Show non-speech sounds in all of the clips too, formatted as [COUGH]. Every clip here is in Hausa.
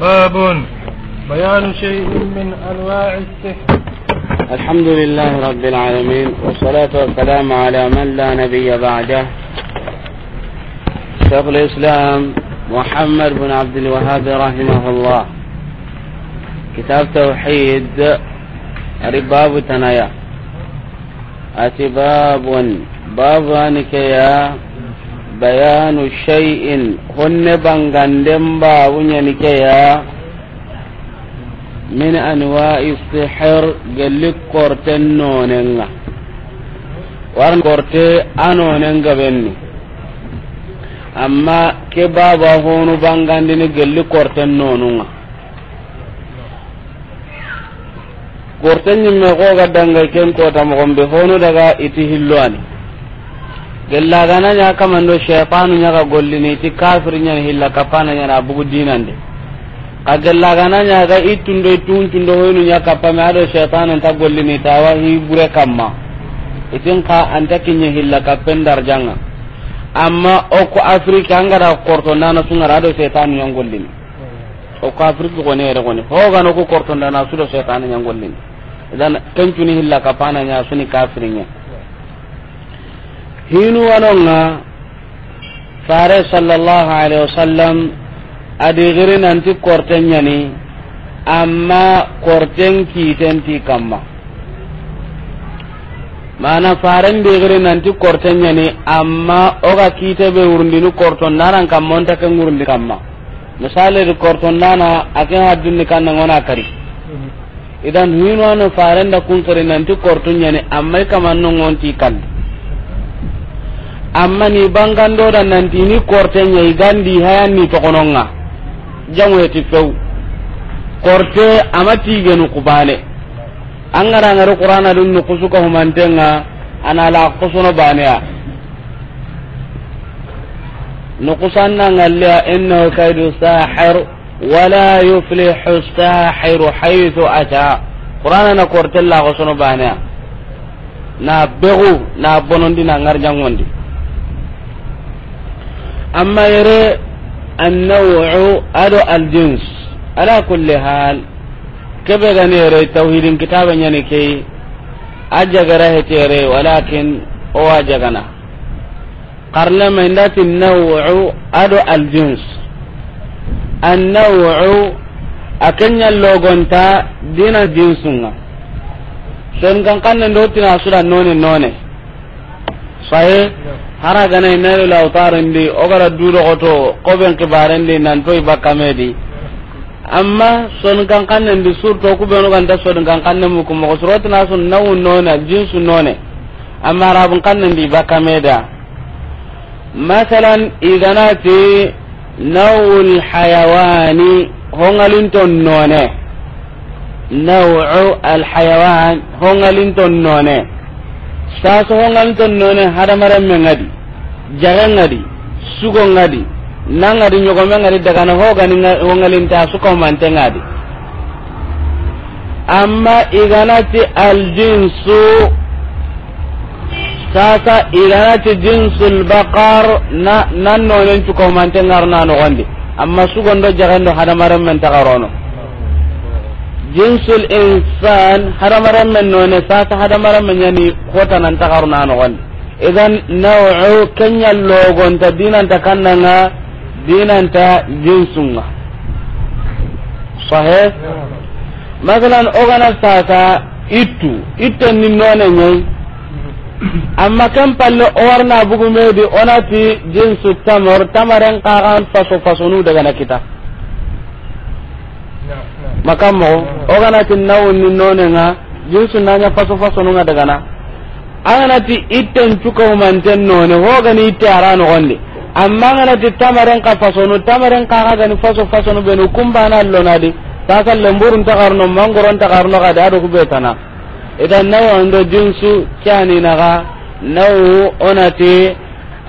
باب بيان شيء من انواع السحر الحمد لله رب العالمين والصلاة والسلام على من لا نبي بعده شيخ الإسلام محمد بن عبد الوهاب رحمه الله كتاب توحيد رباب تنايا أتي باب باب أنك يا bayanu in honne banganden babu ñanikeya min anwa'i sihir gelli korten nonenga war korte a nonen gabenni amma ke baba honu bangandini gelli korten nonunga korten ñimme koga dangay ken kotamogonɓe honu daga iti hilloani gellagana nya kamando shaytanu nya ga gollini ti kafir nya hilla kapana nya na bugu dinande ka nya ga itundo nya ado shaytanu ta tawa hi bure kamma itin ka anta kinya hilla kapendar janga amma afrika korto nana ado shaytanu nya afrika no korto nana shaytanu nya hilla kapana nya suni kafirin nya hinu walonga fare sallallahu alaihi wasallam adi girinanti kortenyani amma korten tenti kamma mana faren be girinanti kortenyani amma oga kite be wurundini korton nanan kamma monta ken wurundi kamma misali di korton nana aken kan kannangona kari mm-hmm. idan hinu wano faren da kunkirinanti kortunyani amma ikamannongonti kan. amma ni bangando da nanti ni korte nya gandi hayan ni tokononga jamu eti few korte amati genu kubane angara ngaru qur'ana dun nu kusuka humantenga ana la kusuno banea nukusanna ngalla inna kaidu sahir wala yuflihu sahir haythu ata qur'ana na korte la bane ya na begu na bonondi na ngar jangondi amma yere annawu ado aljins ala kulli hal kebe gane yere tauhidin kitaben yana ke ajagara hetere walakin o ajagana karle mai ndati nawu ado aljins annawu a kenya logonta dina jinsunga sen kan kannen na tina sura none none sahe ara gana inaru la utarendi ogara duro goto koben kibarendi amma son kan kannen surto ku be no ganta son kan kannen mu kuma na son nawu nona jinsu none amma rabun kannen di bakameda masalan idanati nawul hayawani hongalinton none nawu al hayawan hongalinton none saso hongalinton none hadamaren men ngadi jaga ngadi sugo ngadi na ngadi nyogome ngadi daga na ho gani ngalinte suko mante ngadi amma iganati saasa sasa iganati jinsul baqar na nan nonen cuko mante ngarna no gondi amma sugondo jagando hadamaren men tagarono jinsul insan hadamaren noone none sasa hadamaren men yani kota nan tagarna no gondi idan naw'u kenya logon ta dinanta kannanga dinanta jinsunga sahe masalan ogana sasa ittu itte ni none nyai amma kan palle owarna bugu medi onati jinsu tamor tamaren qaran faso fasonu daga na kita ogana oganati nawun ni none nga jinsu nanya faso fasonu nga daga na anganati itten cukaumanten none hogani itte ara nogondi amma anganati tamaren ka fasonu tamaren kaga gani faso fasonu benu kumbana allonadi sasa lemburun tagarno mangoron tagarno kadi ado kubetana idan nawa ndo jinsu kyani naga nawu onati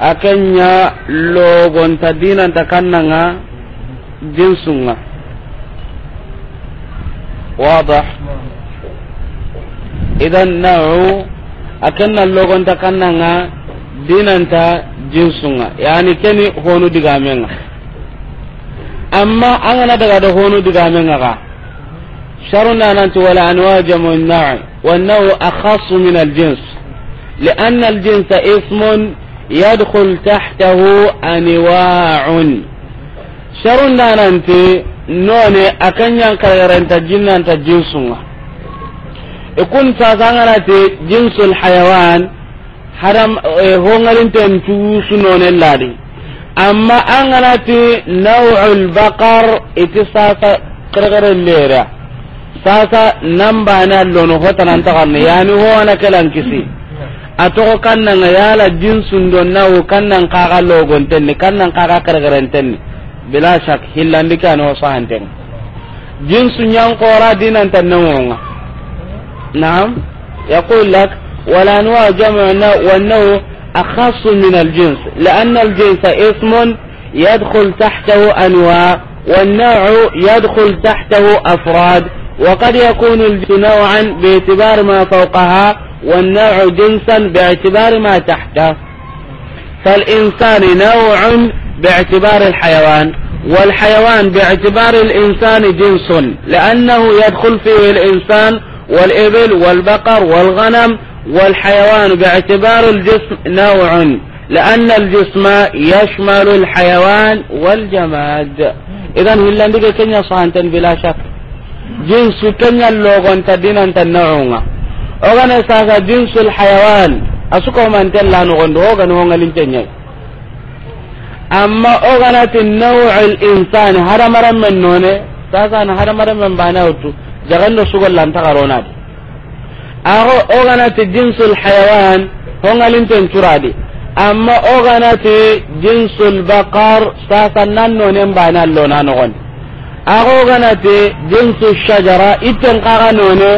akenya logonta dinanta kannanga jinsunga واضح idan نوع akan nan logon ta kannan nga dinanta jinsu nga yani keni honu diga men amma an na daga da honu diga men nga ka sharun na nan wala an jamun na'i wa nahu akhas min al jins li anna al jins ismun yadkhul tahtahu anwa'un sharun na nan ti none akan yan karanta jinnan ta jinsu nga ikun te jinsul hayawan haram eh, tu cuusunone laadi amma te nau'ul baqar iti sasa kerkere leera sasa nambane allono hotanantakarne yani howana kelankisi atogo kannanga yala jinsundo nawu kannan kaka logontenni kannan kaka kerkerentenni bila shak hillandikani jinsun yang jinsu ñankora dinantannemonga نعم يقول لك والأنواع جمع والنوع أخص من الجنس لأن الجنس اسم يدخل تحته أنواع والنوع يدخل تحته أفراد وقد يكون الجنس نوعا باعتبار ما فوقها والنوع جنسا باعتبار ما تحته فالإنسان نوع باعتبار الحيوان والحيوان باعتبار الإنسان جنس لأنه يدخل فيه الإنسان والإبل والبقر والغنم والحيوان باعتبار الجسم نوع لأن الجسم يشمل الحيوان والجماد إذا هلا نديك كنيا صانتن بلا شك جنس كنيا اللوغون تدين أنت النوعون أغنى ساسا جنس الحيوان أسكو من تلا نغن أغنى هونغلين كنيا amma oganati nawul insani hadamaremmen none sasana hadamaremmen bana wutu jagando sugollantagaronadi ago jinsul hayawan lhayawan hongalinten curadi amma ogana oganati jinsu lbakar sasa nannonen bane allona nogondi ago oganati jinsul shajara itten kaga none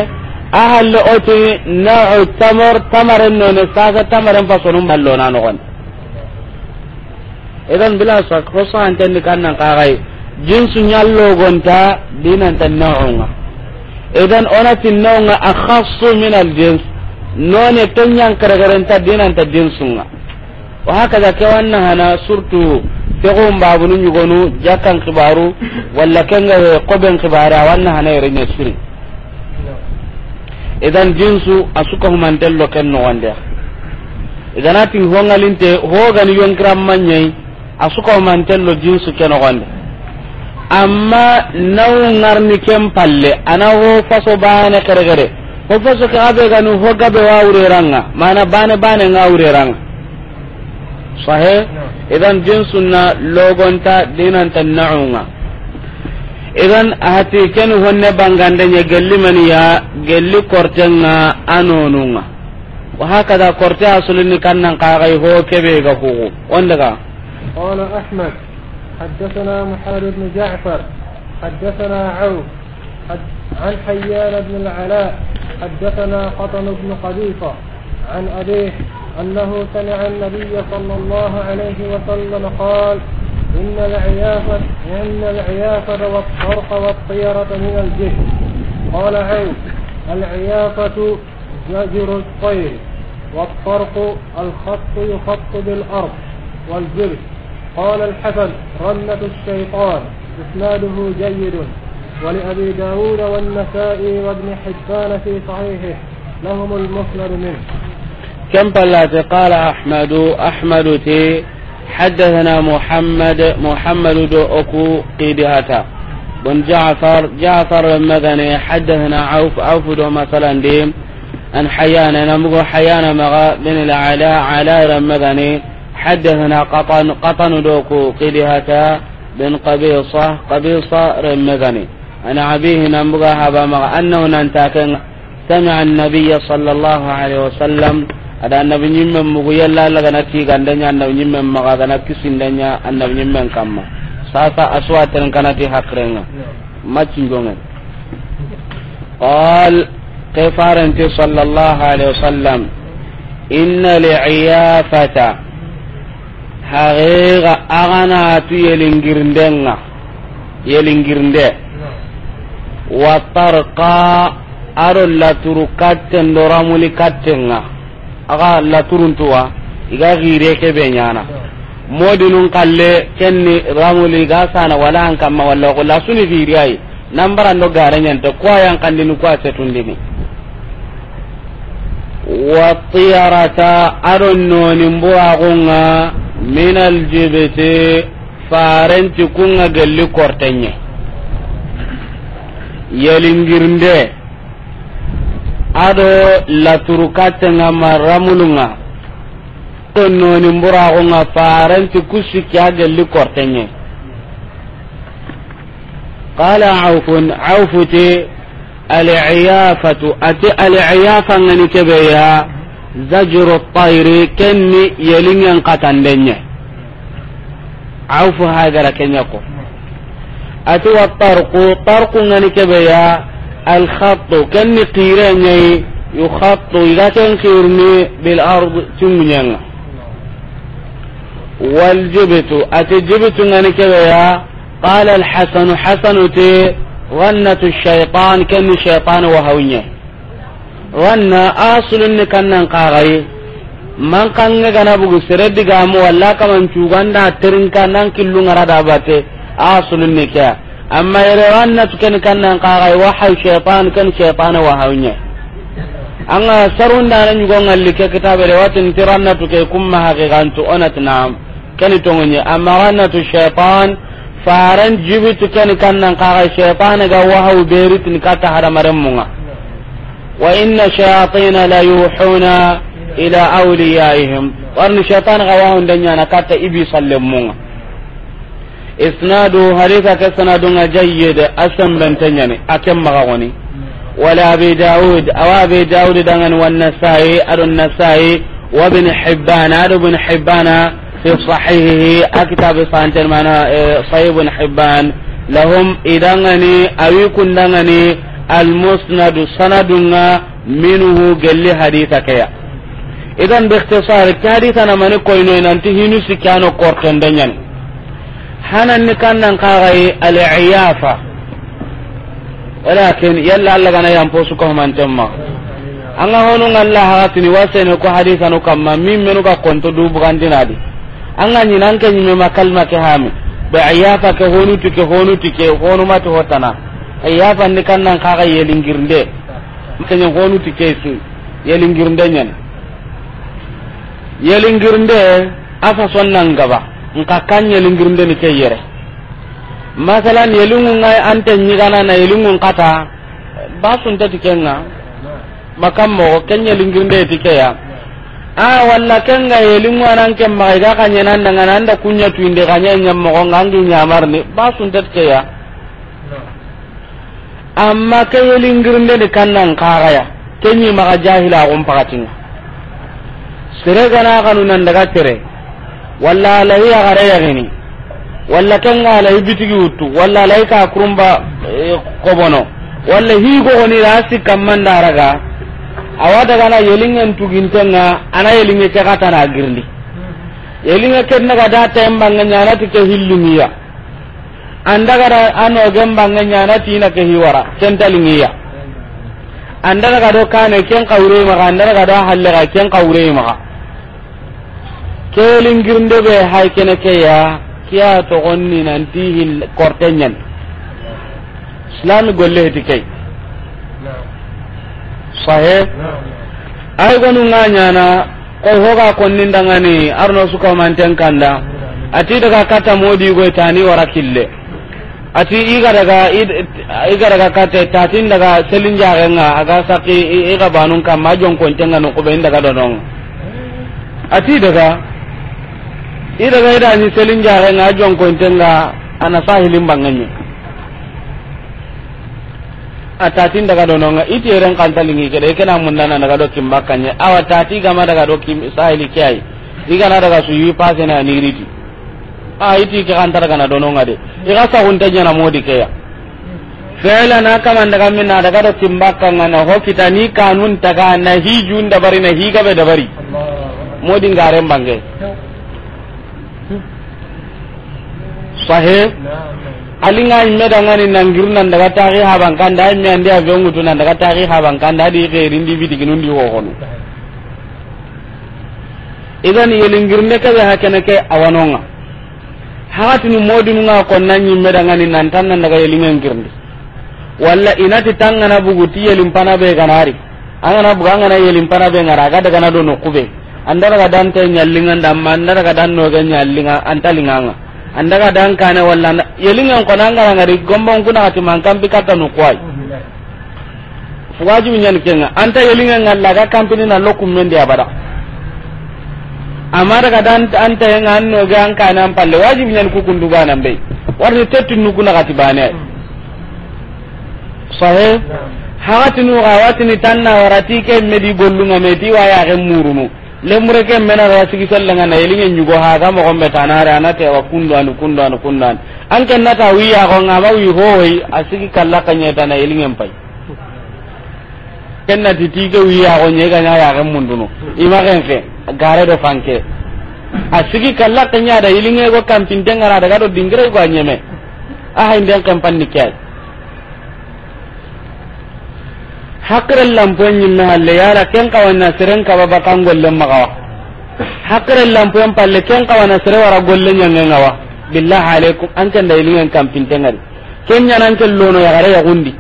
ahalle oti nau tamar tamaren none sasa tamaren fasonun allona gon idan bila sa ko sa antenni kannan kagai jinsu nyallo gonta dinan tan naunga idan onati nawnga akhassu min aljins none ta karagaranta dinanta dinsunga wa da ke wannan hana surtu tegun babunu nyugonu jakan kibaru walla kenga ga qoben kibara wannan hana ne siri idan jinsu asuka humantello ken wanda idan atin hongalinte yon yonkran manyai asuka humantello jinsu ke wanda amma naw ngarni ken palle ana ho faso bane kare-kare ho faso ka abe ganu ho gabe wa ureranga mana bane bane nga ureranga sahe idan jinsunna logonta dinanta na'unga idan ahati ken honne bangande nya gelli maniya gelli kortenga anonunga wa hakada korte asulini kannan kagai ho kebe ga kugu onda ga qala ahmad حدثنا محمد بن جعفر حدثنا عوف حد عن حيان بن العلاء حدثنا قطن بن قبيصة عن أبيه أنه سمع النبي صلى الله عليه وسلم قال إن العيافة إن العيافة والطرق والطيرة من الجهل قال عوف العيافة زجر الطير والطرق الخط يخط بالأرض والجرس قال الحسن رنة الشيطان إسناده جيد ولأبي داود والنسائي وابن حبان في صحيحه لهم المسند منه كم بلات قال أحمد أحمد تي حدثنا محمد محمد دوكو قيدهاتا بن جعفر جعفر المدني حدثنا عوف عوف دو مثلا ديم أن حيانا نمغو حيانا مغا بن العلاء علاء المدني حد هنا قطن قطن دوكو قلهة بن قبيصة قبيصة رمغني أنا أبيه نمبغى هبا أنه ننتاكن سمع النبي صلى الله عليه وسلم ada annabi nyimmen mugu yalla la gana ti gandanya annabi nyimmen maga gana kisindanya annabi nyimmen kamma sasa aswatan kana ti hakrenga macin gonga qal kafaran ti sallallahu alaihi haqiqa aganatu yelingirndenga yelingirnde wa tarqa aro laturu katten doramuli kattenga aga laturuntuwa iga gire kebe ñana modinun kalle kenni ramuli ga sana wala an kamma walla kola suni giri ayi nambarando gare ñanta ko ayan ko a setundini wa tiyarata aron noni mbo agunga min aljibiti farenti kunga gelli kortenye yelingirnde ado laturu kattenga marramulunga noni mburaxunga farenti kusiki a gelli kortenye qala aufun aufuti alciyafatu ati alciyafa ngani keɓeya زجر الطير كني يلين قتن دنيا عوف هذا لكن يقول أتوى الطرق طرق بيا الخط كني قيران يخط إذا تنخيرني بالأرض تمنيا والجبت أتجبت بيا قال الحسن حسن تي غنة الشيطان كني شيطان وهويه wanna asulun ni kannan kagai man kange gana bugu seredi gamu walla kaman cuganda terinka nan killu ngara da bate asulun ni kya amma yere wanna tuken kannan kagai wa hay shaytan kan shaytan wa hawnya anga sarunda nan yugo ngalli ke kitabere watin tiranna tuke kumma haqiqantu onat nam kan tongonye amma wanna tu shaytan faran jibitu kan kannan kagai shaytan ga u haw beritin kata hada maremunga وإن الشياطين ليوحون إلى أوليائهم وأن الشيطان غواهم دنيانا كاتا إبي صلمون إسناده هريكا كسنادنا جيد أسم بنتنيني أكم غواني ولا أبي داود أو أبي داود دنغن والنسائي أدو النسائي وابن حبان أدو ابن حبان في صحيحه أكتاب صانتين معنا صحيح ابن حبان لهم إدنغني أويكن دنغني المسند سند منه قال حديث كيا اذا باختصار كارثة انا من كوينو انت هنا سكانو كورتن دنيان هنا نكنا نقاي العيافه ولكن يلا الله انا ينفسكم أنتم ngan honun Allah hakatini ne ko hadisa no kamma min menu ka konto du bugandina di anga nyinan ke nyime makalma ke hami ba ayafa ke honu tike honu tike honu hotana ya fanni kannan kaga yelingirnde kanya gonu tikesu yelingirnde nyen yelingirnde asa sonna ngaba nka kan yelingirnde ni kayere masalan yelingu ngai ante nyigana na yelingu kata basun ta tikenga makam mo kan yelingirnde tikeya a walla kenga yelingu anan kem mai ga kanya nan nan anda kunya tuinde kanya nyam mo ngangi ba basun ta tikeya amma ke yelingirnde ni kannan kaxaya kenyi maxa fakatin paxatinga sere gana kanu nan daga tere walla alahi ya yaxini walla kenga alahi bitigi wuttu walla lahi ka kurumba e, kobono walla higoxonira daraga awa dagana yelingen gintenga ana yelinge ke xatana girndi yelinge ke naga da tayembanga ñanati ke hillumiya andagara ano bange ñanati na ke hiwara kentalingiya andana gado kane ken kawre maga andana gado halle ga ken ma maga kelingirnde be hay kene ke ya kiya to gonni nanti hil kortenyen islam golle ti kay sahe ay gonu nganya na ko hoga konni ndangani arno suka manten kanda ati daga kata modi go tani warakille ati igaraga igaraga kate tatin daga selin jarenga aga saki iga banun kam majon kontenga no ko ben daga donong ati daga idaga ida ni selin jarenga ajon kontenga ana sahilin banganyi atatin daga dononga iti eren kantalingi kede kena nana daga do kimbakanye awa tati gama daga do kim sahili kiyai igana daga suyi pasena ni riti a iti ke kan targana dono ngade iga sa hunta nyana modi ke ya fela na kama daga na daga da timbaka ngana ho kita ni kanun taga na hijun da bari na higa be da bari modi ngare mbange sahe da ngani daga tari kan da ngutu na daga tari kan da di ke rindi ho hono idan yelingirne kaza hakene ke awanonga nga kon konna ñimme dangani nantan nan daga yelimen girndi walla inati na bugu ti mpana be ganari angana na yeli mpana be ngara daga na do andara ga daga dante nyallinga nda anda daga dan nyallinga antalinga nga andara dan kana walla kon anga angara ri gombong kuna ati man kata no kwai fuwaji ñani kenga anta yelinga ngalla aga kampini na lokummendi abada amara daga dan anta yang anno ga an kana palle wajib nyen ku kundu nan be warni tetti nu kuna gati bane sahe hawati nu hawati ni tanna warati ke medi gollunga medi waya ga murunu lemure ke mena ra sigi sallanga na yelinge nyugo ha ga mo gombe tanara te wa kundu anu kundu anu kundu an an ken nata wiya ko ngaba wi hoyi asigi kalla kanye tana yelinge mpai kenna titike wiya ko nyega nya ya ga munduno ima ken fe gare do fanke a kala kalla kanya da ilinge go kampin dengara daga do dingre go anyeme a hay den kampan nikai hakre lampon nyimme halle yara ken kawanna siren kaba bakan golle magawa lampo lampon palle ken kawana sere wara golle nga ngawa billah alaikum an kan da ilinge kampin dengari ken nyana ken lono ya gare ya gundi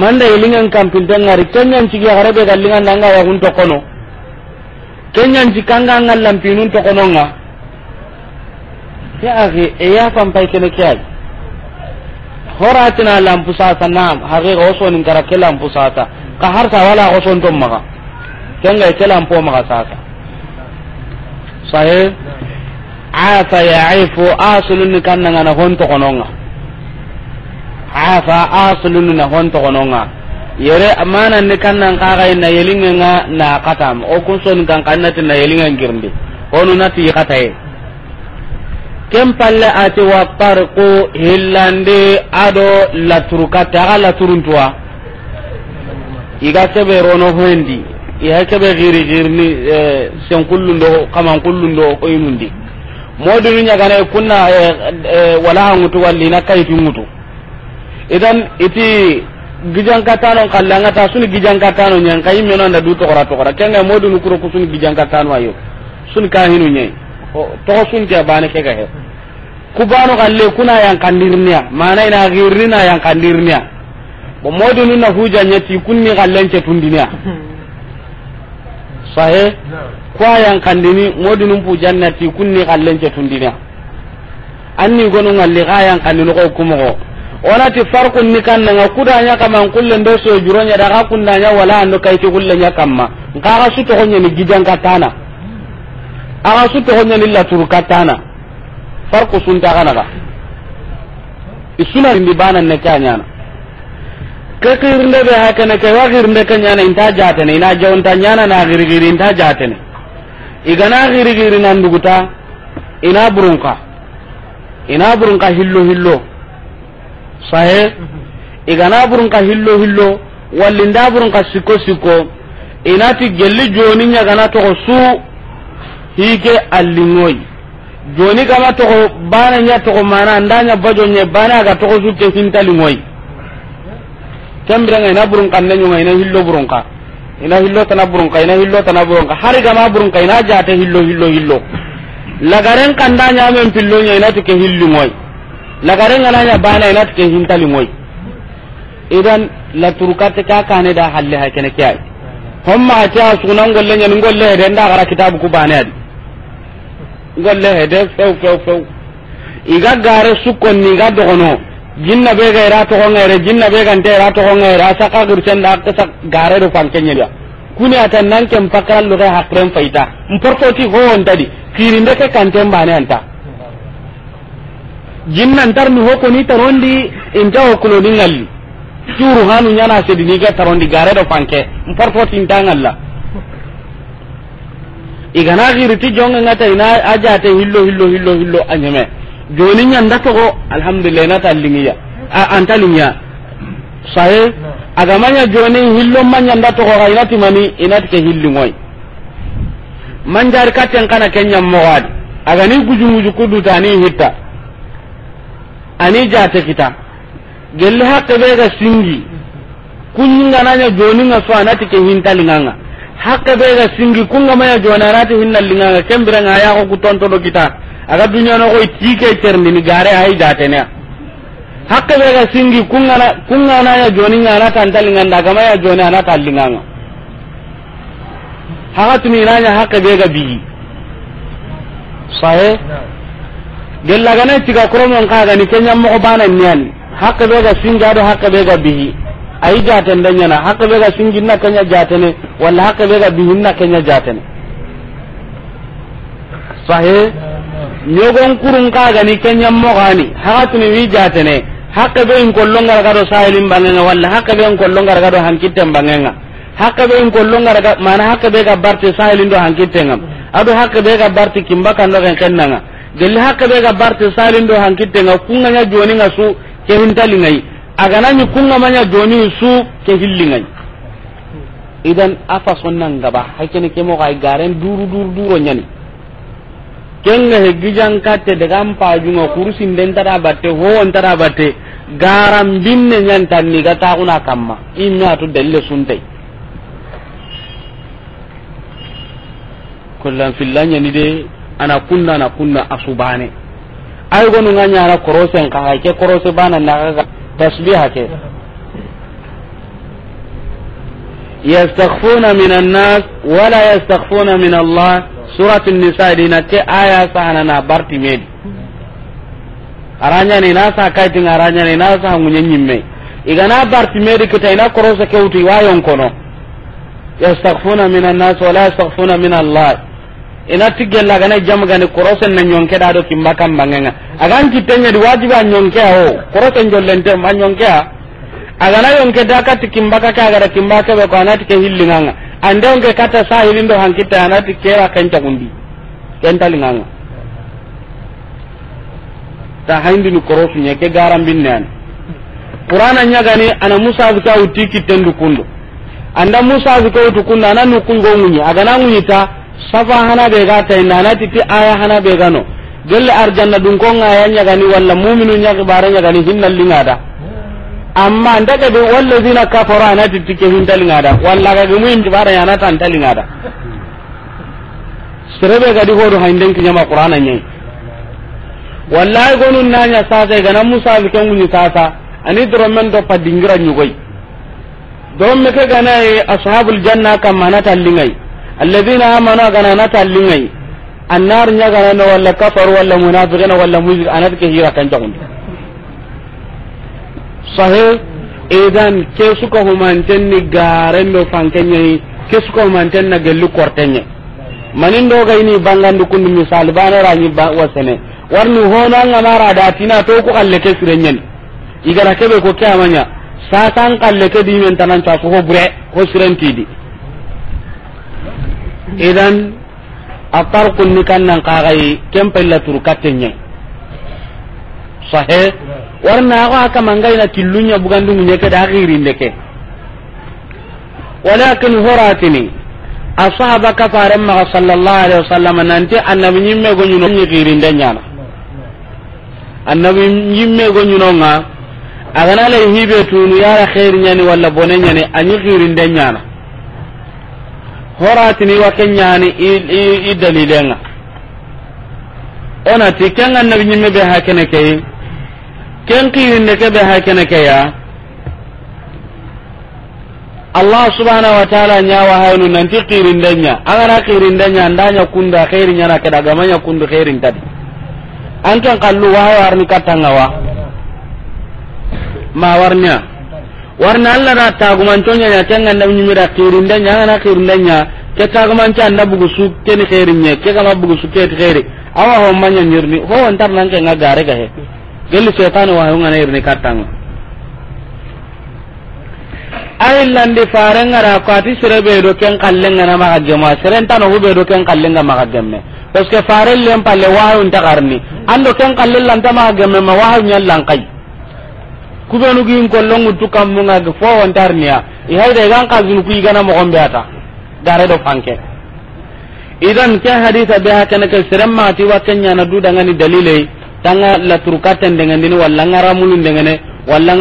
manda ilinge kampin ken kenya ncigi ya gare be gallinga nanga ya gundo kono kenyan jikanga ngallan pinun to kononga ya akhi e ya sampai kene kyal horatina lampu sata nam hage oso nin kara ke lampu sata ka har sa wala oso ton maga kenga ke lampu maga sata sahe afa ya'ifu aslun kanna ngana hon to kononga afa aslun na hon to kononga yere amana ne kannan kaga na yelinga na na katam o kun son kan kanna tin na yelinga ngirndi onu na ti kata e kem palle ati wa parqu hillande ado la laturuka taga laturuntuwa iga kebe rono hoendi iha kebe giri girni e, sen kullu kullundo kaman kullundo koynundi modunu ñagana kunna e, e, wala hangutu wallina kayitu mutu idan iti gijan katano kalla ngata suni gijan katano nyan kay meno nda du tokora tokora kenga modu nukuro kusuni gijan katano ayo sun ka hinu nyai to sun ke bane ke ga he kubano kalle kuna yang kandirnya mana ina girina yang kandirnya bo modu na huja ti kunni kallen ce tundinya [LAUGHS] sahe kwa yang kandini modu pu jannati kunni kallen ce tundinya anni gonu ngalli ga yang kandinu ko kumo onati farqun ni kan nga nya kama kulle ndo so juronya da ka nya wala ando kai to kulle nya kama nka ka su to honya ni gijan katana aga su to honya ni la tur katana farqu sun ta kana ka isuna ni banan ne kanya na ke kirnde be ne ke wa ka kanya na inta ne ina ta nya na na girgiri inta jatane igana girgiri nan duguta ina burunka ina burunka hillo hillo sahe igana burun ka hillo hillo walli nda burun ka sikko sikko inati gelli joni ñagana togo su hike allingoyi joni gama togo bana ña togo mana ndaña bajo bana togo su ke hintalingoyi kembirenga ina burun kan ina hillo burun ka ina hillo tana burun ka ina hillo tana burun ka hari gama burun ka ina hillo hillo hillo lagaren kan pillo ke lagarenga nanya bana ina ke hintali moy idan la turukate ka kane da halle ha kene kiyai homma ha ta sunan ngolle ne ngolle he den da gara kitabu ku bana ya ngolle he de few few few iga gare sukon ni ga dogono jinna be ga ira to ngere jinna be ga ndera to ngere asaka gurchen da ka gare do fankenye da kuni atan nan kem pakal lo ga hakren faita mportoti ho on tadi kirinde ke kantem bana anta jinnan hoko ni tarondi inta hokunoni ngalli curu hanu ñana sedinige tarondi gare do fanke mportotintangalla igana jonga ngata ina aja jate hillo hillo hillo hillo anyame joni joni ñanda togo alhamdulillah inata lingiya anta lingiya sahe agamanya joni hillo ma ñanda ina xa inatimani inati ke hillingoy manjari katten kana aga ni gujumuju kudu tani hitta ani jate kita gelle hakke be ga singi kunnga nanya joni nga so anati ke hinta linganga hakke be ga singi kunga maya jona rati hinna linganga kembira nga ya ko kutonto do kita aga dunya no ko tike terni ni gare ay jate ne hakke be ga singi kunga na kunga nanya joni nga anata antalinganda ga maya jona anata linganga hagatuni nanya hakke be ga bi sahe gellagana tiga nyani hakka be ga singa do hakka be ga bihi singi na kenya jata ne wala hakka be ga bihi na kenya jata ne sahe ñogon kurun ni kagani keñammogani ni wi jatene hakke ɓe in kollongargaɗo sahilin bangenga walla hakke ɓe in kollongargaɗo hankitten bangenga hakke ɓe in ga mana hakka be ga barte do ɗo ngam adu hakka be ga barte kimba do ken kennanga gelli hakkebe ga barte salindo hankitte nga kunga nya joni nga su ke hintali ngai agana nyu kunga ma nya joni su ke hilli ngai idan afa sonna nga ba hakene ke mo kai e garen duru duru duro nyani ken ne he gijan katte daga ampa junga kursi den tara batte ho on tara batte garam binne nyan tanni ga ta kuna kamma inna to delle sunte kullan fillanya ni de ana kunna na kunna asubane ay gonu nga nyara korosen ka ke korose bana na ga tasbiha ke yastaghfuna minan nas wala yastaghfuna min Allah suratul nisa dina ke aya sana na barti med aranya ni nasa kai tin aranya ni nasa sa nyimme igana barti med kita ina korose ke uti wayon kono yastaghfuna minan nas wala yastaghfuna min Allah ina tigella gana jam gani korosen na nyonke da do kimba kam bangenga agan kitenya di wajibi nyonke o korosen jollente ma nyonke a agana yonke da kat kimba ka ka gara kimba ka be ko tike ke hillinganga ande onke kata sa hilindo kita anati tike ra kanta gundi kenta linganga ta haindi ni korosu nyake garam binnan qur'ana nya gani ana musa ka uti kitendu kundo anda musa ka uti kundo ana nukungo munyi agana munyita safa hana be ga tay na na titi aya hana be ga no gelle arjanna dun ko nga ya nya gani walla mu'minu nya ga bare nya gani hinna linga da amma ndaga be walla zina kafara na titi ke hinna linga da walla ga mu'min ti bare ya na tan linga da serebe ga di hodo hainden ki nyama qur'ana nyen wallahi gonun nanya sasa e ga na musa ke ngunyi sasa ani dromen do padingira nyugoi dromme ke ga na e ashabul janna kam manata lingai alladhina amanu agana na tallingai annar nya gana no walla kafaru walla munafiqina walla muzik anat ke hira kan jagun sahih idan ke suka humanten ni garen manin do ga ini bangandu kun misal bana ranyi ba wasene warni hono idan atarkun ni nan kagai kem pella tur katenya sahe warna ko aka mangai na ke da girin walakin horatini ashaba ka faran ma sallallahu alaihi wasallam annabi nyimme go nyuno girin annabi nyimme go nyuno nga agana le hibe tunu yara bonen anyi girin horatini wa kenyani i dalilenga onati kenga nabi ñimme be ha kene keyi ken qiyinde ke be ha kene keya allah subhanahu wa taala ñawa haynu nanti qirindenya agana nda ndaña kunda xeri ñana keda gamaña kundu tadi, an ken kallu wahawarni kattangawa ma warnia warna allah da tagumantonya nya nyi mira nyimira kirinda nya ngana kirinda nya ke tagumanca anda bugu su ni khairin nya ke kama bugu su ke khairi awa ho manya nyirni ho antar nan kenga gare ga he gelli setan wa hunga nyirni katanga ayillandi ra ko ati be do ken kallenga na maga tan ho be do ken ma maga gemme parce que farel lem palle wahun takarni ando ken kallen lan gemme ma wahun yallan kai kubenugin kollongutu kammunga ge fo wontarniya ihayda ku igana ata do fanke idan ke hadisa be ha kene ke seremmati wa kenyana dudangani dalilei tanga laturu katten dengeni walla nga ramulun walla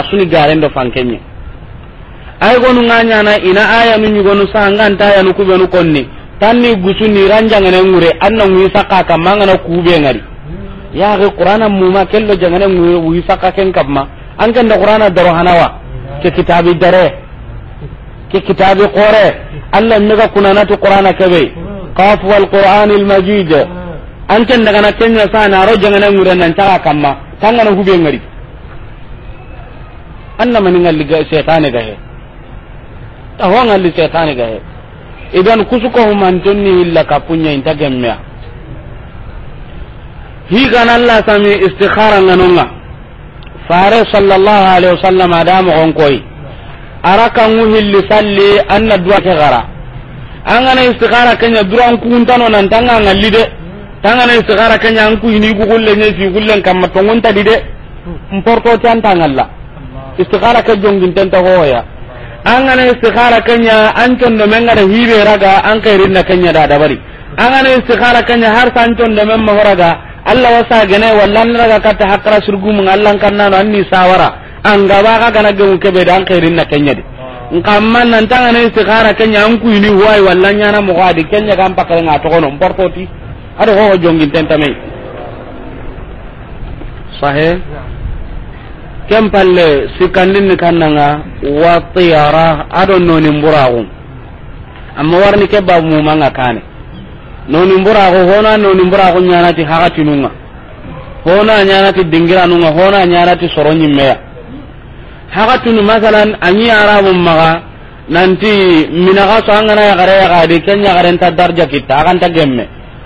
asuni do fankenye ay gonu ina aya nu nyugonu sanga nta nu kubenu konni tanni gusuni ngure ya ga qur'ana ma kello jangane mu wi saka ken ma an kan da qur'ana daro hanawa ke kitabi dare ke kitabi qore allah ga kunana to qur'ana be qaf wal qur'an al majid an kan daga na sa na ro jangane mu nan ta kamma tangana be ngari anna man ngal ga shaytane ga he ta ho ngal li shaytane ga he idan kusuko tunni illa kapunya inta gemmea higana allah sami istikhara nganonga fare sallallahu alaihi wasallam adamu onkoi araka ngu salli anna dua ke angana istikhara kenya duran kuuntano nan tanga ngalide de tangana istikhara kenya an ini gugulle nye si gullen kamma tongon tadi de mporto tan tangalla istikhara ke jongin tenta hoya angana istikhara kenya an condo mengara hibe raga an kairin na kenya da dabari angana istikhara kenya har san condo memma horaga allah wasa gane wallan walla surgu mun Allah kan nan an ni sawara angaba ga gana gemu keɓede an xerinna kenyadi nkamma nantangana istihara kenya an ku ni huwai wallan yana mu adi kenya kan gan pakarenga togono mportoti aɗo xoxo jongintentamei sahe kem palle sikandin ni sikkandinni kannanga wa tiyara ado noni buraxum amma warni ke babu manga kane nonin burago hona nonin burago nyanati hakati nunga hona nyanati dingira nunga hona ti soronyi meya hakati nu masalan anyi arabu maga nanti minaga so angana ya gare ya gade kenya gare ta darja kita akan ta gemme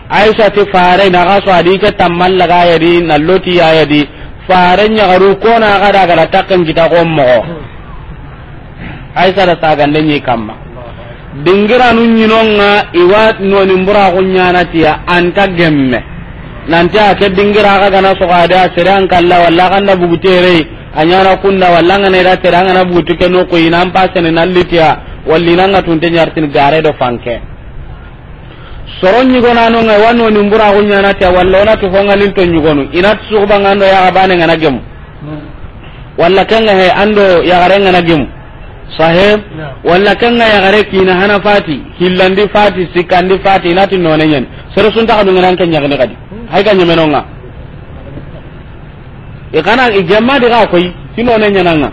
aisha ti fare na ga so adike tammal laga ya di nalloti ya ya di fare nya garu ko na ga daga ta kan kita ko mo aisha da sagan ne kamma dingira dingiranu ñinonga iwa nonin tiya an ka gemme nan ta ke dingira ka gana so a sere an kalla walla da bugutere a ñana kunda walla ngana da sere a ngana bugutu ke no koyina an pasene nallitiya walli nanga te ñartin gare do fanke soron soro ñigonanonga iwa nonin buraku tiya walla onati hongalinto ñigonu inati sugubangando yaxabane ngana gemu hmm. walla kenga he ando yaxare ngana gemu sahe walla kanga ya gare kina hana fati hillandi fati sikandi fati nati none nyen sere sun taka dunga nanke nyagene kadi hay ka nga e kana i e jamma de ga koy tinone nyenanga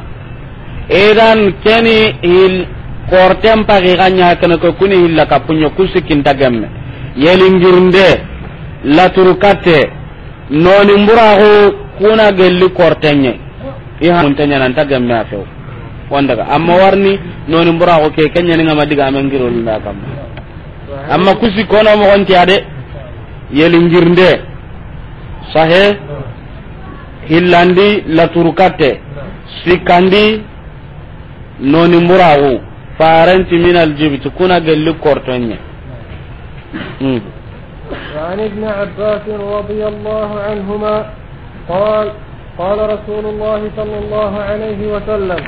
edan keni il kortem pagi ganya kana ko kuni hilla kapunyo kusikin tagamme yelingirnde laturukate noni mburago kuna gelli kortenye iha muntenya nan tagamme afew wanda amma warni noni mbura ko ke kenya ni ngama diga amen giro lunda kam amma kusi kono mo on tiade yeli ngirnde sahe hillandi laturkate sikandi noni mbura ko min aljibiti kuna gelli kortonye mm. وعن ابن عباس رضي الله عنهما قال قال رسول الله صلى الله عليه وسلم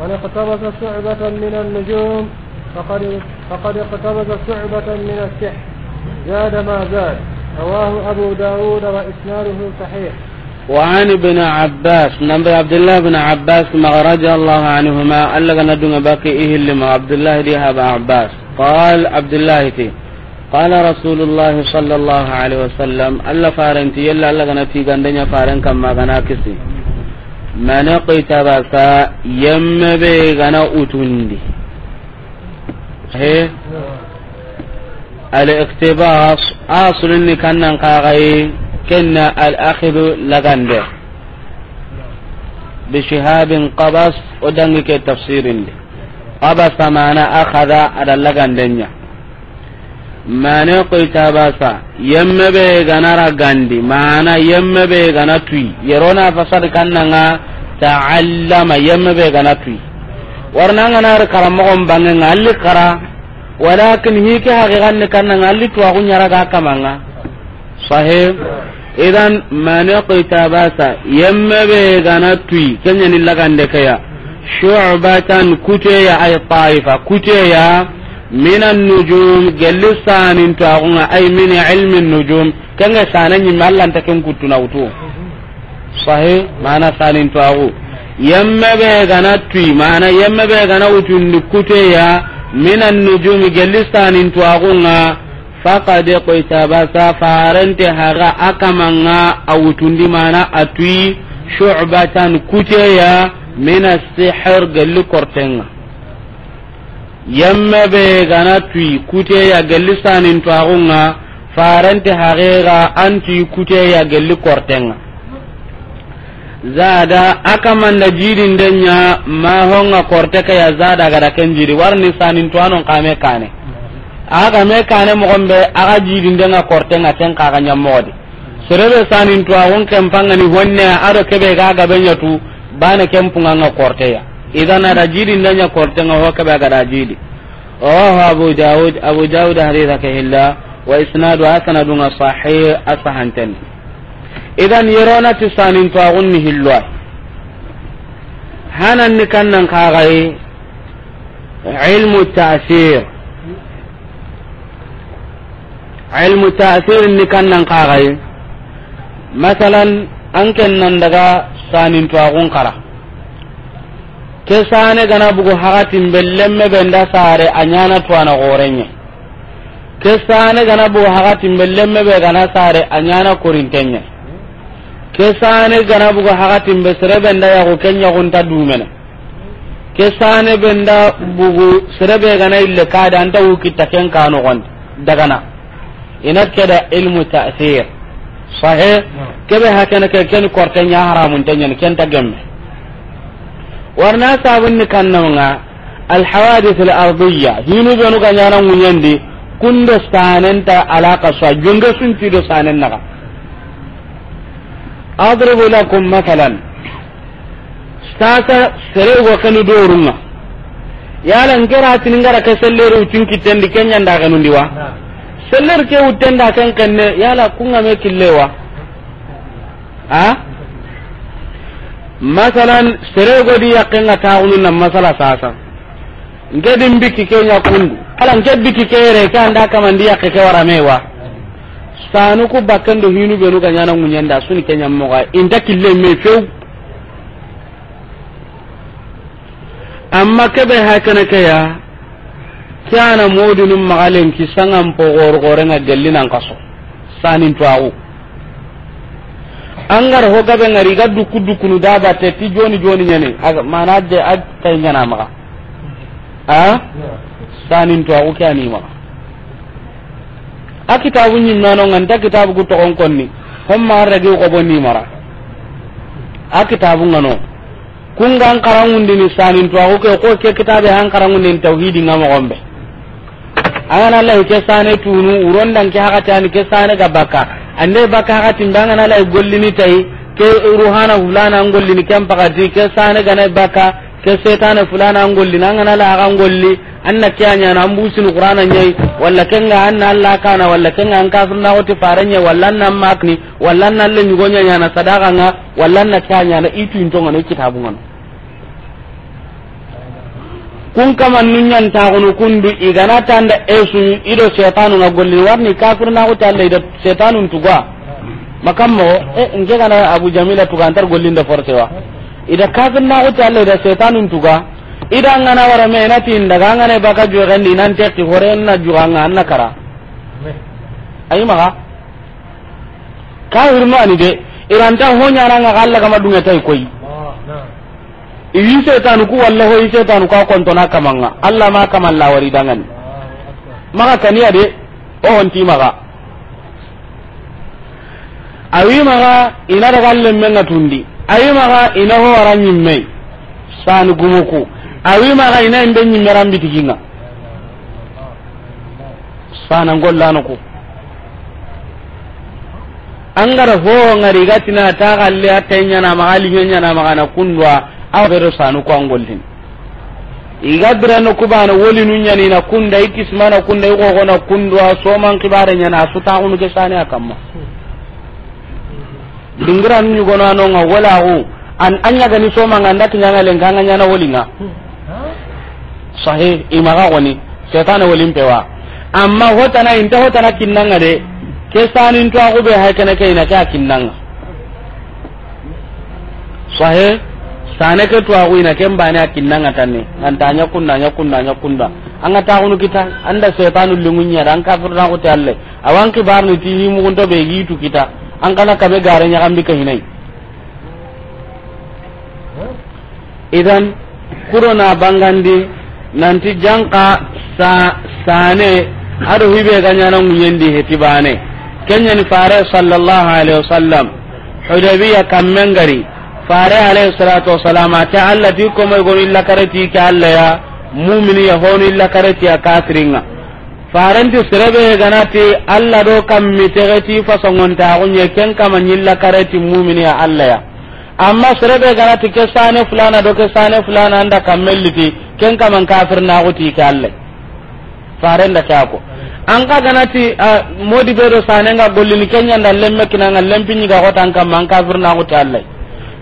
من اقتبس شعبة من النجوم فقد فقد اقتبس شعبة من السحر زاد ما زاد رواه أبو داود وإسناده صحيح وعن ابن عباس نبي عبد الله بن عباس ما رضي الله عنهما ألغ ندن باقي لما عبد الله ديها عباس قال عبد الله تي قال رسول الله صلى الله عليه وسلم ألا فارنتي يلا ألغ غنتي غندنيا فارن كما غنا كسي man qitabasa yemme be gana utundi he al iktibas aslun ni kannan kaagaye kenna al akhidu lagande bi shihabin qabas odangi ke tafsirinde qabasa mana akhadha ada lagandenya mane koytabasa yemme be ganara gandi mana yemme be gana tui yerona fasad kannanga taallama yemme be gana tui warnanganar karamogon bangenga alli kara walakin hike hakikanni kannanga alli tuwaku ñaraga kamanga sahe idan mane koytabasa yemme be gana tui kenyani lagande keya shubatan kuteya ay taifa kuteya min an-nujum gallu sanin taqunga min ilmi an-nujum kanga sanan ni mallan ta ken kutuna wutu sahi mana yamma be tui mana yamma be gana utun nikute ya min an-nujum gallu sanin taqunga faqad qitabasa farante haga akamanga awutundi mana atui shu'batan kuteya mina as-sihr kortenga yamma be gana tui kute ya gelli sanin twaxunga farante hagega anti kute ya gelli kortenga zada akamanda jirindenya mahonga korteka ya zada gada ken jiri warni sanin twanon kame kane aga me kane mogon be jirin denga kortenga ten kaga nyammogodi serebe sanin kempanga ni honne aro kebe gaga benyatu bana kempunganga korteya idan ada jidi ndanya kortenga ho kabe aga da jidi rawahu abu daud abu daud haditha ka hilla wa isnadu hasanadun sahih asahantan idan yerona tisanin to agunni hillwa hanan ni kannan kagai ilmu ta'sir ilmu ta'sir ni kannan kagai masalan anken nan daga sanin to agun kara kesane gana bugu hakatin bellemme benda sare anyana tuana gorenye kesane gana bugu hakatin bellemme be gana sare anyana korintenye kesane gana bugu hakatin besere benda yago kenya gunta dumene kesane benda bugu serebe gana ille kada anta wukitta ken kano gonde dagana inat keda ilmu ta'thir sahih kebe hakana ken kortenya haramun tenya ken tagemme warna ni sabunni kannanga alhawadith alardiya hinu benu ga nyana munyandi kundo ta alaka swa jonga sunti do sanen naga adribu lakum mathalan sasa serego kanu dorunga yala ngera tiningara ka selleru tinkitendi kenya kanu ndiwa seller ke utenda kan kanne yala kunga me killewa ha masalan seregodi yakkenga taxunu nan masala sasa nkedin bikki ke kundu. ala nke bikki ke kama ke anda kamandi yakke ke waramewa sanu ku bakkendo hinu benu ga ñana ŋuñenda suni ke ñammoxa inta kille me few amma keɓe ha kene keya ke ana modinum maxa lenki sangan po xoorxoorenga gellinan kaso sanin twaxu angar ho gabe ngari ga dukku dukkunu da ba te ti joni joni nyane aga mana de ad tay nyana ma a sanin to ko kani ma akita kitabu nono nano ngan ta kitabu ku to konni ko ma rage ko bonni mara akita bu ngano kun gan karangundi ni sanin to ko ke ko ke kitabe han karangundi tauhidi ngam gombe angana la ke sane tunu uron dan ke haka tani ke sane ga baka ande baka haka timbanga na la gollini tai ke ruhana fulana ngollini kem pakati ke sane ga na baka ke setan fulana ngolli nan ngana la ga ngolli anna ke anya na ambusi ni qur'ana nyai walla kenga anna allah kana walla kenga an kafir na wati faranya walla nan makni walla nan le nyugonya nyana sadaka nga walla nan kyanya na itu intonga no kitabu ngana kun kama nunyan taxunu kundu igana tanda esu ido setanu na golli warni kafir na uta le ido setanu tuga makammo e nge kana abu jamila tuga antar gollinda forte wa ida kafir na uta le ido setanu tuga ida ngana wara me tin daga ngana baka jogendi nan tekki hore na juga anga anna kara ayi maga kafir mani de iranta honya ranga galla kama dunga tai koyi iyi setanu ku walla ho setanu ka na kamanga allah ma kamalla wari dangan maka kaniya de o oh, honti maka awi maka ina daga lemmenga tundi awi maka ina ho wara nyimme sanu gumuku awi maka ina imbe nyimme rambitiginga sana ngollano ku angara ho ngari gatina ta galle atenya na magali nyenya na magana kundwa awa ɓeɗo sanu ko angollin iga birano kubana ni na kunda i kismana kunda i xooxona kundua soman xibare ñana a sutaxunuke sane a kamma dingiranu ñugono anonga wolaxu an a ñagani somanga na kiñanga lenka anga ñana wolinga sahih imaxa xoni setane wolin pewa amma hota hotana inta hotana kinnanga de ke sanintoaxuɓe hay kene ke ina ke a kinnanga sahih sane ke tuwa kuina ken bane akinna ngata ne anta nya kunna nya kunna nya kunna ta kunu kita anda setanul lungunya dan kafir na ko talle awan ki ti be gitu kita an kana kabe gare nya kambi kahinai idan kurona bangandi nanti janka sa sane ado hibe ganya na munyendi heti bane kenya ni fare sallallahu alaihi wasallam hudaybiya fare alayhi salatu wassalam ata allah ti komoy gonu illa karati ka allah ya mumini ya honu illa karati ya kafiringa farenti serebe ganati allah do kam mitegeti ye ken kama ñilla ti mumini ya allah ya amma serebe ganati ke sane fulana do ke sane fulana anda kammelliti ken kaman kafirnaxuti ke allah farenda ke ko an ka ganati modi ɓeɗo sanenga gollini kenñanda lemme kinanga lempiñiga xotan kamma an kafirnaxuti allah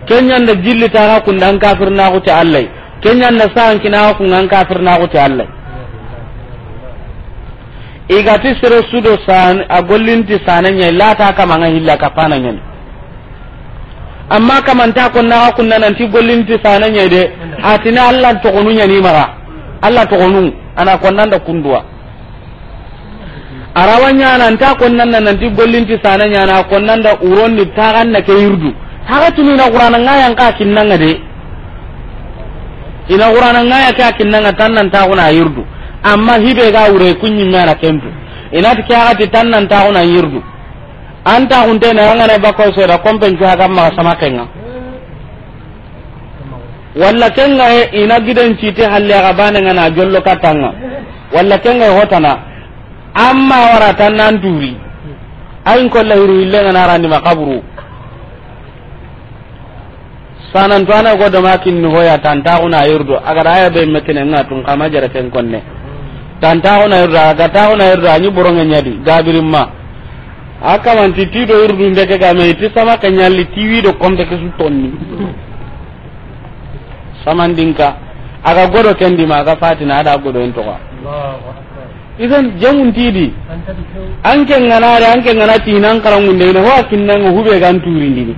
kenya da jilli ta na kun dan kafir na ku ta allai kenya da sa'an kina ku nan kafir na ku ta Allah igati sere sudo san a gollinti sananya la ta kama nga la ka pana nyen amma kaman ta kun na kun nan ti gollinti sananya de atina Allah to kunu ni mara Allah to kunu ana kon nan da kunduwa arawanya nan ta kon nan nan ti gollinti sananya na kon nan da uron ni ta kan na ke yurdu haga tuni na qur'ana ngaya ka kinnanga de ina qur'ana ngaya ka kinnanga tannan ta kuna yurdu amma hibe ga wure kunyi na kempu ina ti kya ti tannan ta kuna yurdu anta hunde na ngana na bako so da kompen ju haga ma sama kenga walla kenga e ina gidan cite halle ga bana ngana jollo katanga walla kenga e hotana amma wara tan nan duri ayin ko la hiru ille ngana randi makaburu sanan to ana go makin no ya tanta kuna yurdo agar aya be mekene nga tun kama jara ken konne tanta kuna yurdo aga ta kuna yurdo anyu boronga nyadi gabirimma aka man titi do yurdo ndeke ke me ti sama kanyalli tiwi do de ke sutonni saman dinka aga godo kendi ma ga fatina ada godo en toka idan jamun tidi an ken ngana re an ken ngana tinan karangunde ne wa akinnan hube gan ndini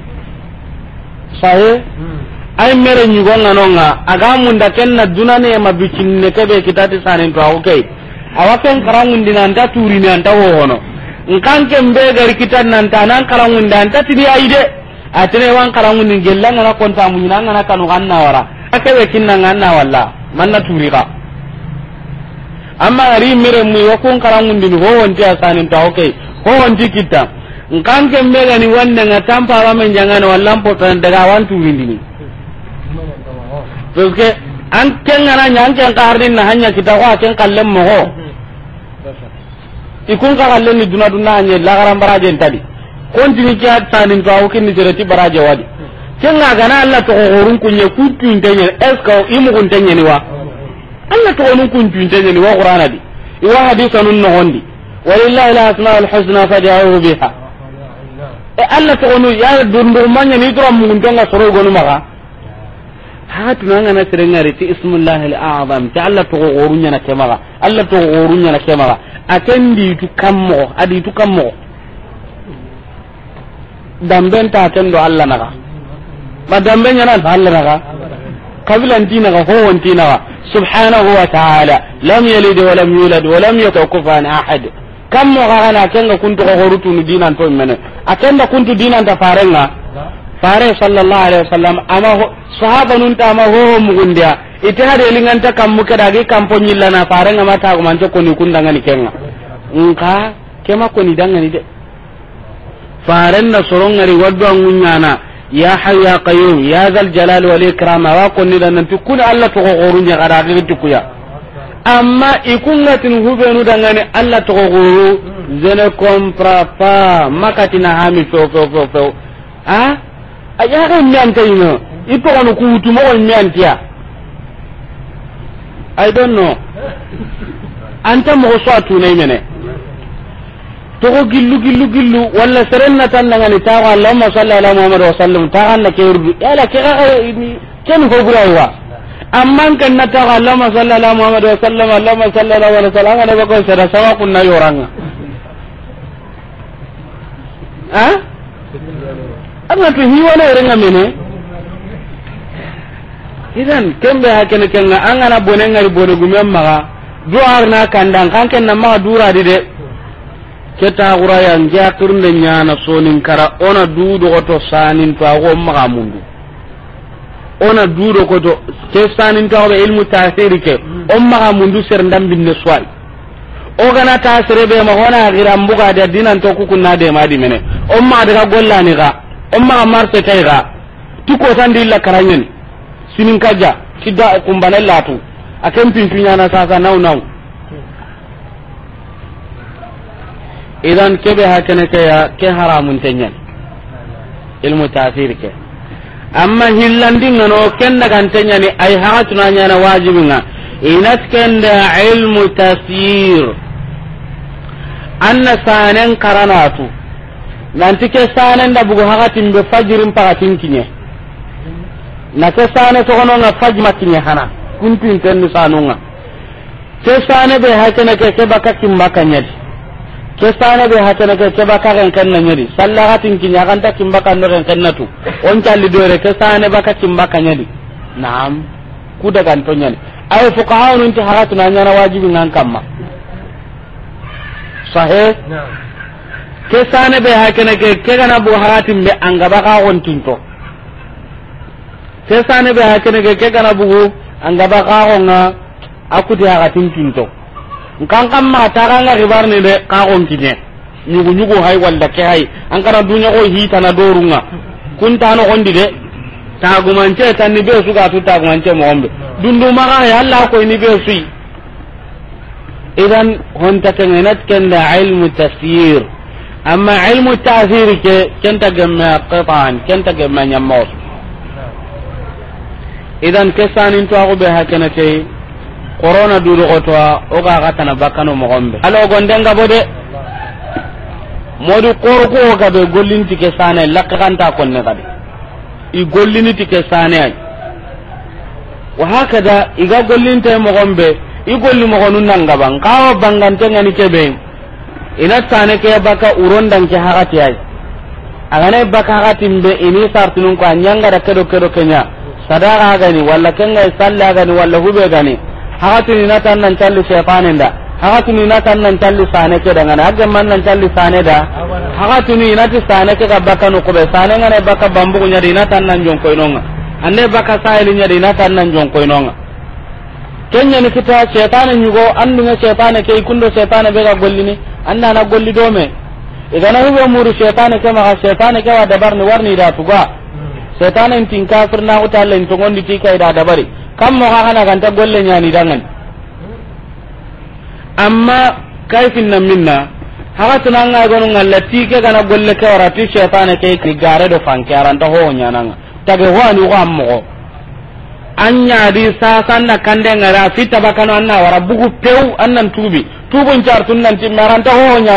sahe hmm. ay mere ni gonga nonga aga munda kenna dunane ma bicin ne kita ti sanen to okay awaken karangun dinan ta turi ne anta ho hono nkan ke mbe gar kita nan ta nan karangun dan ta tini aide atene wan karangun din gella ngana konta mun nan na kanu na wara kin nan na walla na turi ka amma ari mere mu yokon karangun din ho wonti asanin ta okay ho ti kita nkan kembe ni wanda nga tampa wa men wa lampo tan daga wan tu windi parce que an kengana nya an ken qarnin na hanya kita wa ken kallem mo ho ikun ka kallem ni duna duna anya la garam baraje tadi kon tini ki hat tanin to awu ken jereti baraje wadi ga gana Allah to horun kunye kutu intenye eska imu kuntenye ni wa Allah to horun kuntu intenye ni wa qur'ana di iwa hadithanun no hondi walillahi al-asma'ul husna biha e alla togonu ya manya ni mun tonga soro gonu maga ha hatunangana serengari ti ismullahi a'zam ta alla gorunya gorunyana kemaga alla gorunya gorunyana kemaga kammo adi adiitu kammo damben taten do alla naga ba dambe ñanan alla naga kabilantinaga howontinaga subhanahu wa taala lam yalid lam yulad lam yakun kufan ahad kam mo gana kenga kuntu ko horutu ni dinan to mene da kuntu dinan da farenga fare sallallahu alaihi wasallam ama sahaba nun ta ma ho mugundia ite lingan ta kam mu kada gi kam po nyilla na farenga mata ko manjo ko ni kundanga ni kenga nka kema ko ni danga ni de faren na sorongari waddu na ya hayyu ya qayyum ya zal jalal wal ikram wa kunni lan tukun alla to ko gorunya kada tukuya amma ikungatin hubenu dangane allah togoguru je hmm. ne comprends pas makatina hami few few few few a ayaxa miantayino hmm. i togonu kuutu mogon miantiya i don't know [LAUGHS] anta mogo so a tunai mene togo gillu gillu gillu walla serenna tan dangani taxo allahuma salli ala muhamad wa sallam taxanna ke urdu yala ke xaxa eh, ken hoguraywa amman kan na ta allama sallallahu alaihi wa sallam allama sallallahu alaihi wa sallam ala bako sada sawa kunna yoranga ha amma to hi wala yoranga mene idan kembe hakene kenga angana bonenga ri bone gumem maga duar na kandang kanken na maga dura de de keta gura yang jakirnde nyana sonin kara ona du do to sanin to ago mundu ona duro koto kestanin tawɓe ilmu tasiri ke on maxa mundu ser ndambinne o ogana ta be ma hona gira mbuga da dinan to kukun na de madi mene on ma daga golla ni ga on ma marse kai ga tuko tan dilla karanyen sinin kaja kidda kumbane latu akan pintunya na sasa nau nau idan kebe hakene ke ya ke haramun tenyen ilmu tasir ke amma hillandingano ken daganteñani ay na hagatunanñana nga inas kende ilmu tasir anna sanen karanatu nanti ke sanen da bugu hagatin be fajirin pagatin kinye na ke sane togononga fajma kinye hana kuntintenni sanunga ke sanen be na ke ke baka kimbakanyadi ke sana be hatana ke ke baka ren kan na nyari sallahatin ya kan ta kimba kan ren kan natu on ta li dore ke sana baka kimba kan nyeri na'am ku daga to nyari ay fuqaha nun ta haratu na nyana wajibi nan kamma sahe ke sana be hakana ke ke gana bu haratin be an baka ka on tinto ke sana be hakana ke ke kana bugu an gaba ka on ti haratin tinto nkan kan ma ta kan ga ribar ni de ka gon kinye nyugu nyugu hay walla ke hay an kana dunya ko hi tana dorunga kun ta no gondi de ta ce tan ni be su ga tu ta gumance mo ombe dundu ma ga ya ko ni be su idan hon ta da ilmu tafsir amma ilmu tafsir ke gamma qatan gamma idan be hakana corona duru gotwa o ga ga tana bakano mo gombe alo gondenga bode modu korko ga be gollin tike sane lakanta konne kadi i gollini tike sane ay wa hakada iga gollin te mo gombe i golli mo gonun nan gaban kawa bangante ngani kebe ina sane ke baka urondan ke hakati ay agane baka hakatin be ini sartunun ko anyanga da kedo kedo kenya sadaka gani walla kenga salla gani walla hube gani ni na tan nan talli shaytanin da ni na tan nan talli sane ke dangane hagge man nan talli sane da ni na ti sane ke ga baka no kobe sane ngane baka bambu kunya di na tan nan jon koy nonga anne baka sahili nya di na tan nan jon koy nonga kenya ni kita shaytanin yugo andu nga shaytanin ke ikundo shaytanin be ga gollini an na golli dome igana huɓe muru setane ke maxa setane ke wa war warni da tuga hmm. setane tin kafir na wuta len togondi ti kay da dabari kam mo ha kana ganta golle nyani dangan amma kaifin nan minna haka tuna nga gonu ngalla tike kana golle ke wara ti shaytan ke ki gare do fanke aran to ho nga ta ge ho anu ko ammo anya di sasan na kande ngara fita bakano anna wara bugu pew annan tubi tubun jar nan ti maran to ho nga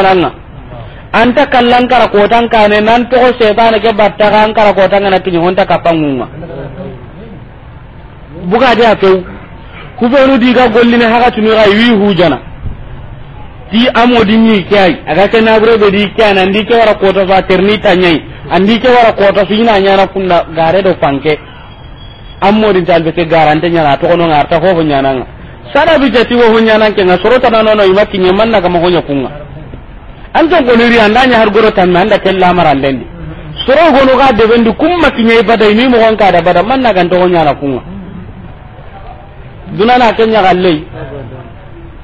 anta kallan kara kotan kane nan to shaytan ke batta kan kara kotan na kinyi honta kapangunga buga ku akew ru diga golline hakatuni ga wi hujana ti amodi ni kai aga ke nabure be di kai nan di ke wara kota sa terni tanyai andi ke wara kota su ina nyana kunna gare do fanke amodi dal be te garante nyana to kono ngarta ko ho nyana nga sada bi jati wo ho nyana ke nga sorota na nono imaki nyeman na kama kunna an anton ko liri nya har goro tan anda kella lendi soro no ga de bendu kumma kinyai badai ni mo gonka da bada man na to nyana kunna dunana ya galle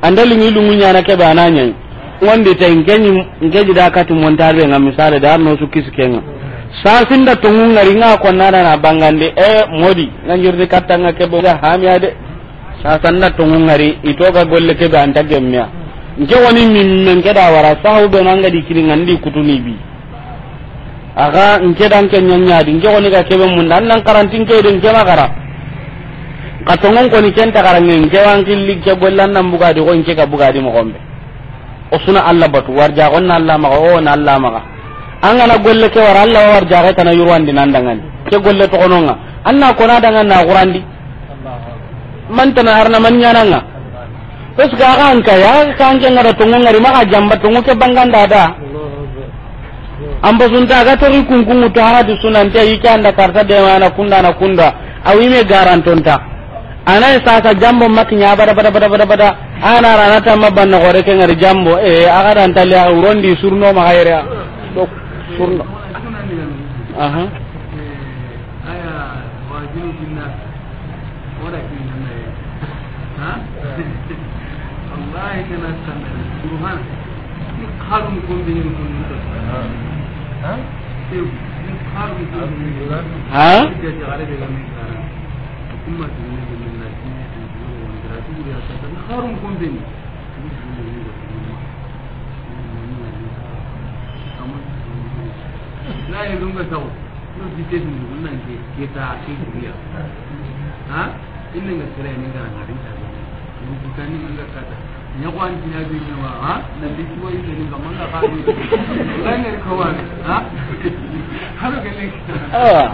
andali ngi lungu nyana ke bananya wonde ta ngenyi ngeji da katu montarbe nga misale da no su kiskenga sasin da tungu ngari nga ko nana na bangande e modi ngirde katanga ke bo hamia de sasan da tungu ngari ga golle ke be anta gemya nke woni min men ke da wara sahu be nanga di kiri di kutuni bi aga nke dan ke nyanya di nke woni ga kebe mun dan nan karantin ke den ke magara katongon koni kenta karang karangen kewan killi ke gollan nan bugadi on ke ka buka di gombe osuna suna allah batu warja on na allah ma o na allah ma anga na golle ke war allah warja ka tana yurwan di nandangan ke golle to kononga anna ko na dangan na qurandi man tan arna man nyana nga pes ga kan ka ya kan ke ngara tongon ngari ma jamba tongon ke bangan dada amba sunta ga tori kungkung uta hadi sunan te yikanda karta de mana kunda na kunda awime garantonta sa sa jambo mati nyabada bada bada bada bada ana rana mabban na gore ke jambo e aga dan tali a urondi surno ma hayre ya. surno aha aya wajilu binna wala kinna ha wallahi na tanna burhan ki khalum kun din kun ha ha ha diyor zaten. Harun Gondeni. La yi dunga tau. Yau ji te sun dunga nan ke ta ke kuriya. Ha? Inda ga kira ne ga nan harin ta zai. Yau ji ta ne ga kata. ñagoan tina be ñawa ha nandi siwayi leni ga manga ka ni langer ko wan ha haro ke lek ah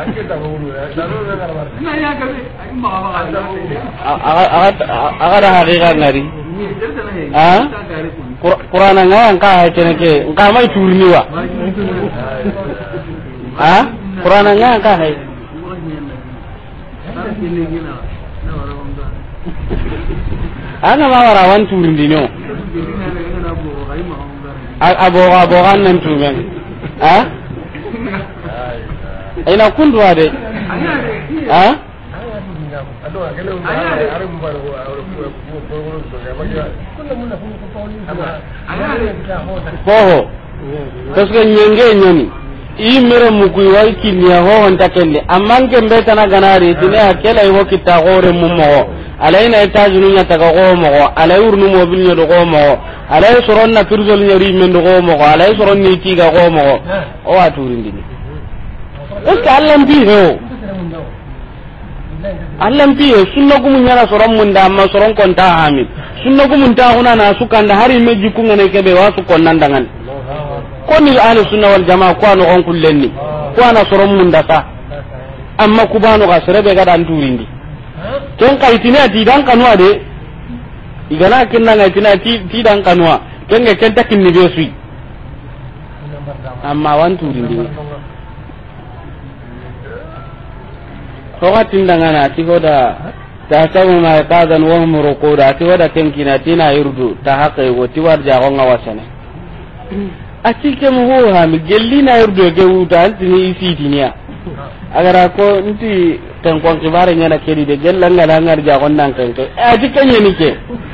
anke ta ko wulu ya dalo na garbar na ya ga be ay ma ba ga aga aga haqiqa ngari ha qur'ana ah? nga ka ha kene ke ka mai turni wa ha qur'ana nga ka ha Thank you. ana ma wara wan turin no aboga aboga nan men ha ina de ha nyenge nyoni i mere mugui way kinniya hohonta kelle amman kembe tana ganari tine a kela iho kitta gore mu mogo alayna étage nu ñataga xoo mogo alay urnu mobil ñedu xoo mogo alay soron na pirsol ñeru yimendu xoo mogo alay soron ni tiga xoo mogo o wa turindini est ce que allampi heo allampi he sunna gumu ñana soron munda amma soron konta hamin sunna gumunta xunana sukanda har ime jikkungane keɓe wa dangan. koni ahli sunna wal jamaa ko an on kullenni ko ana soron mun dasa amma ku kubano ga be ga dan turindi ken kaitine di dan kanwa de igana kinna ga tina ti ti dan kanwa ken ga ken takin ni besui amma wan turindi hogatin dangana ti ta ma ta dan wa hum ruquda ti wada ken kina tina yurdu tahaqi wa ti ja gonga wasane ati ke mu ho ha mi gelli na yurdo ge wuta antini isi diniya agara ko nti tan kon bare nyana kedi de gella ngala ngar ja kon nan kan ke eh, ati ke nyeni ke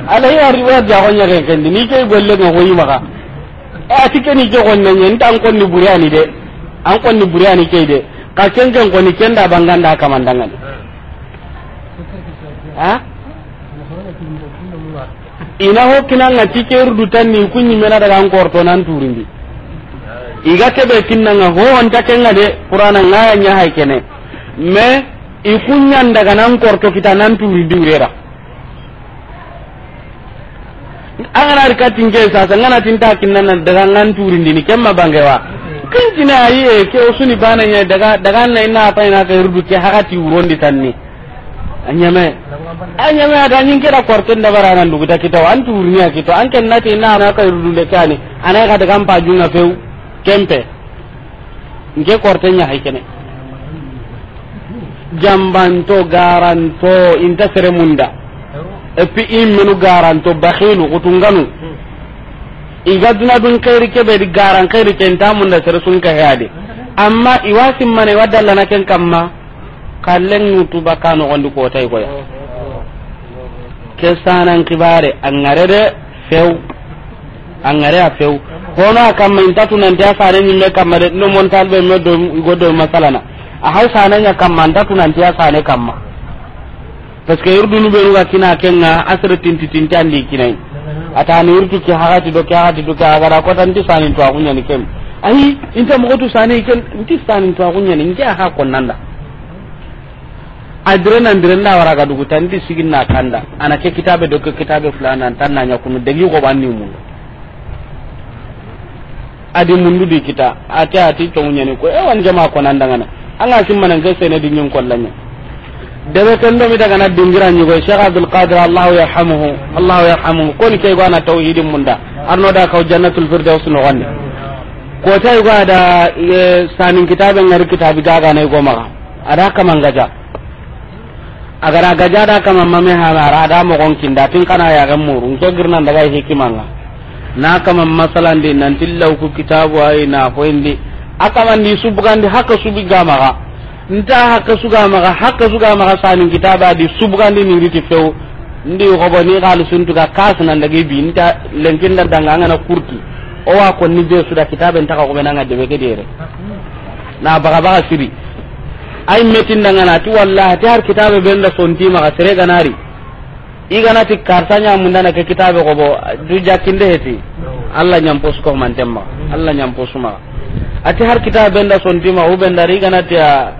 ala ya wa ja kon nyare kan ni ke golle ngo yi maka eh, ati ke ni ke kon nan nyen tan kon ni buriani de an kon ni buriani ke de ka ken ken kon ni da banganda kamandangan ha ina ho kinan ti ke rudutan ni kunni mena daga an korto nan turindi iga kebe kinnanga ho onta kenga de qur'ana ngaya nya hay kene me ikunyan daga nan korto kita nan turi durera angana rika tinge sasa ngana tinta kinnan daga nan turi ndini kemma bangewa kintina ayi e ke usuni bana nya daga daga na ina pa ina ka rudu ke hakati urondi tanni anyame anyame ada nyin kira korto nda barana ndugu ta kita an turi nya kita an kenna tina na ka rudu le kani anai ka daga pa junga feu kempe nke korte nya kene jambanto garanto inta sere munda epi menu garanto bakhilu kutunganu iga duna dun kairi kebe di garan kairi inta munda sere sun ka heade amma iwasim mane wadalla na ken kamma kallen mutu bakano gondu ko tay koya ke sanan kibare angare de few angare a few hono kamma inta tunanti a ni me kamma de no talbe me do godoy masalana ahay sanaña kamma nta tunanti a sane kamma parce que irdunu ɓenuga kina tin tin sere tinti tinti andi kinayi atani irtu ki hakati do ki hakati do ki agara kotanti sanintu ni kem ayi inta mogotu sane ken nti sanintu axuñani dire axa konnanda adirena ndirenda tan duguta nti na kanda ana ke kitabe do ke kitabe fulana tan naña kunu degi goɓanni munda adi mundu di kita ati ati tongunya ni ko e eh, wan jama ko nan dangana anga simmanan ke sene di nyon kollanya debe kendo mi daga na dingira nyu go Sheikh Abdul Qadir Allah yarhamuhu Allah yarhamuhu ko ni ke bana tauhidin munda arno da ka jannatul firdaus no ganni ko tay go da sanin kitaben ngar kitabi daga ne go maka ada kama gaja agara gaja da kama mame ha ara da mo gonkin da tin kana ya gamuru to girnan daga hikimanga na kama masalandi nanti ku kitabu ay na ndi akamandi subugandi haka subi ga nta haka ga haka ga sanin kitaba di subugandi ngiti feu ndi hobo ni galu ka kasna ndagi bi nta lenkinda danga ngana kurti o wa ko ni be suda kitaba ntaka ko benanga ngade be gedere na baga baga siri ay metin danga na ti wallahi ti har kitabe benda sonti maga sere ganari iganati karta ñamundana ke kitabe xobo du jakkinde heti allah ñamposuko mantenma allah ñamposumaa ati har kitabe benda sontima u bendari iganatia a ya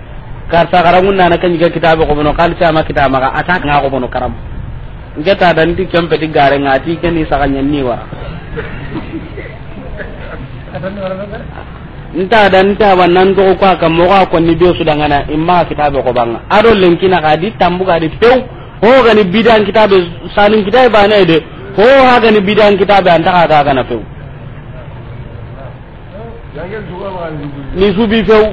karta xarangundana ke ñiga kitabe xobono xalisama kitamaxa ata nga xobono karam ngeta danti kempeti garenga ati keni saxañanni wara nta dan nta wa nan do ko ka mo ko ni be su dangana imma kitabe ko banga ado lenkina ka di tambu ka di pew ho gani bidan kitabe salin kitabe bana de ho ha gani bidan kitabe anta ka ga kana feu ni subi feu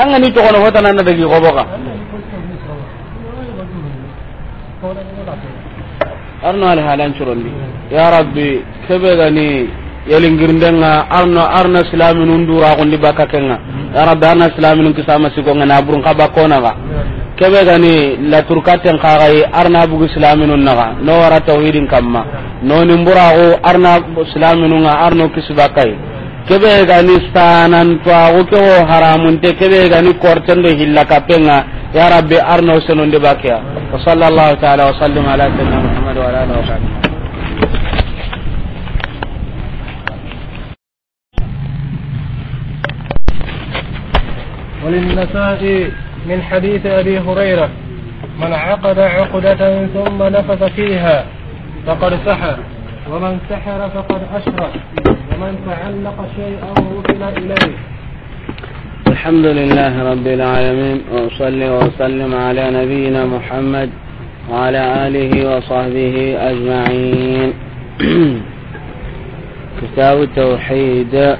an gani to kono hota nan da gi ko boka arno al halan churondi ya rabbi kebe gani yelingirndenga arno arna arna silaminun duragundi bakka kenga yarabbi mm-hmm. arna silaminun kisama sigonga naburun ka bakkonaga kebe gani laturkaten kagayi arna bugu silaminun naga no wara tawhidin kamma mbura buragu arna silaminunga arno kisi bakkayi kebe gani sanantoagu kewo haramunte kebe gani kortendo hilla kappenga yarabbi arno senundi bakkeya wa sallallahu taala wa sallim ala sayyidina muhammad wa ala alihi wa sahbihi وللنساء من حديث أبي هريرة من عقد عقدة ثم نفث فيها فقد سحر ومن سحر فقد أشرك ومن تعلق شيئا وصل إليه الحمد لله رب العالمين وأصلي وأسلم على نبينا محمد وعلى آله وصحبه أجمعين [CLEARS THROAT] كتاب التوحيد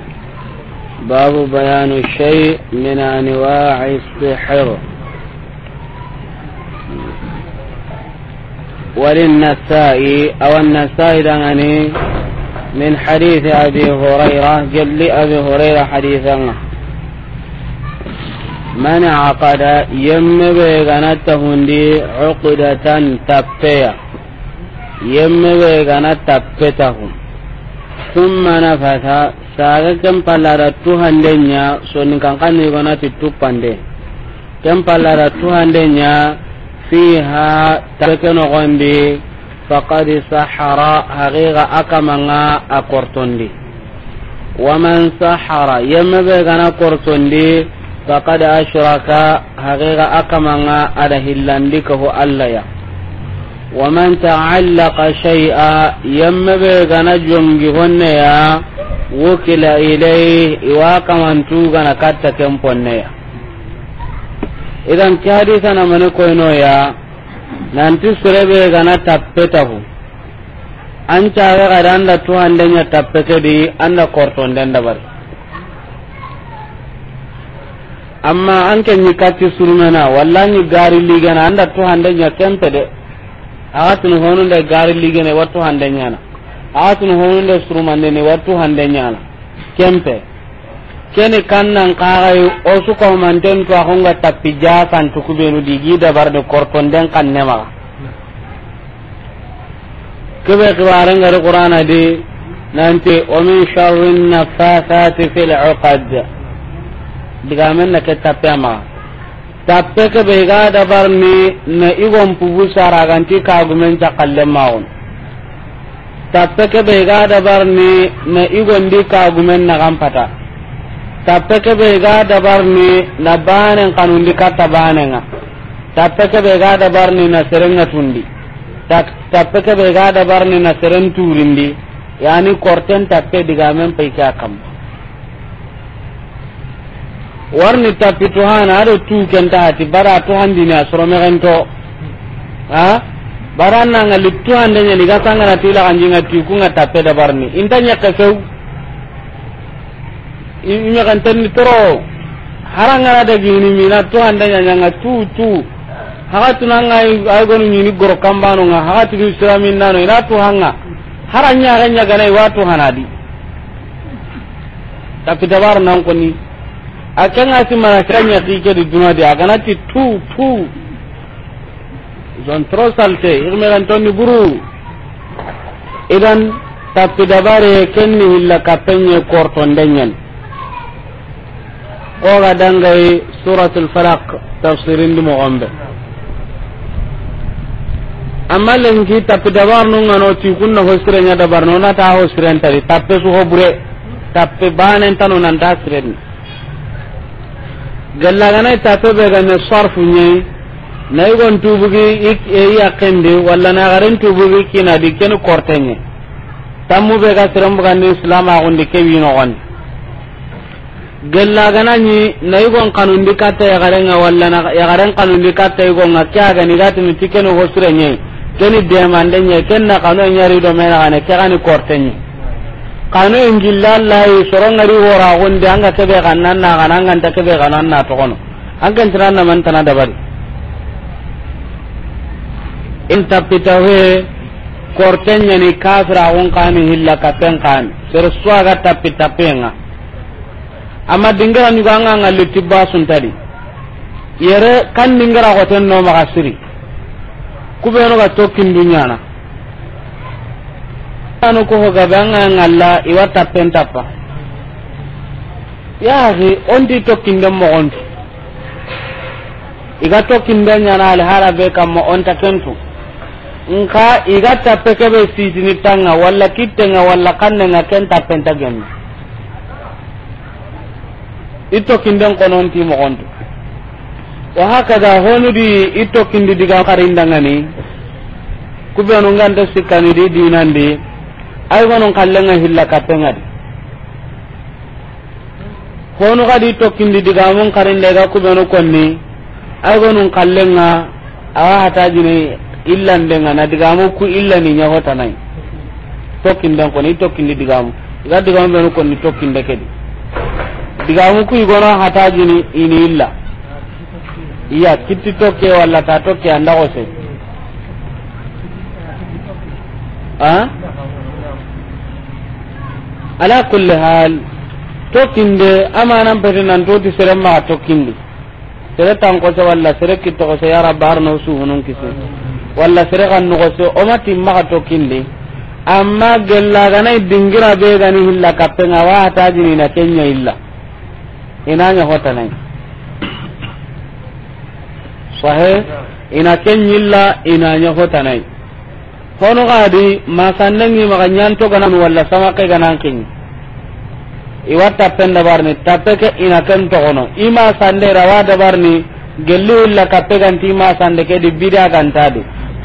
باب بيان شيء من انواع السحر وللنسائي او النسائي دغني من حديث ابي هريره قل لي ابي هريره حديثا من عقد يم بيغنت هندي عقدة تبتيا يم بيغنت تبتهم ثم نفث saga ken pallara tuhandenya sonin kankanni gonati tuppande ken tuhan denya fiha takenogondi faqad sahara haqiqa akamanga a kortondi waman sahara yemme be gana kortondi faqad ashraka haqiqa akamanga ada hillandi kaho allah ya waman taallaqa shay'a yemme be gana jongi ya. wukila ilayhi iwa kamantu gana katta ken ponneya idan ki hadisa na mani koynoya nanti surebe gana tappe tafu an cawe kada anda tuhandenya tappe kedi anda da dabari amma an ken ni katti surmena ni gari ligana anda tuhandenya kempe de agatini honunda gari ligene wa tuhandenya na atun honunde surumandeni wattu hande ñana kempe kene kannan yi o den to axonga tappi jasantukubenu digi korton den kan ma kebe xibarengari qur'ana nante o min sharrin nafasati fi diga digamen na ke tappe amaxa tappe kebe iga dabarni na igon pubu saraganti kagumen ta maxun tappe kebe ga dabar dabarni na di igondi kagumen nagan pata tappe kebe ga dabar dabarni na banen kanundi katta banenga tappe kebe ga dabar dabarni na serenga tundi tappe kebe ga dabar dabarni na seren turindi yani korten tappe digamen paike a kam warni tappi tuhana aɗo tukenta hati bara tuhandi ni a soromexento a baranna nga littu ande nyani ga sangana tila kanjinga tiku nga tape da barni intanya kasau inya kan tan toro haranga da ni mina to ande nyanya nga tu tu haga nga ay ni nyini goro kambano nga haga tu islamin nano ina tu hanga haranya ganya ganai watu hanadi tapi da barna ko ni akanga simana kanya tike di dunadi agana ti tu tu zon tro salte igmeran tonni buru idan tapi dabare kenni hilla kappenye kortondenyen koga dangayi suratul falaq tafsirindi mogonɓe amma lenki tapi dabar nu ngano tikunna hosirenya dabar no nata hosirentadi tappe suho bure tapi tanu nan tappe banentano nanta sirenni gallaganayi tappe ne sarfu ñayi E na igon tubugi iyakendi walla nagarin tubugi kinadi keni kortenge tammu be ga sirenbugandi islam agundi kewinogondi gellaganañi na igon kanundi katta yagarenga walla yagaren kanundi katta igonga ke agani gatini ti keni go sirenye keni demandenye ken na kanoe ñarido menagane ke gani kortenye kanoe ngilla allahi sorongari woragundi anga keɓe gannannagana anganta keɓe gananna togono ankentinannaman tana dabari in tappitahe kortenyani kafira won kani hilla kapen kani sere suaga tappi tappenga amma dingara nyugo anga ngalli tibba suntadi yere kan dingara goten no maga siri kubeno ga tokkin dunyana anu ko hoga banga ngalla iwa tappen tappa yaahi ondi tokkin dem mo ondi iga tokkin den nyana al harabe kam mo on takentu nka iga tappe kebe sitini tanga walla kittenga walla kannenga ken tappenta gemme itto kinden kononti mogontu wa hakada honudi itto kindi diga karindangani kubenu nganta sikkanidi dinandi ay gonon kallenga hilla kappengadi honu gadi tokkindi digamun karindega kubenu konni ay gonun kallenga awa hatajini illa ndenga na digamu ku illa ni nyaho tanai tokin dan ko ni tokin ni digamu ga digamu be ko ni tokin de kedi digamu ku igona hata jini ini illa iya kitti toke wala ta toke anda ko se a ala kulli hal tokkinde amana pete nan toti sere tokin tokkindi sere ko se wala sere ko se ya n'o su suhunun kisi wala. serekan nogose omati maga tokkindi amma gellaganai dingira be gani hilla wa kenya illa inanya sahe ina inanya hono gadi samake ina ima sande kedi gantadi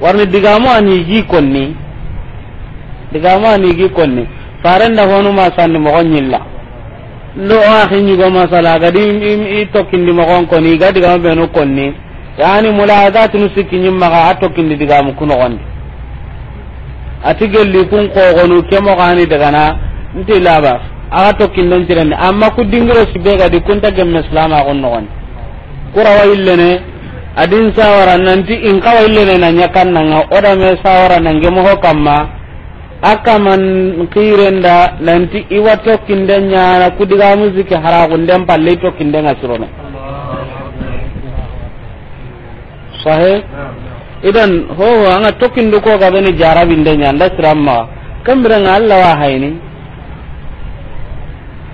warni digaamu ani gi konni digaamu ani gi konni farenda honu ma sanni mo gonyilla lo ahi masala gadi i tokkindi moxon gon koni ga digaamu be no konni yaani mulazatu nu sikki nyimma ga atokindi digamu kuno gondi ati gelli kun xooxonu ke kemo gani daga na nti laba aga tokkindon tirani amma ku dingiro si gadi kunta gemme islama gon noxondi gondi kurawa illene adin sawara nanti in kawa illene na nyakan nanga oda me sawara nange moho kamma akaman kirenda nanti iwa tokkinde nyana kudiga musiki haragunden palle tokkinde nga sirone sahe idan hoho anga tokkinde ko ga bene jarabinde nyanda siramma kambira nga alla wa hayni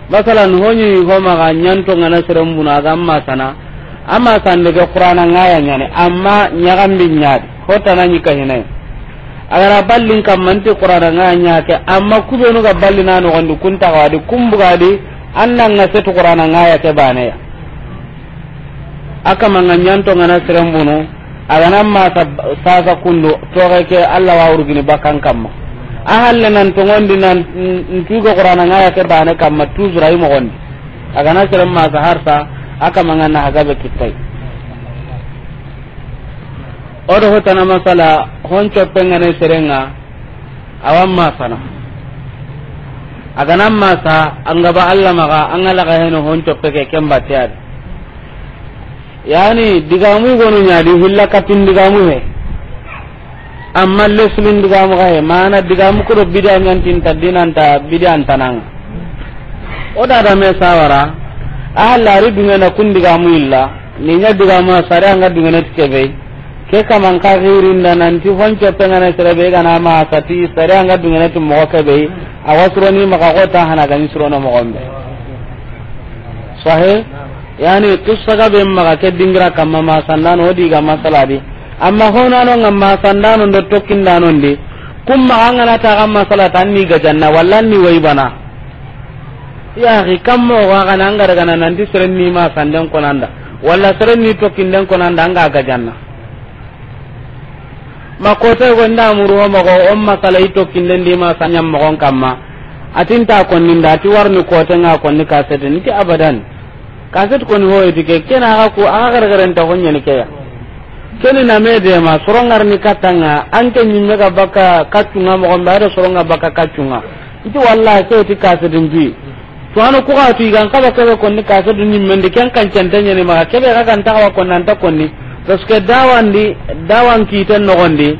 masalan honyi homa ga nyanto ngana sirambuna gamma sana amma daga qur'ana ngaya nyane amma nyagambi nyaade hotana nyika hinay agara ballin kam manti qur'ana ngaya nyake amma kubenu ga ballina no gondu kunta wadi gadi annan na setu qur'ana ngaya ke ya. aka manga nyanto ngana serembuno agana ma sasa kundu ke alla wa urgini bakan kam ahalle nan to ngondi nan ntugo qur'ana ngaya ke bane kam tuzra imo gondi agana serem ma sa harsa aka mangana hagabe kittai hota na masala honco pengane serenga awam masana aganan masa anga ba allah maga angalaga heno honco peke kembateyadi yani digamu gonu ñadi hilla katin digamu he amma leslin digamu ga he mana digamu bidan bidia tadinan ta bidan ntananga oda da me sawara a lari dungena kun digamu illa ni nya digama sare anga dungena tikebe ke kaman ka girinda nanti fonce pengana serebe gana ma sati sare anga dungena tu mo kebe ni maka kota hana gani surono mo gombe sahih yani qissa ga be maka ke dingira kamma ma sandano odi ga masaladi amma hono no ngamma sandano ndo tokkindano ndi kumma angana ta gamma tan ni ga janna wallan ni waybana ya ri kam mo wa ga nan gar gana nan di seren ni ma sandan konanda wala seren ni tokin den konanda an ga ga janna ma ko te go nda mu ro ma go o ma kala ito kin den di ma sanyam mo gon ma atin ta kon nin da ti war ni ko te nga kon ni ka se den ti abadan ka se kon ho e dike kena ga ko a gar gar en ta ho nyen ke ya keni na me de ma ngar ni ka tanga an anke ni me ga baka ka tunga mo gon ba re soronga baka ka tunga itu wallahi ke ti ka se den ndi sohano ku tu igan kaba kebe konni kase du kyan kan kancantenya ni maha kebe ga ganta kawa konni anta konni parce que di dawan kiiten nogondi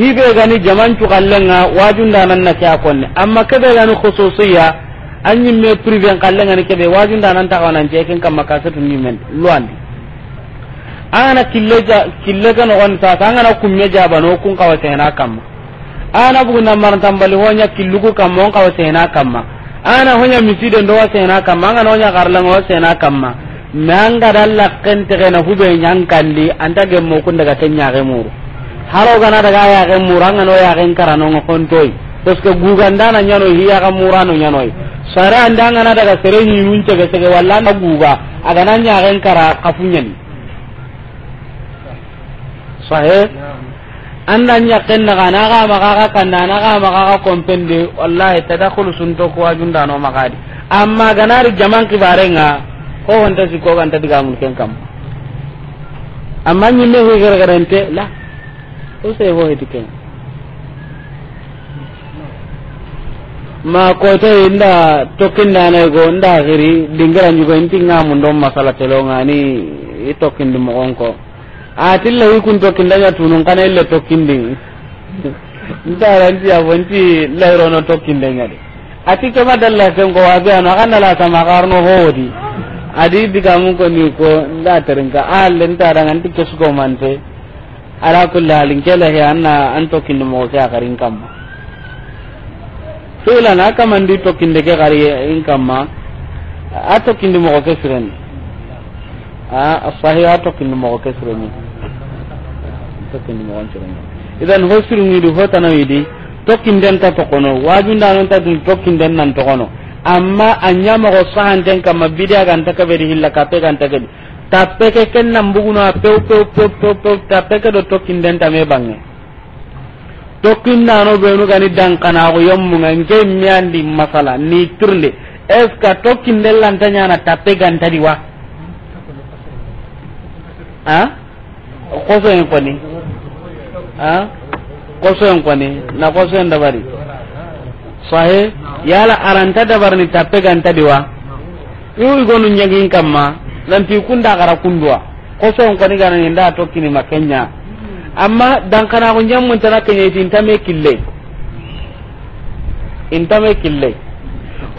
hibe gani jaman cukallenga wajundanan na kea konni amma kebe gani khususiya an ñimme privé kallenga ni kebe wajundanan takawanance ken kamma kase du ñimmendi luandi ana kille kille ga nogondi sasa angana kumme jabano kun kawa sena kamma ana bukuna marantambali honya killugu kamma on kawa sena kamma ana honya misiden do wasena kamma anga nonya garlanga wasena kamma me anga dalla kente gena hube nyankandi anta gemmo kun daga tenya ge muru haro gana daga ya ge muru anga no ya gen karano ngokontoi parce que guganda na nyano hiya ga murano nyano sara anda anga na daga sere ni munce ge sege walla na guga aga na nya gen kara kafunyani sahe anda nyakken daga na ga maga ga kanda na ga maga ga kompende wallahi tadakhulu sunto ko ajunda no magadi amma ganari jaman kibarenga ko wanda si ko ganta diga mun ken kam amma nyimme ho gara garante la o sai ho hetiken ma ko to inda tokin dana go inda giri ju nyugo intinga mun don masala telonga ni itokin dum ko ati atilla yi kun tokkindanya tunun kana ille tokkindin ndaranti abonti layrono tokkindenya de ati kama dalla ken ko wabe ano kana la sama karno hodi adi diga mun ko ni ko nda terinka allen ah, taranga anti kesko mante ala kulli halin kela he anna an tokkindi mo sa garin kamma fela na kama ndi tokkinde ke gari in kamma a tokkindi mo ko kesren a ah, sahiha tokkindi mo ko kesren tokkindi mogoncorenga idan hosirungidi hotanoyidi tokkinden ta tokono wajundanonta dun tokkinden nan tokono amma anya mogo sahanten kamma bidia ganta kabedi hilla kape ganta kedi tapeke ken nan buguno a pew pew pew pew pew tapeke do tokkinden na bange tokkindano benu gani dankanago masala ni turde est ce que tokkinden lanta ñana tappe gantadi wa a kosoen koni ha kosoyen kwani na kosoyen dabari sahe yala aranta dabar ni tappe ganta diwa iwi gonu nyagin kamma nanti kunda gara kundwa kosoyen kwani gana ni nda tokkini makenya amma dankana ko nyammun tana kenya itin tame kille intame kille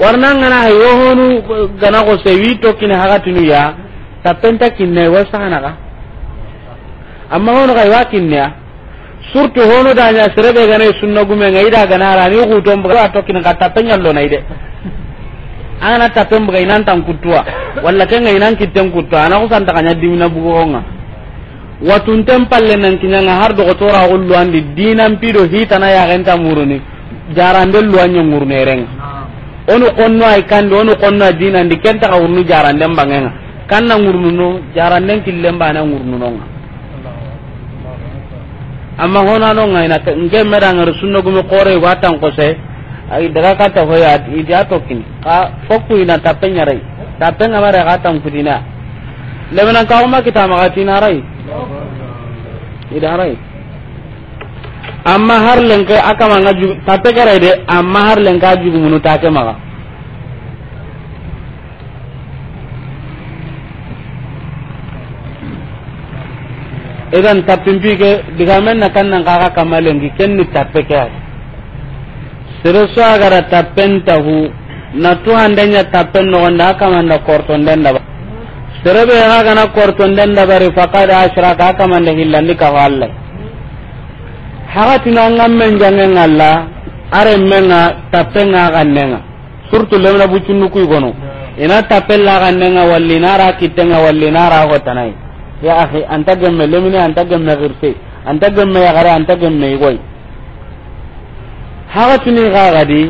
warna ngana hayo honu gana ko sewi tokkini hagatinu ya tapenta kinne wasana ka amma hono kai wakinne ya surtout hono da nya serebe gane sunna gume ngai da gana ra ni ku ka lo nai de ana tapen mbaga inan tan kutua walla ken ngai nan kitten kutua ana ku santa kanya watun nan har do tora ullu andi dinan pido ya muruni jarande lu anya murune onu konno ay kande onu konno dinan di kenta ka urnu jarande mbangenga kanna jarande na ngurnuno nga amma hona no ngai na nge merang ar sunno gumo kore watang ko se ai daga kata ho ya idi ato kin ka fokku ina tapenya rai tapenga mara katan kudina lemena ka uma kita magatina rai ida rai amma har lenke aka manga tape kare de amma har lenka jugu munu take maga idan tappimpi ke digamen na kan nan kaka kamalengi ken ni tappe ke ay sere so agara tappen tahu na tu handanya tappen no onda kamanda korton den da sere be ha kana korton den da bari faqad ashraka kamanda hillandi ka walle hagati na ngammen jangen alla are menga tappen ga kannenga surtout lemna bucunnu kuy gono ina tappen la kannenga wallinara kitenga wallinara hotanai ya akhi anta gemme lemine anta gemme girse anta gemme yagare anta gemme igoy haga tuni gagadi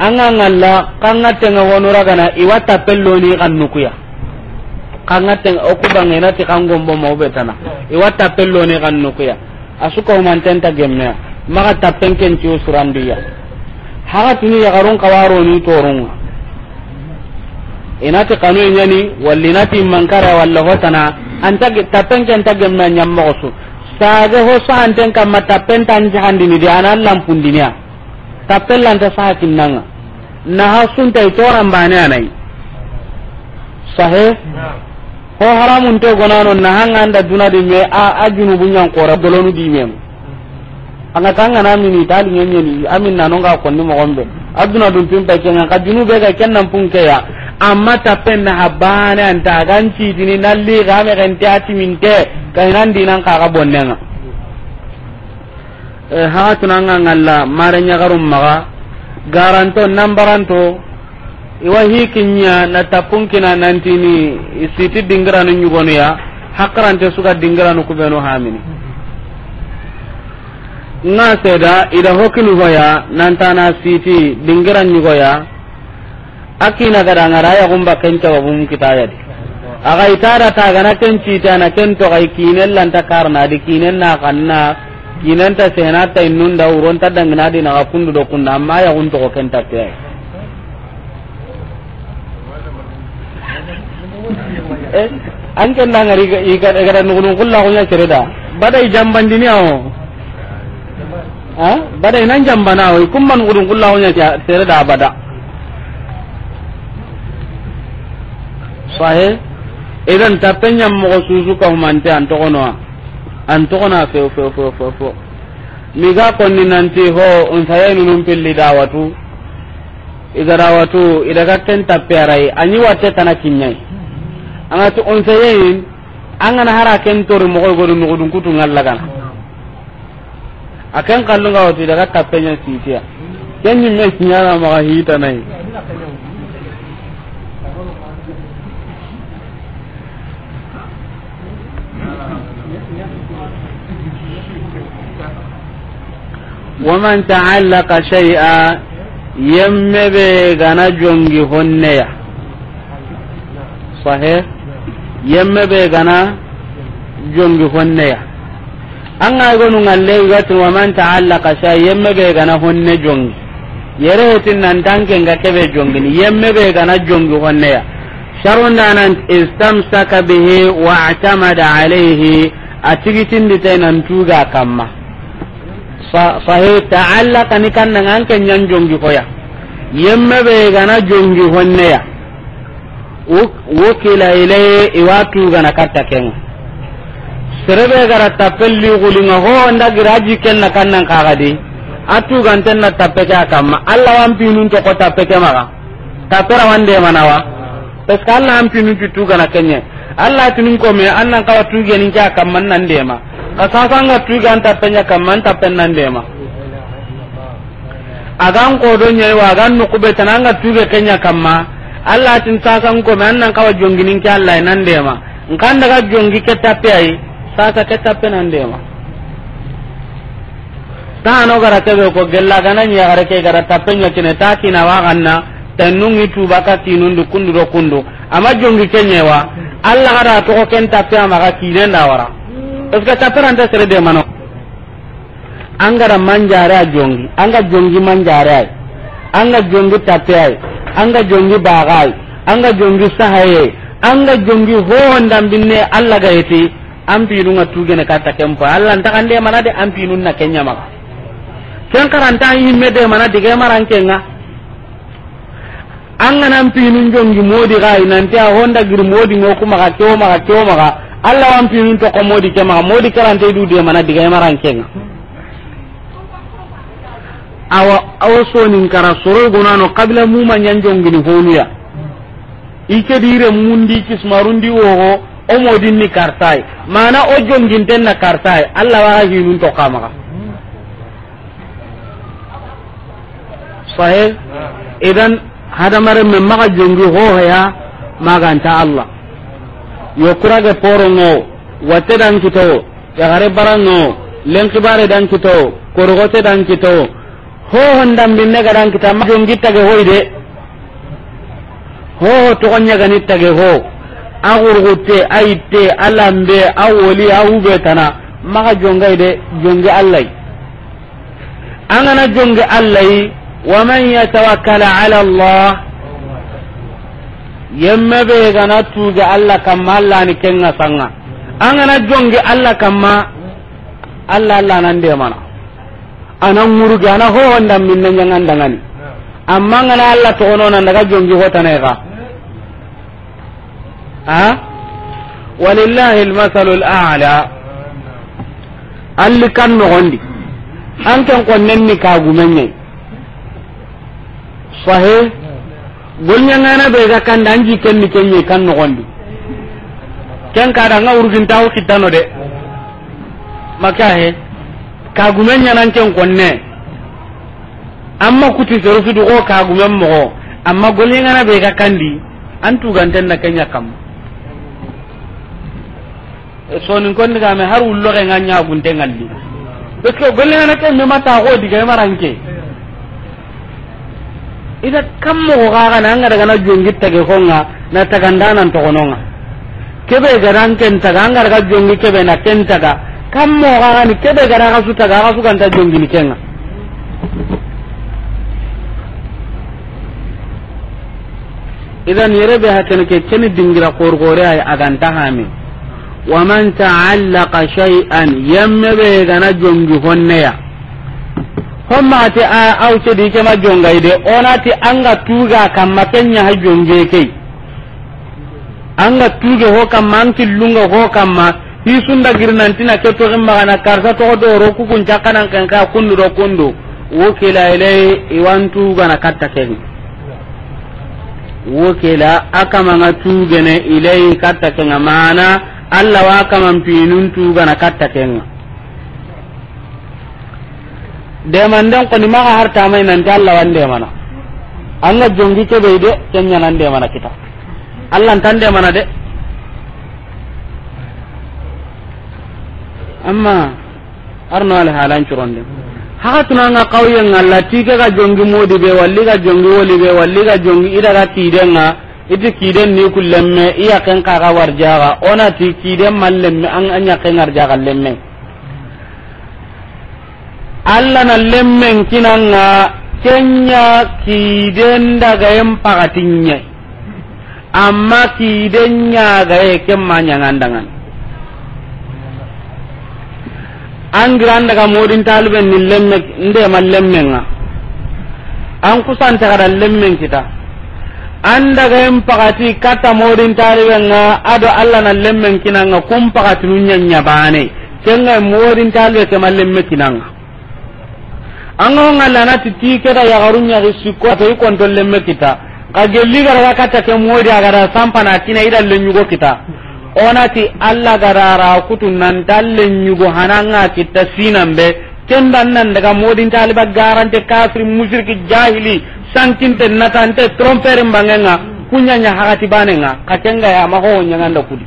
anga ngalla kanga tenga wonora gana iwa tapello ni kannukuya kanga tenga okubangena ti kangombo maubetana iwa tapello ni kannukuya asuka humantenta gemme maga tapenken ti usurandiya haga tuni yagaron kawaroni torunga inati kanu nyani walli nati mankara walla hotana anta tapen kan tagem na nyammo su saga ho sa anten kam tapen tan jahandi ni anan lampun dinya tapen lan ta sahatin nanga na hasun tai toran bane anai sahe ho haramun to gonano na hanga anda dunadi me a ajunu bunyan qora golonu di mem anga tanga na mini tali nyenye ni amin na nonga konni mo gombe aduna dum pimpa kenga kadinu be ga kennan punke ya amma tappen na habane anta ganci dini nalli game kan tiati minte kan nan dinan ka ga bonnenga e ha tunanga ngalla mare nya garum maga garanto nambaranto iwa kinya na tapunkina nantini isiti dingiranu nyugonu ya te suka dingiranu kubenu hamini nga seda ida hokini hoya nantana siti dingiran nyugoya akina gara ngara ya gumba kenta wa bum kitaya di aga itara ta gana ken ta na kento to kai kinen lan ta karna di kinen na kanna kinen ta sena ta innun da uron ta dangna di na kundu do kunna amma ya gunto ko kenta ta ke eh, an ken na ngari ga ga nungun kullahu kunya cereda badai jambandini awo ha badai nan jamban o kumman gudun kullahu kunya cereda abada sahe idan tapenya mo susu ka humante an to an fe fe fe fe fe konni nanti ho on pilli dawatu anyi on hara ken mo kutu ngallaga akan kallu wati daga tappenya sitiya ken ma hita nai ومن تعلق شيئا yemme be gana jongi honneya sahe yemme be gana jongi honneya an ga gonu ngalle gatin waman ta'allaqa shay'a yemme be gana honne jongi yere tin nan danke ga kebe jongi yemme be gana jongi honneya sharun danan istamsaka bihi wa atamada alayhi atigitindi tay nan tuga kamma sahih ta'alla kani kannanga anke nyan jongi koya yemme be gana jongi honne ya wukila ile iwatu gana katta kenga serebe gara tapelli gulinga ho nda giraji kan kannan kagadi atu ganten na tapeke akamma alla wan pinun to ko tapeke maga tapera wande manawa parce que alla wan pinun tu gana kenye alla tinun ko me annan kawa tu gani ka akamman nan de ma nga tuiga anta penya kama anta penna dema aga nko do nyai wa aga nukube tana nga tuiga kenya kama alla tin sasan nko me anna nkawa jongi ninki alla e nan dema nkanda daga jongi keta tape hii sasa keta tape nan dema ta gara ke ko gella gana nya gara ke gara tape nya kine ta kina wa ganna tu baka ka tinundu kundu ro kundu ama jongi kenya wa alla gara to kenta pia maga ma da wara est ce que taperanta sere de mano angara manjare a jongi anga jongi manjare ay anga jongi tape ay anga jongi baga ay anga jongi sahaye anga jongi hohondambinne allah ga yeti ampinunga tugene katta kempa allah ntakande mana de ampinun na kenyamaga ken karanta yimme de mana dige marankenga anga nan pinun jongi modi gai nanti a honda gir modi ngo kuma ka kewo maka kewo maka alla wan pinun to ko modi kema modi karante du de mana diga e maran kenga awa awa sonin kara soro gona no qabla mu ma nyanjong gini honuya ike dire mundi wo o ni kartai mana o jongin na kartai wa to kama idan jongi ho ya maganta allah yokurage porongo watte dan kito yagare barango lenkibare dan kito korgote dan kito hohon dambinne ga dan kita majongitage hoyde hoho togonñaganitage ho a gurgutte a yitte a lambe a woli a hubetana maga jongay de jonge jonge waman yatawakkala ala allah yemme be gana tuge allah kamma allah ni kenga sanga an gana jonge allah kamma allah allah nan de mana anan muruge ana ho wanda nan nyangan dangani amma ngana allah to ono nan daga jonge hota ne ga ha walillahi almasalu al'a alli kan no gondi an kan nenni ni kagumenye sahih golñangana be ga ken an ken ni kan gondi ken kada nga urgintawo kitano de maka he ka kagumen ñanan ken konne amma kuti sero ka gumen mo go amma golñangana be ga di an tuganten na kenya kam sonin konni game har wulloxe nga ñagunte ngalli parce que golñangana ken mema taxo digaemaranke ida kam mo gaga na anga daga na jongi tage honga na taganda nan to gononga kebe garan ken taga anga daga jongi kebe na ken taga kam mo gaga ni kebe gara ga su taga ga su kan ta jongi ni kenga idan yerebe hakene ke ken dingira gore ay aganta hami wa man ta'allaqa shay'an yamme be gana jongi ya. homma ati a aw ce di ke ma ide de ti anga tuga kam ma kenya ha jonge ke anga tuge ho kam man lunga ho kam ma hi sunda na ke to gimma kana karsa to do ro ku kun jakana kan ka kunu do kundu wo la ile tuga na katta ke wo aka ma nga tuge ne ile katta ke mana allah wa kama pinun tuga na katta ke nga demanden koni maga hartamai nanti allah wande mana anga jongi keɓey de nan de mana kita allah tan de mana de amma arno ala tuna nga tunanga kawyenga lati ke ga jongi modi be walli ga jongi woli be walli ga jongi idaga kiidenga iti kiden ni ku lemme iya ken kaga warjaga ti kiden man lemme an a ñaken arjaga lemme alla na lemmen kinanga kenya kiden daga yen pagatinya amma kiden nyaga ye kemma nyangandangan an giran daga modin taliban ni lemme nde ma lemmen nga an kusan kusanta kada lemmen kita an daga yen pagati kata modin taliban nga ado alla na lemmen kinanga kum pagati nunya nyabane kenga modin taliban kemma lemme kinanga ango ngallana ti ti keda garunya gi sikko to ikon tolle kita ka gelli gara kata ke modi agara sampana tina ida go kita onati alla garara kutun nan lenyu nyugo hananga kita sinambe kendan nan daga modin taliba garante kafir mushriki jahili sankinte natante trompere mbangenga kunyanya hakati banenga katenga ya maho nyanganda kudi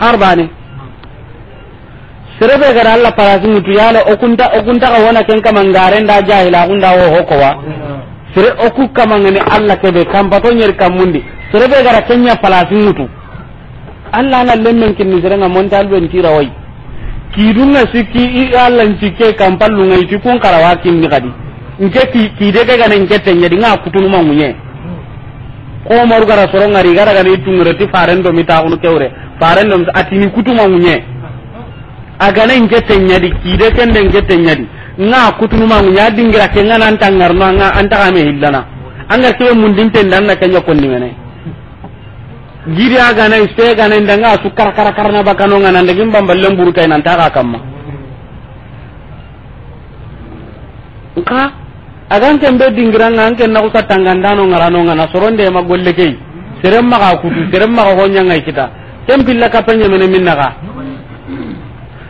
harbani serebe gara alla parasi mutu yala okunta okunta ka wona ken kama ngaren jahila unda wo hoko wa sere oku kama ngani alla kebe to nyer kamundi serebe gara kenya parasi mutu alla na lemmen kin nizere nga montal ben tira wai kidunga siki i alla ncike kampallu ngai ti kun karawa kin ni kadi nke ki kide ke ganen kete nyadi nga kutunu mangunye ko maru gara soronga ri gara ganen itungure ti farendo mita kunu keure farendo atini kutu munye agana njete nyadi kide kende njete nyadi nga kutunu ma mu nya ngira ke nga nan tangar no nga anta kame hillana anga ke mun dinte ndan na kanya ni mene giri agana iste agana nga su kar kar kar na bakano nga nan dagim bamballe mburu kay nan taga ma nka agan ken be dingira nga anke na kusa tangandano no nga na soronde ma golle kay serem ma ka kutu serem ma ko nya ngai kita tempilla penye mene minna ka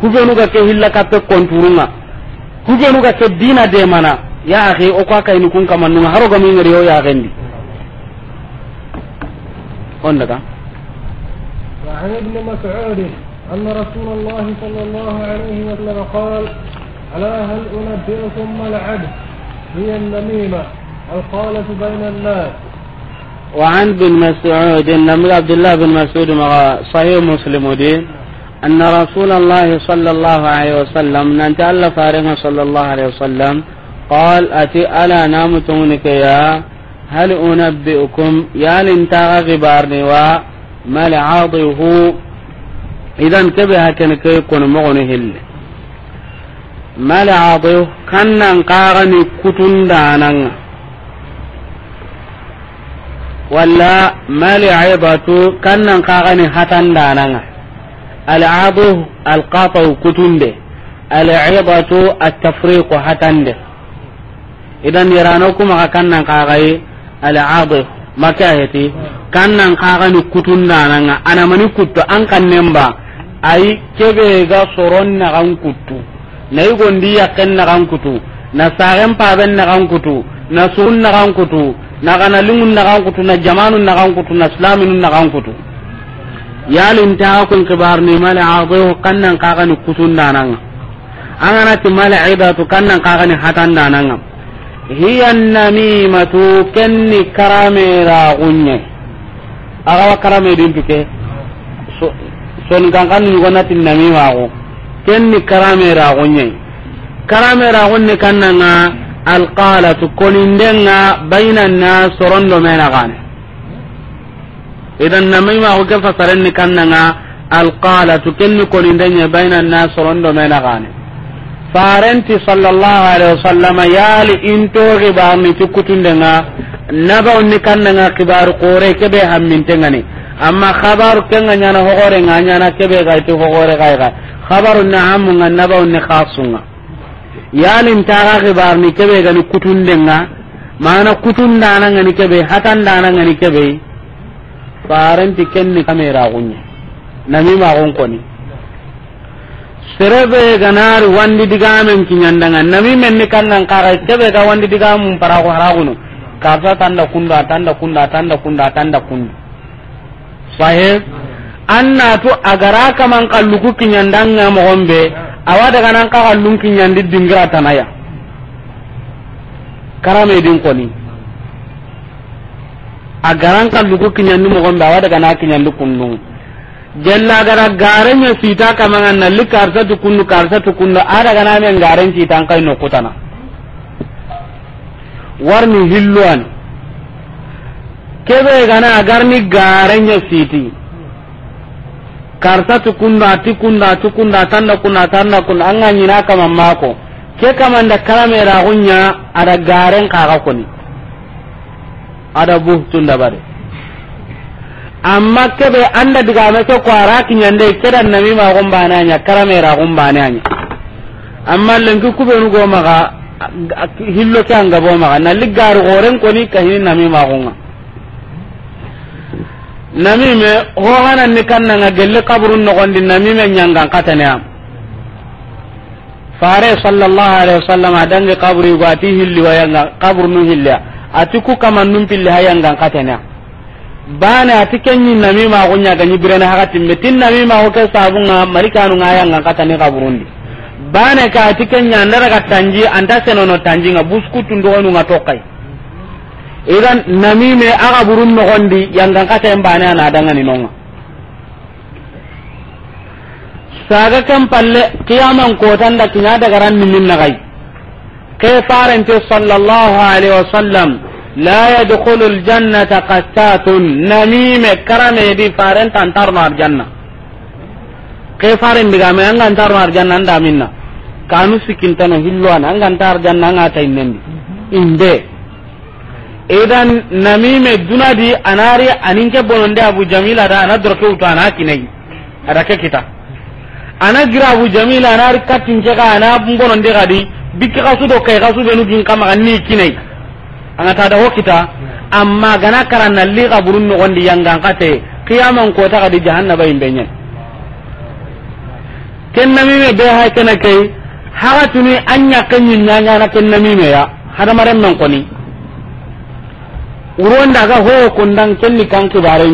kubenu ga ke hilla pe konturunga kubenu ga ke dina de mana ya akhi o ka kayni kun kamannu haro ga min riyo ya gendi on daga وعن ابن مسعود أن رسول الله صلى الله عليه وسلم قال ألا هل أنبئكم ما العدل هي النميمة القاله بين الناس وعن ابن مسعود عبد الله بن مسعود صحيح مسلم ودين أن رسول الله صلى الله عليه وسلم أنت ألا صلى الله عليه وسلم قال أتي ألا نامتونك يا هل أنبئكم يا لنتا غبارني و ما لعاضه إذا كان كي يكون مغنه اللي ما لعاضه كان نقارني كتن دانا ولا ما لعيبته كان نقارني حتن دانا al'adu alqata kutunde al'ibatu at hatande idan yarano kuma kannan kagai al'adu maka heti kannan an ba ayi kebe ga soron na kan kuttu na yi gondi yakken na kan kutu na saren paben na kan kutu na surun kan kutu na yalin ta kun kibar ni mala azu kannan kaga ni kutun dananga angana ti mala idatu kannan kaga ni hatan dananga hiya namimatu kenni ra gunye agawa karame din tuke so son gangan ni gona tin namima ko kenni karamera gunye ra gunne kannanga alqalatu konindenga bainan nas sorondo menagane idan namima ko ke fasarenni kannanga alqalatu kenni na baina nnas sorondo mena gane farenti sallallahu alaihi wasallam yali into ribarni ti kutundenga nabawni kannanga kibaru kore kebe hammintengani amma khabaru kenga nyana hogore nga nyana kebe gaiti hogore gaiga khabaru na amunga nabawni khasunga yali ntaga kibarni kebe gani kutundenga mana kutun danangani kebe hatan danangani kebe farenti kenni kamera gunya nami ma gon koni serebe ganar wandi digamen kinyandanga nami menni kannan kara sebe ga wandi digamun para ko haragunu kaza tanda kunda tanda kunda tanda kunda tanda kunda sahe anna to agara kaman kalluku kinyandanga mo gombe awada ganan nan ka kallun kinyandi dingra tanaya karame din koni a garan kinyan kinyandi mogonɓe awa daga na lukun nu gella gara garenya sita tu kunu karsa tukundu karsa tukundu daga gana men garen sita an kai kutana. warni hilluan kebe gana garni ya siti karsa tukundu ati kunu ati kundu kunu kundu atanda kunu an ganyina kamamako ke kamanda kalamera gunya ada garen kaga kuni ada buhtun dabari amma kebe anda diga me ko ara kinyande kedan nami ma gomba nanya karamera gomba nanya amma lenki kube nu go hillo ke anga maxa maga na ligar goren ko ni kahin nami ma gonga nami me ho hanan ni kan nga gelle kaburun no gondi nami me nyanga katane am fare sallallahu alaihi wasallam adange kaburi gwati hilli wayanga nu hilliya ati ku kamannum pilli hayangan katena bana ati kenyi nami ma ko nyaga ni birana hakatin metin nami ma ko ke sabunga marikanu ngayangan katani burundi bana ka ati kenya ndara ka tanji anda senono tanji nga buskutu ndonu nga tokai idan nami me aga burun no gondi yangan katen bana na danga ni nonga saga kan palle qiyaman ko tanda kinya daga ran min nagai ke farente sallallahu alaihi wasallam la yadkhulu aljannata qattatun namime karame di farenta antarno arjanna ke faren diga me anga antarno arjanna anda minna kanu sikintano hilloana anga antar arjanna anga idan jamila da ana bikki kasu do kai kasu benu gin kama ni kinai anga tada da kita amma gana karanna li qabrun no gondi yanga kate kiyaman ko ta kadi jahannaba imbe nyen kenna mime be ha kana kai haga tuni anya kanyi nyanya na kenna me ya hada maran nan koni uronda ga ho kundan kenni kan ki bare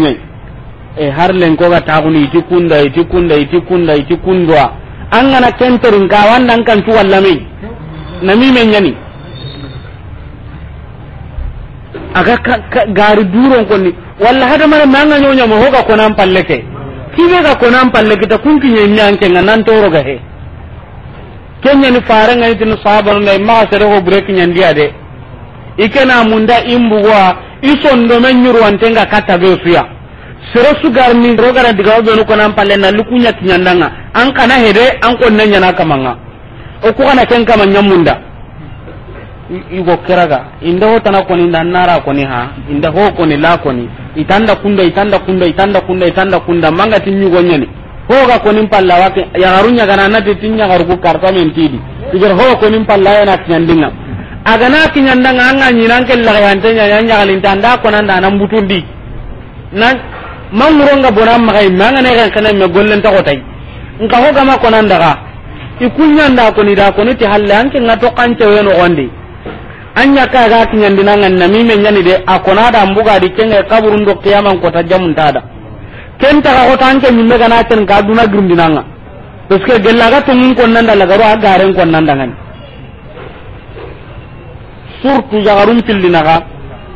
e har len ko ga taguni iti kunda iti kunda iti kunda kundwa an ngana kenterin ka wannan kan tu wallame namime ñani aga gari duron konni walla hadamare ma anga ñoñamo hoga konan palle ke kiɓe ga konan palle kita nan toro ga he keñani ma sahabanunda imaxa sere ho ɓure kiñandiya de ikena munda imbugoa i nga kata kattabe suya sere sugarni rogara digawa ɓenu konan palle nalli kuña kiñandanga an kana de an konne ñana kamanga o ku kana ken kama nyamunda igo keraga inda ho tana koni nda nara koni ha inda ho koni la koni itanda kunda itanda kunda itanda kunda itanda kunda manga tinyu gonyani ho ga koni palla wake ya garunya gana na tinya garu karta men tidi igar ho koni palla yana kinyandinga aga na kinyandanga anga nyinan kel la yante nyanya nyakalin tanda kona nda nan mbutundi na manguronga bonan magai manga ne kan kana me gollen ta kotai nka ho ga ma kona ndaga ikunyanda ni da ni ti halle anke ngato to kanche weno gondi anya ka ga tinyandi nangan na mime nyani de akona da mbuga di kenga kaburun do kiyaman ko jamun tada ta ka hota anke nyimbe kana ten ga duna gurndi nanga peske gella ga tumun kon nanda la garo agaren kon nanda ngani surtu jagarum pillina ga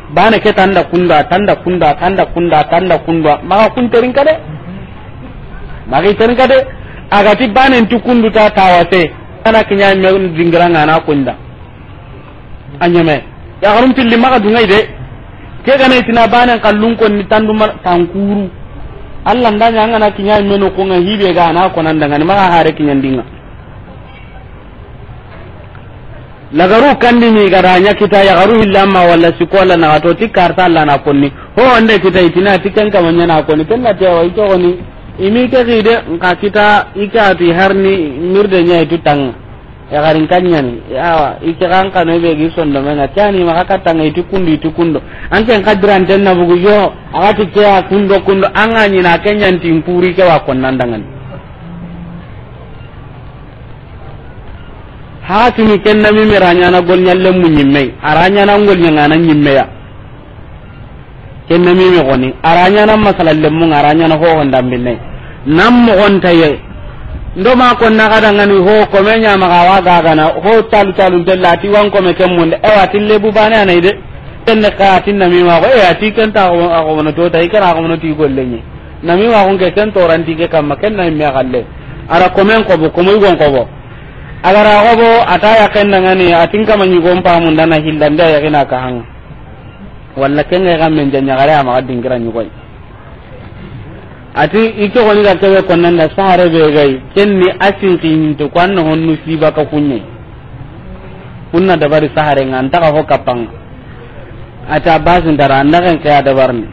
bana ke tanda kunda tanda kunda tanda kunda tanda kunda maka kun terin kade maka terin kade agati banen kundu ta tawase kana kinya me dingiranga na kunda anyame ya garum tilli maka dungai de ke gane tina banen kallun kon ni tandu tankuru alla ndanya ngana kinya me no ko hibe ga na ko nan daga ni maka hare kinya dinga lagaru kandi ni gara nya kita ya garu hillamma wala sikola na watoti karta Allah na konni ho ande kita itina tikanka kamanya na konni kenna tewa ito konni imi ke gide nka kita ika ati harni mirde nya itu tang ya garin kanya ni awa ike kan kanu be gi sondo menga tani maka katanga itu kundi itu kundo anke nka dran den na bugu yo agati ke kundo kundo anga ni na kenya ntimpuri ke wa konnandangan ha tumi kenna mi miranya na gol nyalle munyimme aranya na gol nyangana nyimme ya kenna mi mi goni aranya na masalalle mun aranya na ho hondambe nai nam mogonta ye ndo ma ko na kada ngani ho ko me nya ma gawa ga na ho talu talu dalla ti wan ko me kemmo e ewa tin lebu bana na ide tan ka tin na mi ma ko e ati tota, ken ta ko ko no to tai kan ko no ti golle ni na mi ma ko ke ten to ran ti ke kam ma ken na mi galle ara ko men ko bo ko mo gon ko bo ra ko bo ata ya ken na ngani atin kama ni gon pa mun dana hillanda ya na ka hanga walla ken ga men janya gara ma dingira ni koy ati ike woni ga kebe konnanda sahare be gai kenni asin kinyinte ko anna honnu siba ka kunni kunna dabari sahare ngan ta ho kapang ata basin dara anda kan kaya barni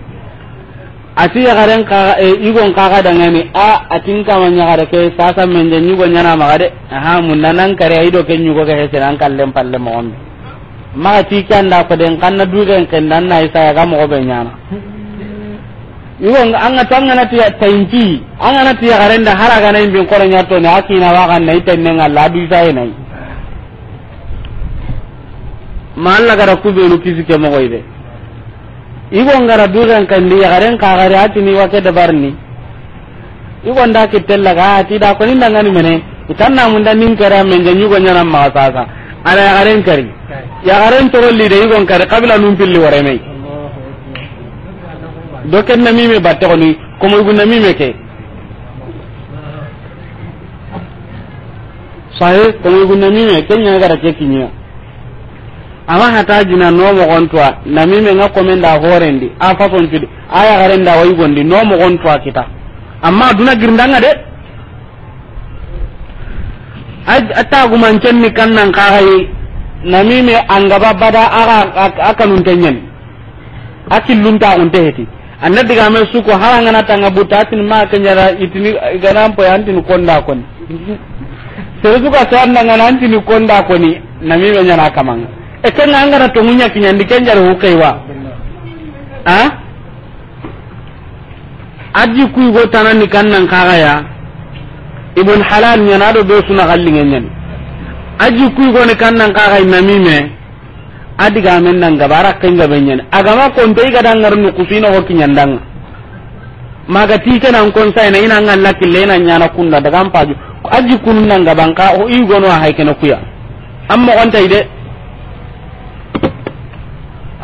ati ya garen ka e igon ka ga dangani a atin ka manya gare ke sasa menje nyugo nyana gade aha munna nan kare ido ken nyugo ke hesen an lem palle mo on ma ti kan da ko den kan na du den ken nan na isa ga mo be nyana igo anga tanga na tiya tainki anga na tiya garenda haraga na imbin kore nyato ne na wa ne nga tenne ngalla na yi. nai malla gara kube lu kisi ke mo goide igo ngara duran kan dia garen ka gare ati ni wake da barni igo nda ke tella ga ati da ko ninda ngani mene itanna mun dan nin kara men janyu go nyana ma sasa ala garen kari ya garen toro de igo kari kabila numpili pilli mai do ken na mime ba ko ni ko mo mime ke sahe ko mo na mime ke nya gara ke kinya ama hata jina no mo gontwa na mime nga komenda horendi a fa ton tudi aya garenda wayi gondi no mo gontwa kita amma duna girndanga de attagumancenni kannan kaxayi namime angaba bada aka nuntenñani a killuntaxunte heti anda diga me suko haranga na tanga tin ma kenyara itini garampo ya antini konda koni seresu ka sar na ngana antini konda koni na mi be nyara kamanga e kenga ngana to munya kinyandi kenjare wa ha aji ku go tanani kannan kaga ya ibn halal nyana do do suna gallingenyen aji ku go ne kannan kaga na mi me adiga men nan ga bara kan ga benyen agama kon to iga dangar nu kusino ho kinyandang maga ti kenan kon sai na ina ngan lakille na nyana kunna daga ampaju aji kunun nan ga banka o igo no hay kenan kuya amma on tay de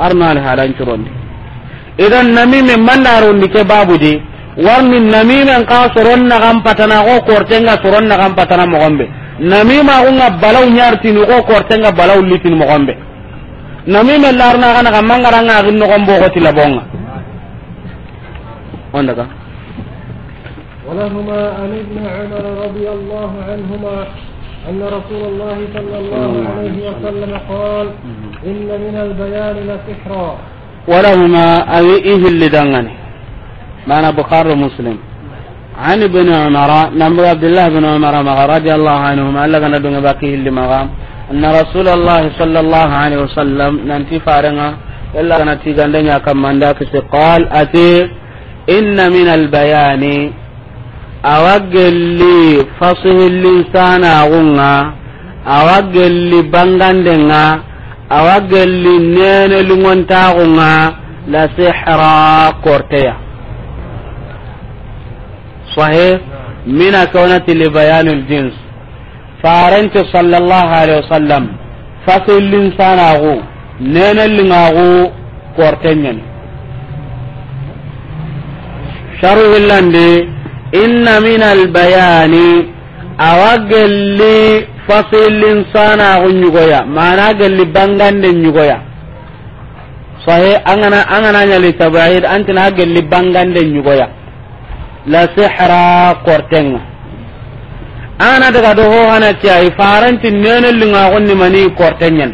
arna halan churondi idan namime mandaro ndike babu de warni namimen ka soron na gam patana ko kortenga soron na gam patana mo gombe namima ko ngabalaw nyartini ko kortenga balaw litini mo gombe nami me larna kana kam mangara nga agin no kombo ko onda ka ولهما عن ابن عمر رضي الله عنهما أن رسول الله صلى الله عليه وسلم قال إن من البيان لسحرا ولهما أيه اللي ما أنا بقار مسلم عن ابن عمر نمر عبد الله بن عمر رضي الله عنهما ألا كان دون باقيه اللي مغام أن رسول الله صلى الله عليه وسلم ننتي فارنا إلا أنا كم من ذاك قال أتي إن من البيان أوجل لي فصه الإنسان أغنى أوجل لي بانغاندنا أوجل لي نين لمنتا أغنى لسحرا كورتيا صحيح من كونت لبيان الجنس farante sallallahu alaihi wasallam fasillin sanagu nenellingagu kortenyen sharu hillandi inna min albayani awa gelli fasillin sanagu nyugoya maanaa gelli bangande nyugoya ñugoya sahe angana angana ñali tabahid antina gelli bangande nyugoya la sihra kortenga ana daga do ho hana ti ay faranti nene linga gonni mani kortenyen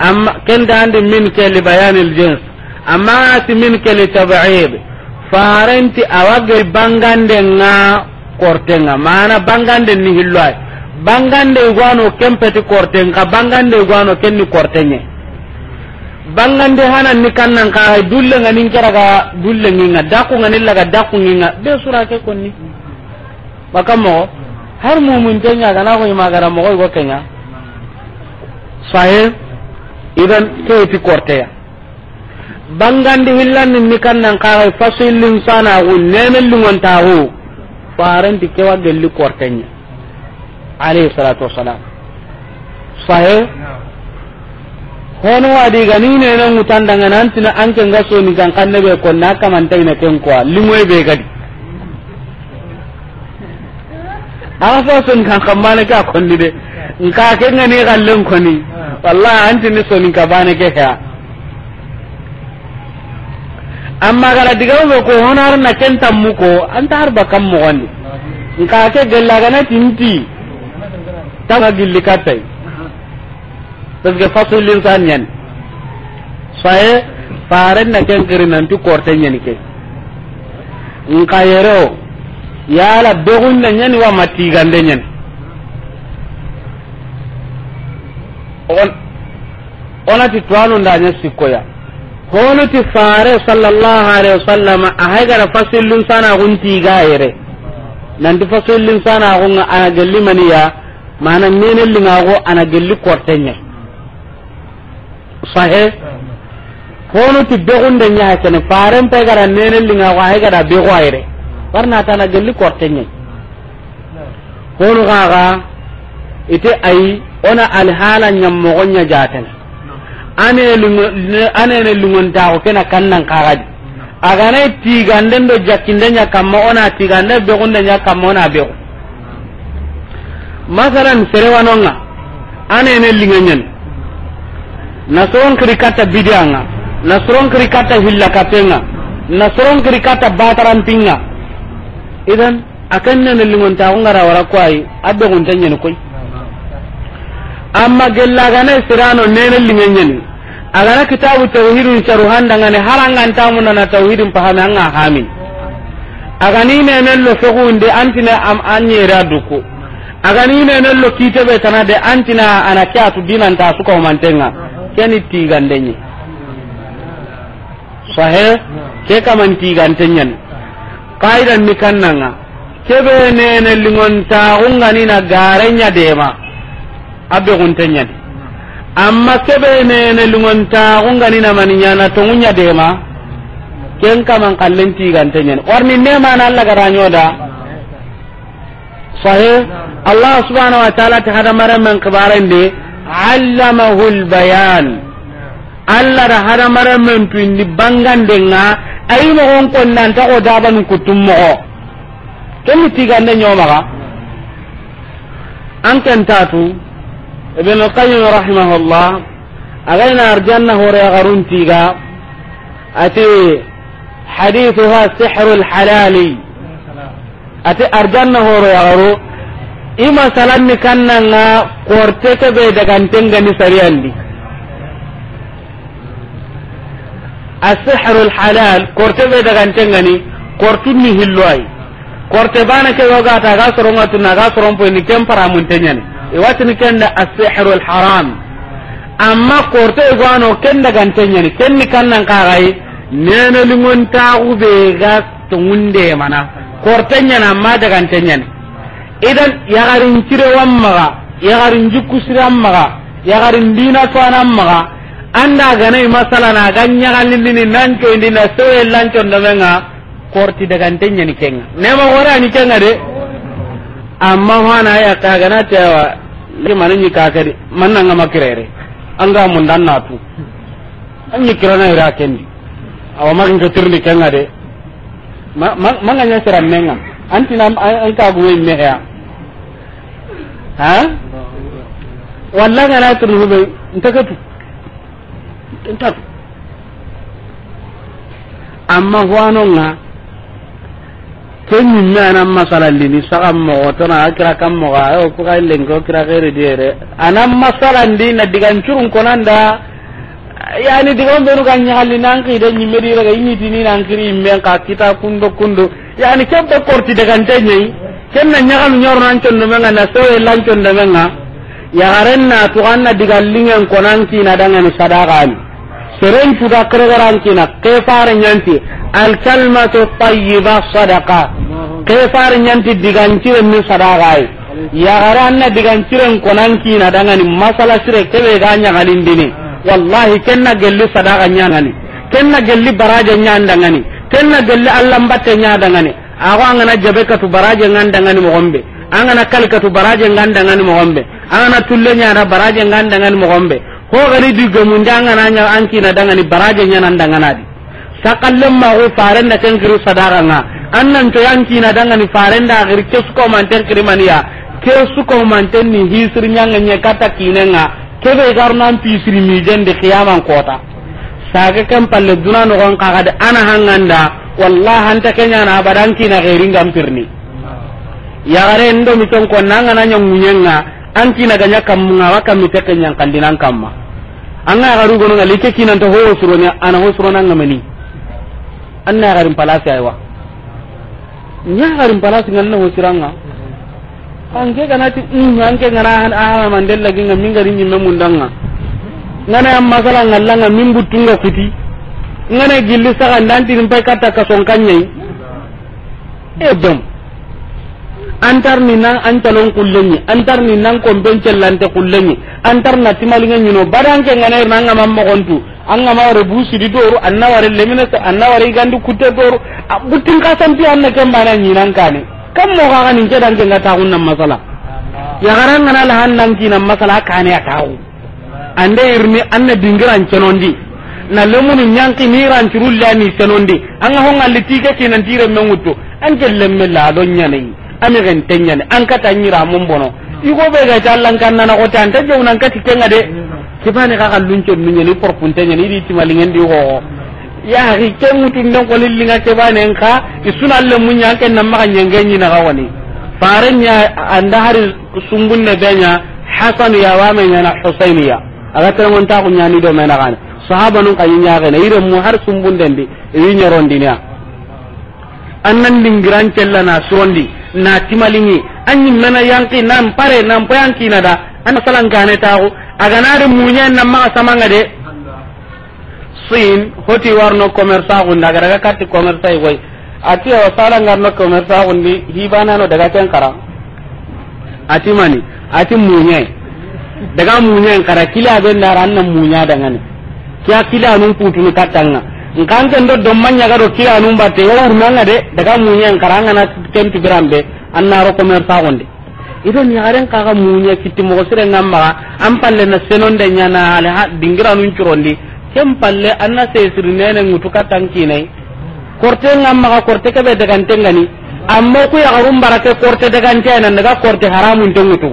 amma kenda ande min ke li bayanil jins amma ati min ke li tab'ib faranti awage bangande nga kortenga mana bangande ni hilwai bangande gwano kempeti kortenga bangande gwano kenni kortenye bangande hana ni kannan ka dulle ngani kera ga dulle nga daku ngani laga daku nginga be sura ke konni maka mo har mumun tanya kana ko ima gara mo ko kenya sahe idan ke ti korte ya bangandi hillan ni kan nan ka fasil lin sana ko nemen lungon tawo faran ke wa gelli nya alayhi salatu wassalam sahe hono wadi gani ne nan mutandanga nan tina an ngaso ni kan kan ne be ko na kamanta ina ken kwa limoy be gadi awa so son kan kamane ka konni de nka ke ngani gallen konni wallahi anti ni soni ka bane ke ha amma gara diga me ko honar na kenta muko anta har kam mo wani nka ke gella gana tinti ga gilli katai parce que fasul insan yan sai faren na ken kirin nan tu korte nyani ke nka yero yala begunde ñani wa mattigande ñani onati twanundaña sikkoya honoti fare sallallahu alaihi wasallam a haigara fasillun sana gun tiga yere nanti fasillun sana gun ana gelli maniya mana mene linga go ana gelli kortenya sahe honoti begunde nya hakene faren pe nene linga go haigara be go yere warna tana gelli kortenye honu gaga ite ayi ona alhala nyammogonya jaten ane lungo ane ne lungonta ko kena kannan kagadi agana tiganden do jakkinde nya kamma ona tigande be gonne nya kamma ona be masalan serewanonga ane ne linganyen nasoron kiri kata bidianga nasoron kiri kata hilla kapenga nasoron kiri kata bataran pinga idan akan ne ne lingon ta ngara wara ko addo gon tan koy amma gella sirano ne ne kitabu tauhidun harangan na tauhidun pahana nga hamin agani ne ne lo sogunde antina am anyera duko ne ne lo antina dinan ta mantenga keni sahe ke kaidan ni kannanga kebe ne ne lingon ta unga ni na garenya dema abe guntenya amma kebe ne ne lingon ta unga ni na maninya na tongunya dema ken kaman kallenti ti gantenya warni ne ma na Allah garanyo da sahe Allah subhanahu wa ta'ala ta hada maran man kibaran de allamahul bayan Allah da hada maran man tuindi bangan denga ayi mogon konnanta ko dabanu kuttum mogo kenni tigande ñomaga an ken tatu ibnu qayim rahimahullah agayna arjanna horeagarun tiga ati hadithuha sihru lhalali ati arjanna horeagaru i masalanni kannanga korte keɓe dagantengani sariyandi asihrul halal korte be daga ntengani kortunni hilloy korte bana ke yoga ta ga soronga tunna ga soron po ni kempara mun tenyani e watni kenda asihrul haram amma korte gwano ken daga ntengani ken ni kannan karai nene lingon ta ube ga tungunde mana korte nyana amma daga ntengani idan yagarin cire wamma yagarin jukku siramma yagarin dina anda ganai masala na ganya nan nanco indi na soye lanco nga. korti daga ntenya ni kenga nema wara ni kenga de amma wana ya ka gana tawa le manan yi ka kadi manan ga makirere an ga mun dan na tu an yi kirana ira kendi awa magin ka tirni kenga de ma manga nya sira menga anti na an ka guwe me ya ha wallahi na tunu be ntakatu intan amma huwanonga kenyin nana masalandi ni saka mogo tona akira kam mogo ayo kuka lengo kira kere diere anan masalandi na digan curun konanda yani digan benu kan nyali nan ki de nyimme di raga ini tini nan kiri imme ka kita kundo kundo yani kembe korti dagan tenyi kenna nyagal nyor nan condo menga na soye lan condo menga ya garen na tuanna digan lingen konan ki na dangan sadaqani seren tuda keregarantina ke fare nyanti al kalmatu tayyiba sadaqa ke fare nyanti diganciren ni sadaqai ya garanna dangani masala sire kebe ga wallahi kenna gelli sadaqa kenna gelli kenna gelli jabe katu angana angana tulle ko gani di mundangan anya anki na danga ni baraje nya nan danga nadi sakallem ma o faren da kan kiru sadara nga annan to yanki na ni faren da gir ke suko manten kirimaniya ke suko manten ni hisir nyanga nya kata kinenga kebe garnan pisiri mi jende kiyaman kota saga kan palle duna no gon ka ana hanganda wallahi anta kenya na badanki na girin ya gare ndo mitong ko nanga nanya munyenga anki na ganya kam kandinan kamma an na garu gonon ngali ke kinan hoyo suro ne ana ho surona an na garin palasi aywa nya garin palasi hoyo suranga an ke kana ti um ke ngana han aha mandel lagi ngam min garin mun danga ngana am masala ngallanga min butunga kuti ngana gilli saka ndanti rimpai kata kasongkanyai edom dom antar ni nan antalon kullenyi antar ni nan komben cellante kullenyi antar na timalinga nyino badan ke ngana irna nga mamma kontu anga ma wara busi di doru anna wara lemina sa anna wara igandi kutte doru butin kasan pi anna kemba na nyinan kane kam mo ga ngani ke dan ke ngata kunna masala ya garan ngana la hannan kina masala kane atawu ande irni anna dingiran cenondi na lemunu nyanki ni ran turulla ni cenondi anga honga litike kinan tire mengutu anke lemme la don nyanai ani gen tenya ne an kata nyira bono igo be ga tallan kan nana ko tan tan jawnan kati kenga de kibani ka kan luncho tenya ni di timalingen di ho ya ri ken mutun dan ko lillinga ke banen ka isuna alle munya ken nan maka nyenge ni na gawani ya anda hari sungun ne benya hasan ya wa ya. men na husainiya aga tan won ta kunya ni do men na kan sahaba nun kan nya ga ne ire mu har sungun den di wi nyaron dinya annan dingiran surondi na timalingi anyi mena yanki nan pare nan payanki na da an salan gane aga na aganari munya nan ma samanga de sin hoti warno commerce commerçant xundi agadaga katti ay yigoy ati o commerce salangarno commerçant xundi no daga ten kara ati mani ati munya daga munya kara kila ben ndara an munya muña dangani kia kila nun putu ni katanga nkan ndo do domma nyaga do kira num batte yo nga de daga munya karanga na tempi grambe anna ro commerce gonde ido ni garen kaga munya kitti mo sire ngamma am palle na senon de nyana ale ha dingira nun churondi kem palle anna se sirine ne ngutu katanki nai korte ngamma ka korte ke be daga tengani amma ku ya garum barate korte daga tena daga korte haramun tengutu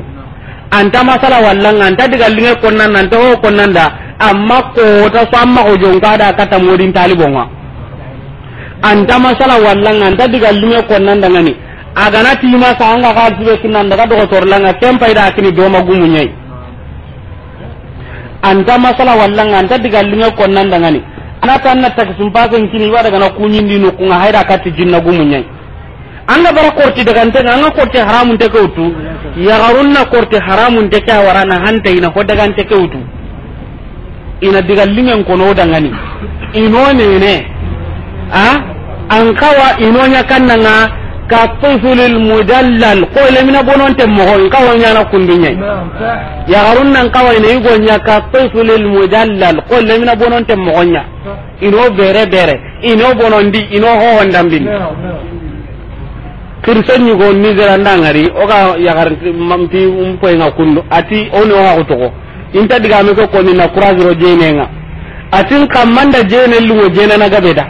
anta masala wallan anta diga linge konnan anta ho konnan da amma ko ta samma ko jonga da kata modin an anta masala wallan anta diga lume ko nan daga ni aga na tima sa anga ga dibe kinan daga do a tempa ida akini do magumu nyai anta masala wallan anta diga lume ko nan daga ni ana tan na tak sumpa sen kini wa daga na kunyin ni no kunga haira kati jinna gumu nyai anga bara korti daga nte anga korti haramun te ko utu ya garunna korti haramun te ka warana hante ina ko daga nte ke utu ina diga lingen kono dangani ino nene a an ino nya kannanga ka tiflul mudallal ko le mina bonon te mo hon kawa nya na kundunya ya garun nan kawa ina yugo nya ka tiflul mudallal ko le mina bonon te mo nya ino bere bere ino bonon di ino ho hondambin kirsen yugo ni zera ndangari o ka ya garin mampi umpo nga kundu ati o ne o ha ko inta digame ko koni na courage ro jenenga atin kammanda jene lungo jene na gabeda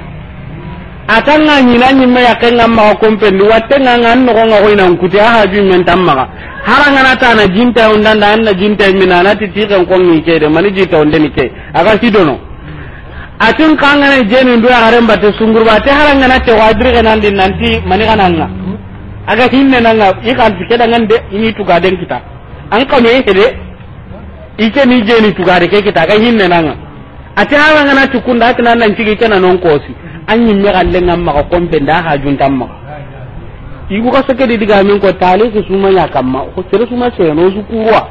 atanga nyina nyimme ya kenga ma ko kompendi watenga ngan no nga ko ina nkuti ha ju men tamma haranga na tana jinta undanda na jinta mina na ti kan ko ngi kede mani jita onde ni ke aga hidono atin kangana jeni ndu haren bate sungur bate haranga na te wadri kanan din nanti mani nga aga hinne nanga ikan tikeda ngande ini tugaden kita an kanu yake de ike ni jeni tugari ke kita ga hinne nanga ati hawa ngana tukunda ati nan nan cigi kana non kosi anyi yin me galle ngam ko kombe nda ha junta tamma igu ka sake diga min ko tali su suma ya kamma ko sere suma se no su kurwa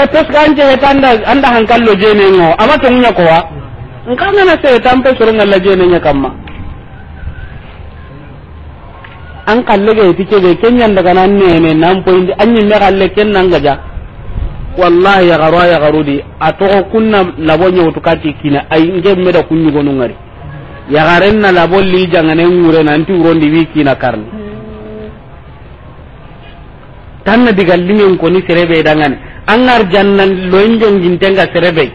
e pes kan je tanda anda hankallo je ne ngo ama to nya ko wa nkan na se tampe sore ngalla je ne nya kamma an kalle ga yiti ke kenyan daga nan ne ne nan poindi anyi me galle ken gaja wallahi yagaru yagaru di atogo kunna labo nyawtu kati kina ay nge meda kunni gonu ngari yagaren na labo li jangane ngure nanti urondi wi kina karni tanna diga lingen ko ni serebe dangan angar jannan loinjon gintenga serebe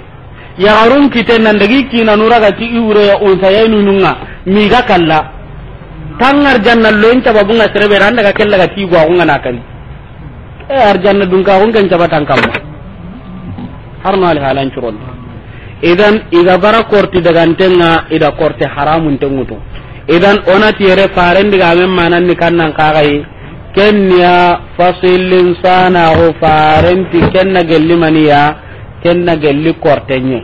yagarun kiten nan dagi kina nuraga ti iure ya unsa yaynu nunga mi ga kalla tangar jannan loin babunga serebe randa ga kella ga ti gwa ngana kan e arjanna dun ka hungan jabatan kamma harno al halan curon idan iga bara korti daga ntenga ida korti haramun tengutu idan ona tiere faren diga men manan ni kannan kakai kenya fasilin sana ho faren ti kenna gelli maniya kenna gelli kortenye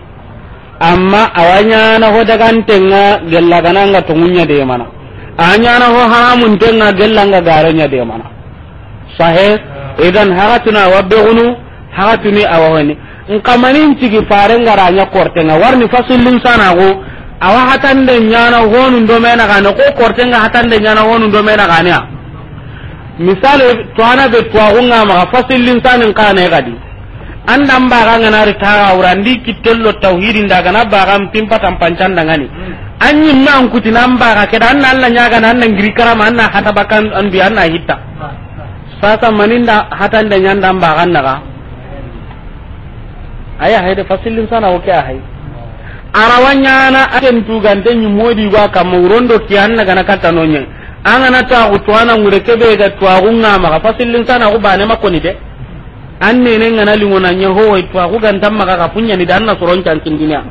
amma awanya na ho daga ntenga gella gananga tungunya de mana anya na ho haramun tenga gella nga garanya de mana sahe idan haratuna wabbe hunu haratuni awahoni nkamanin nkamani ntigi farengara nya kortenga warni fasillin go awa hatan de nyana wonu ndo mena gane ko korte nga hatan de nyana wonu ndo mena gane ya misale to ana be to agunga ma fasillin sanin kane gadi andan ba ganga na rita ndi kitello tauhidi ndaga na ba gam pimpa tampancan dangani anyi ma kuti namba ba ga kedan Allah nya ga nan ngiri karama anna hata bakan an bi anna hitta sasa maninda hatan de nyanda ba ganna ga aya hayde fasilin sana o ke a arawanya na aten tugante ñimodi go a kamma wurondo kiyanna gana kattano ñeng angana taxu tuwana ngure keɓe ga twaxunga ma fasilin sana xu banema koni de an ne ngana lingona wa twa twaxu gantan maxa xa puñani da an na soron cankindinia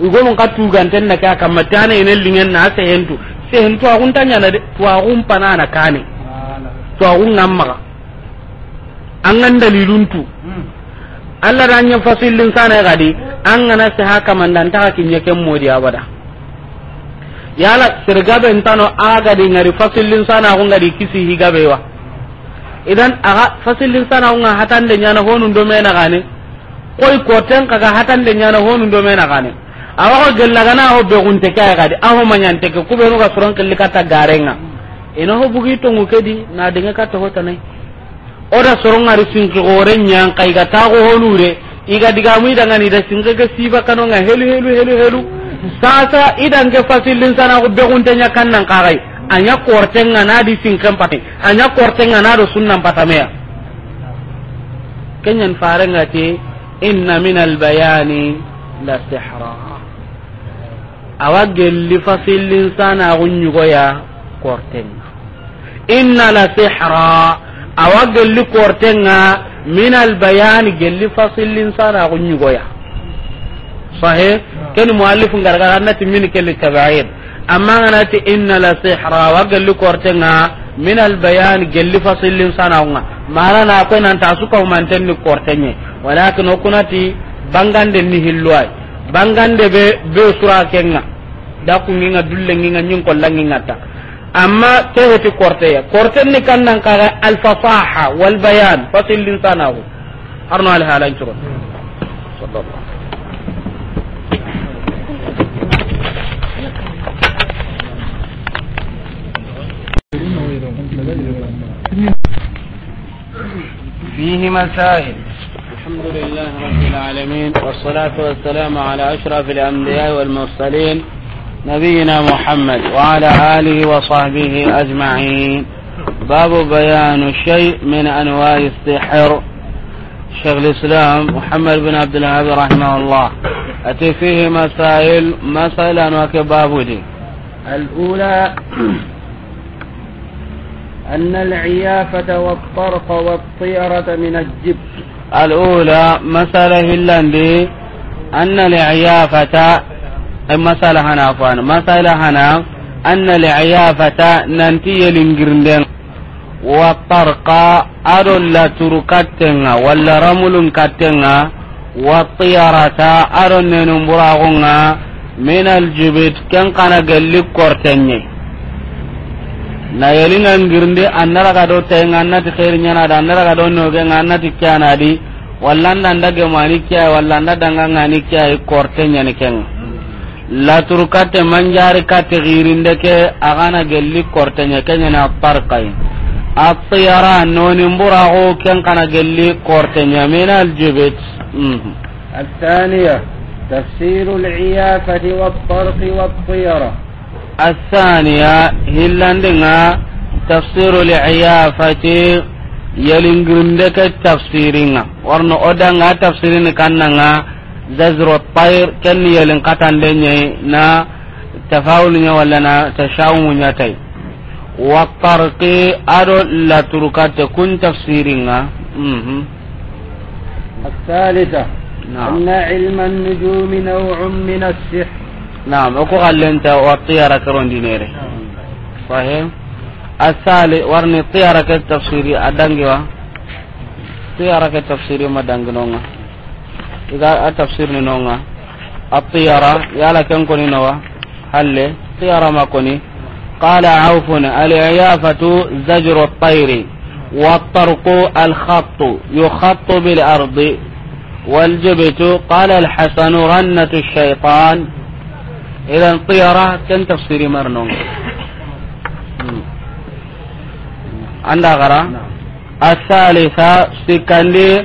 igomun ka tuganten na ka a kamma ne lingen na lingen na se sehentu sehen twaxunta na de twa twaxun panana kane twa twaxungan maxa angan daliluntu hmm. allah da anya fasillin kana gadi an gana se haka mandan ta kinye ken modi abada yala sirgabe ntano aga di ngari fasillin sana ko ngari kisi higabe wa idan aga fasillin sana ko hatan de nyana honun do mena gane koy koten kaga hatan de nyana honun do mena gane awa ko gella gana ho be gunte kay gadi aho manyante ko kubenu ga suran kelli kata garenga ina ho bugi ngukedi na dinga ka kata hotane oda sorongari sinki gore ñanka iga taxo honure iga digamu idangani ida sinkeke siba kanonga helu helu helu helu sasa idanke fasillin sanaku begunte ñakkan nan kaxay aña kortenga nadi sinken pati aña kortenga nado sunnan patameya kenyan farengati inna min albayani la sihra awa gelli fasillin sanaku ñugoya kortenga inna la sihra awa gelli kortenga min bayaan gelli fasillin sara kunyugoya sahe ken muallif ngargara annati min kelli tabaid amma ti inna la sihra awa gelli kortenga min bayaan gelli fasillin sana unga mara na ko nan ta suka manten ni kortenye walakin ti bangande ni hillwai bangande be be sura kenga da kunginga dulle nginga nyin kollangi ngata amma teheti korteya kortenni kannan kaga alfasaha walbayan fasilinsanahu arno alhalancuro sallallahu فيه مسائل الحمد لله رب العالمين والصلاة والسلام على أشرف الأنبياء والمرسلين نبينا محمد وعلى آله وصحبه أجمعين باب بيان شيء من أنواع السحر شيخ الإسلام محمد بن عبد الوهاب رحمه الله أتي فيه مسائل أنواع وكباب دي الأولى أن العيافة والطرق والطيرة من الجب الأولى مسألة الا أن العيافة ay masala hana afan masala hana anna li'yafata nanti yelingirnden wa tarqa adon la turkatenga wala ramulun katenga wa tiyarata ado nenum buragonga min aljibit ken kana gelli kortenye na yelinga ngirndi annara ga do taynga annati khairi nyana da annara ga do noge annati kyana di walla anda ndage mani kya walla anda danga ngani kya kortenya ni kenga laturu kate manjari kate girinde ke agana gelli kortenya kenyana parkai atiyara noni mburago ken kana gelli kortenya min aljibit الثانية تفسير العيافة والطرق والطيرة الثانية هلاندنا تفسير العيافة يلنجرندك التفسيرنا ورن أدنى تفسيرنا كاننا zazro tayr ken yelin katande nye na tafawul nya wala na tashawum nya tay wa tarqi ado la turkate kun tafsiringa mhm الثالثة أن علم النجوم نوع من السحر نعم أكو قال أنت والطيارة كرون دينيري صحيح الثالث ورني الطيارة كالتفسيري أدنجوا طيارة كالتفسيري ما دنجنونها iga a tafsir ni nonga atiyara yala ken koni nawa halle tiyara ma koni qala aufun aliyafatu zajru at-tayri والطرق الخط يخط بالأرض والجبت قال الحسن رنة الشيطان إذا الطيرة كان تفسير مرنون عند غرا الثالثة سكندي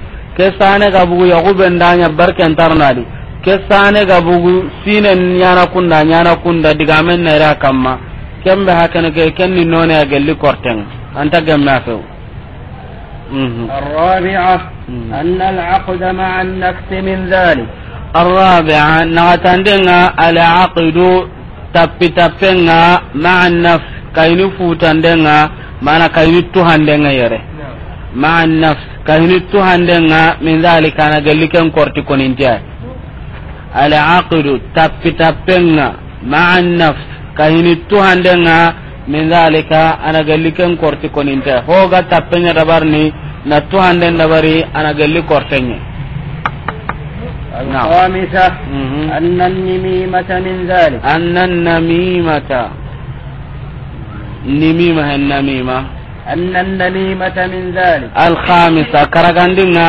kesane ga bugu ya guben da barken tarnadi kesane ga bugu sinen kunda nyana kunda diga men na ra kamma kembe hakene ke kenni none ya gelli korten anta gamna fe الرابعة أن العقد مع النفس من ذلك الرابعة نغتندنا العقد تبي تبينا مع النفس يره ma nafs kahini tu handenga min zalika na galliken korti konintiya al aqidu tappi tappenga ma nafs kahini tu handenga min zalika ana galliken korti konintiya hoga tappenya ni na tuhan den dabari ana galli kortenye الخامسة أن النميمة من ذلك أن النميمة نميمة النميمة أن النميمة من ذلك الخامسة كرغندنا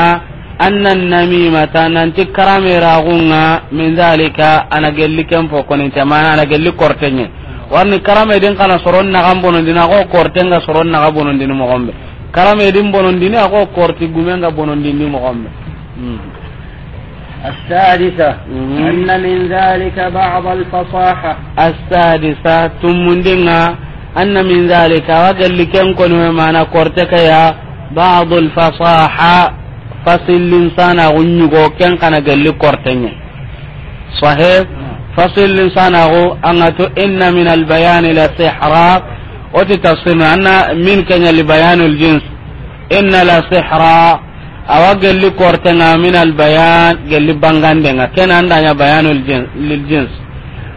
أن النميمة ننتي كرامي راغونا من ذلك أنا قل لك فوقني تمانا أنا قل لك كورتيني warni karame din kana soron na gambo non dina ko korten ga soron na gambo non dina mo gombe karame din bonon dina ko korti gumen ga bonon dina mo gombe السادسة أن من ذلك بعض الفصاحة السادسة ثم دنا anna min dhalika wa galli ken ko no mana korte kaya ba'd al fasaha fasil linsana gunyugo ken kana galli kortenye sahih fasil linsana go angato inna min al la sihra oti tafsir anna min kanya li bayanul jins inna la sihra awa gelli kortenga min al bayan gelli bangandenga ken andanya bayanul jins lil jins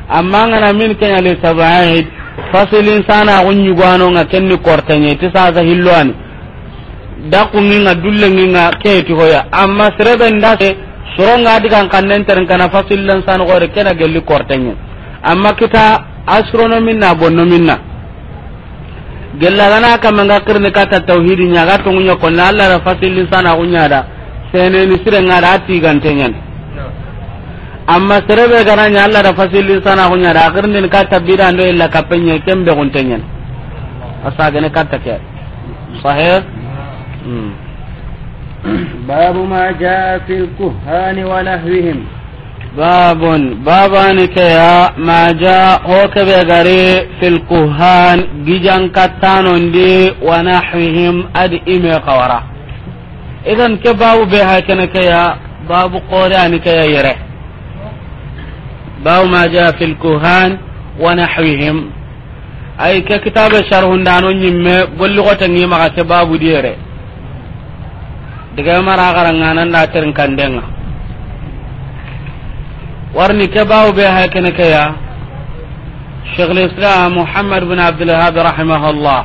amma ngana min kanya li sabaid fasilin sana gun gwano nga kenni kortanye ti sasa hilloani dakungi nga dullengi nga keti hoya amma serebe ndase soronga digan kannen teren kana fasilin sana gore kena gelli kortanye amma kita astronomin na bonnomin na gellagana nga kirni kata tauhidi ñaga tonguña konna allah ra fasilin sana sire nga da a tiganteñani amma serebe gana nya Allah da fasili sana ko nya da akirin din ka tabira ndo illa ka penye kembe kun tenyen asa gane ka ta ke sahih hmm. babu ma jaa fil kuhani wa nahwihim babun baban ke ya ma jaa ho ke be gare fil kuhan gijan katano ndi wa nahwihim ad ime kawara. idan ke babu be ha ke ne ya babu qorani ke ya yere باب ما جاء في الكهان ونحوهم أي ككتاب شرح دانو نيمة قل لغة نيمة باب ديره daga mara garanganan da tirin kandenga warni ke bawo be ha kene ke ya Sheikh al-Islam Muhammad bin Abdul Wahhab rahimahullah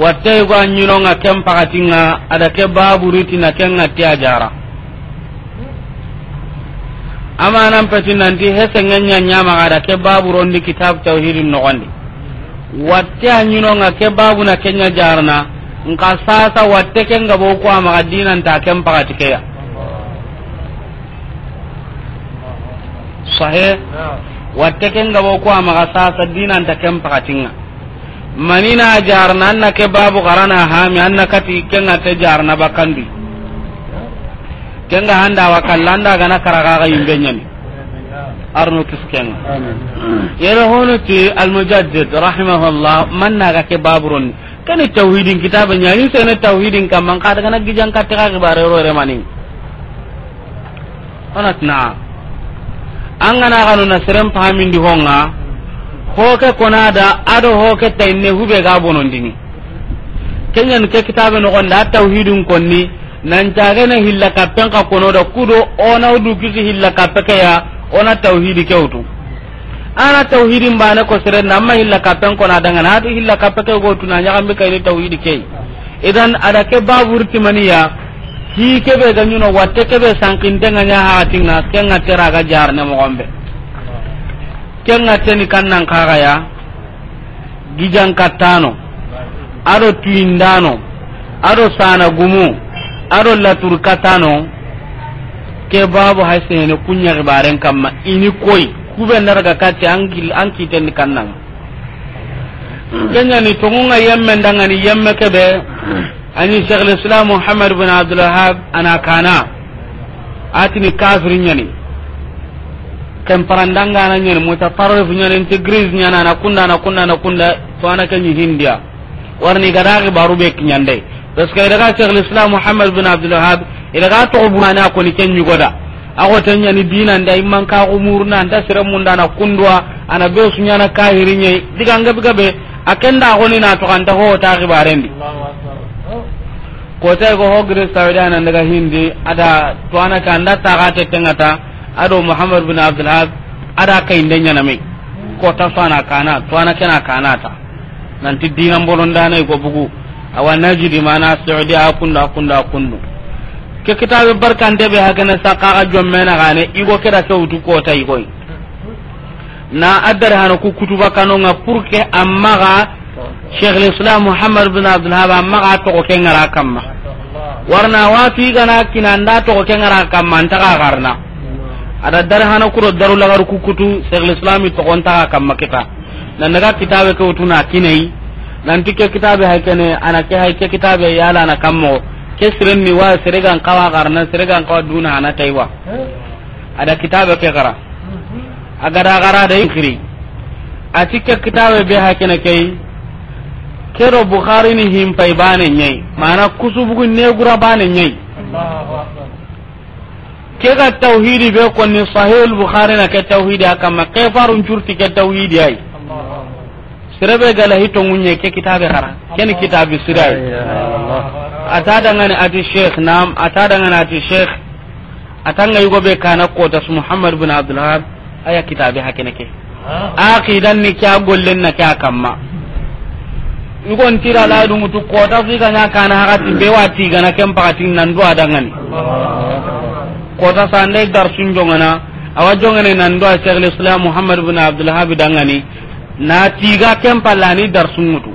watte go anyino nga kem pakatinga ada ke babu riti na ken ngati ajara amanan peti nanti hesenge ñañamagada ke baburondi kitabe tawhidin nogondi watte a ñinonga ke babu na kenya jarna nka sasa watte ke ngabo ku amaga dinanta ken pagati keya sahe watte ke ngabo ku amaga sasa dinanta ken pagatinga manina jarna anna ke babu garana hami anna kati kenga te jarna bakandi kenga handa wa kallanda gana karaga ga yimbe nyen arno kisken yere hono ti al mujaddid rahimahullah na ga ke baburun kan tauhidin kitabe nyani sene tauhidin kam man kada daga gijan katta ga bare ro re mani onat na angana kanu nasrem pahamin di honga hoke konada ado hoke tayne hube ga bonondini kenyan ke kitabe no gonda tauhidin konni nancagene hilla kappen ka konoda kudo ona udukisi hilla kappe keya ona tawhidi kewtu ana tawhidi mbane ko serenna amma hilla kappen kona dangana hatu hilla kappe ke gotuna ñagambe kayni tawhidi kei. idan ada ke babur baburtimaniya hi kebe ga ñuno watte kebe sankintenga ñahaxatinga kenga teraga jarne mogonɓe kenga teni kannan kaxaya gijankattano aɗo tuyindano aɗo sana gumu ado latur katano ke babu ne kunya gibaren kamma ini koi kube narga kati angil ankiten ni kannan kenya ni tongunga yemme ndanga ni yemme kebe ani shaykh al-islam muhammad ibn abdul wahhab ana kana ati ni kafir nyani kan parandanga na nyani muta fu nyani te integris nyana na kunda na kunda na kunda to ana kanyi hindia warni gadagi baru be kinyande parce que daga cheikh l'islam muhammad bin abdul wahhab daga to burana ko ni ken goda ako tanya yani dina nda imman ka umurna nda sira mun na kundwa ana be su sunya na kahirinye diga ngabe gabe akenda ko ni na to kan kanta ho ta gibarendi ko tay go hogre saudi nan daga hindi ada to ana ka da ta ga gata tengata ado muhammad bin abdul wahhab ada kai nden yana mai ko ta sana kana to ana kana kana ta nanti dina bolon dana ko bugu awa najidi mana saudi a kundu a kundu a kundu ke kitabe de be hakana saka ga jommena gane igo keda ke utu tay koy na addar hana ku kutuba kanonga purke amma ga sheikh islam muhammad bin abdul haba amma ga to ko kengara kamma warna wa fi gana kinanda to ko kengara kamma ga garna ada dar ku ro daru lagar ku kutu sheikh islam to kon ta kamma kita nan daga kitabe ke utuna kinai nanti ke kitabe kene ana ke ke kitabe yala na kammo ke sirin ni wa sirigan kawa garna sirigan kawa duna ana taywa eh? ada kitabe ke gara mhm. agara gara da inkiri a cike kitabe be haykene kai kero bukhari ni him pai bane nyai mana kusubugu ne gura bane nyai ke ga tauhidi be konni sahih bukhari na ke tauhidi akama ke farun curti ke tauhidi ai sirabe gala hito ngunye ke kitabe kara ken kitabe sirabe atada ngani ati sheikh nam atada ngani ati sheikh atanga yugo be kana kota su muhammad bin abdul aya kitabe hakene ke aqidan ah. ni kya gollen na kya kamma yugo ntira la du mutu kota ta fi kana kana hakati be wati gana kem pakati nan do adangane ah. ko sande dar sun jongana awa jongane nan do sheikh islam muhammad bin abdul wahab na tiga ken dar darsungutu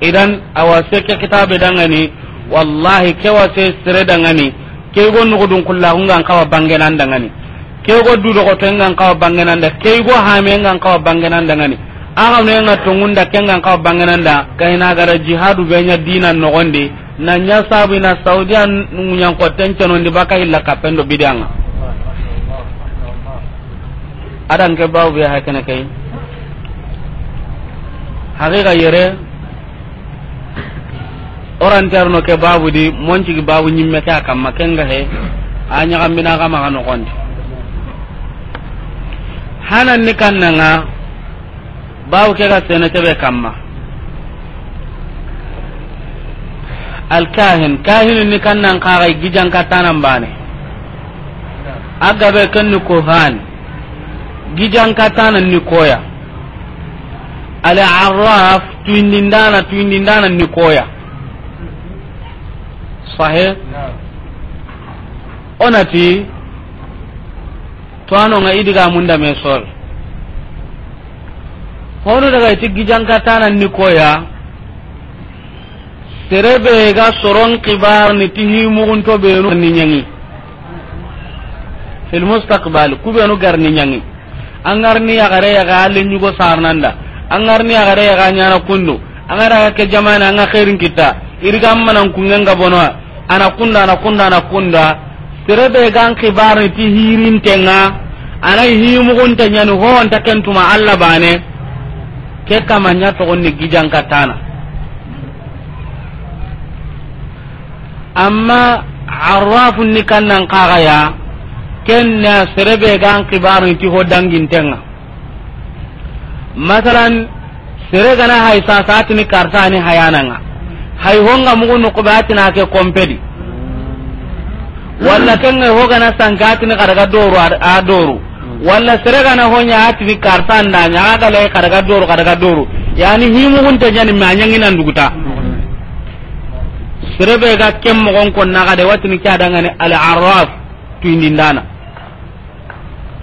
idan awa seke kitabe dangani wallahi kewa se sere dangani ke go nugo dun nugudun hunga an kawa bangenan dangani ke go du do dudogoto ngan kawa bangenan da ke go ha me ngan kawa bangenan dangani aga no kawa tungunda kenga ka bangananda kaina gara jihadu be nya dinan no gonde na nya sabu na saudiya ngunyan ko tenchono ndi baka illa kapendo bidanga adan ke baw be hakana kai haqiqa yere oran terno ke babu di monci gi babu nyimme ka kam makenga he anya kam bina kam Ha no kondi hanan ni kannanga babu ke ga sene tebe kamma al kahin kahin ni kan kannan ka ga gijan ka tanan bane agabe kan ko hani gijankatanan ni koya al arraf tuindindana tuindindana ni koya sahe onati toanonga idiga munda me hono daga iti gijankatanan ni koya serebe ga soron kibar ni tihimugunto benu ni kubenu angarni ya gare ya galle nyugo sarnanda angarni ya gare ya ganyana kundu angara ke jamana anga khairin kita irgam manan kungenga bonwa ana kunda ana kunda ana kunda serebe gan kibar ti hirin tenga ana himu gunta no ho onta kentuma alla bane ke kamanya to onni gijan katana amma arrafun nikan nan kagaya ken kenna serebe gan kibaru ti ho tenga masalan sere gana hay sa ni karta ni hayananga hay honga mugu no ko na ke kompedi walla kenga ho gana ni kadaga doru a doru walla sere gana ho nya ni karta na nya le kadaga doru kadaga doru yani himu hunta nyani nyangi nan duguta serebe ga kem mo gon na ga de watini kada ni al arraf ndana.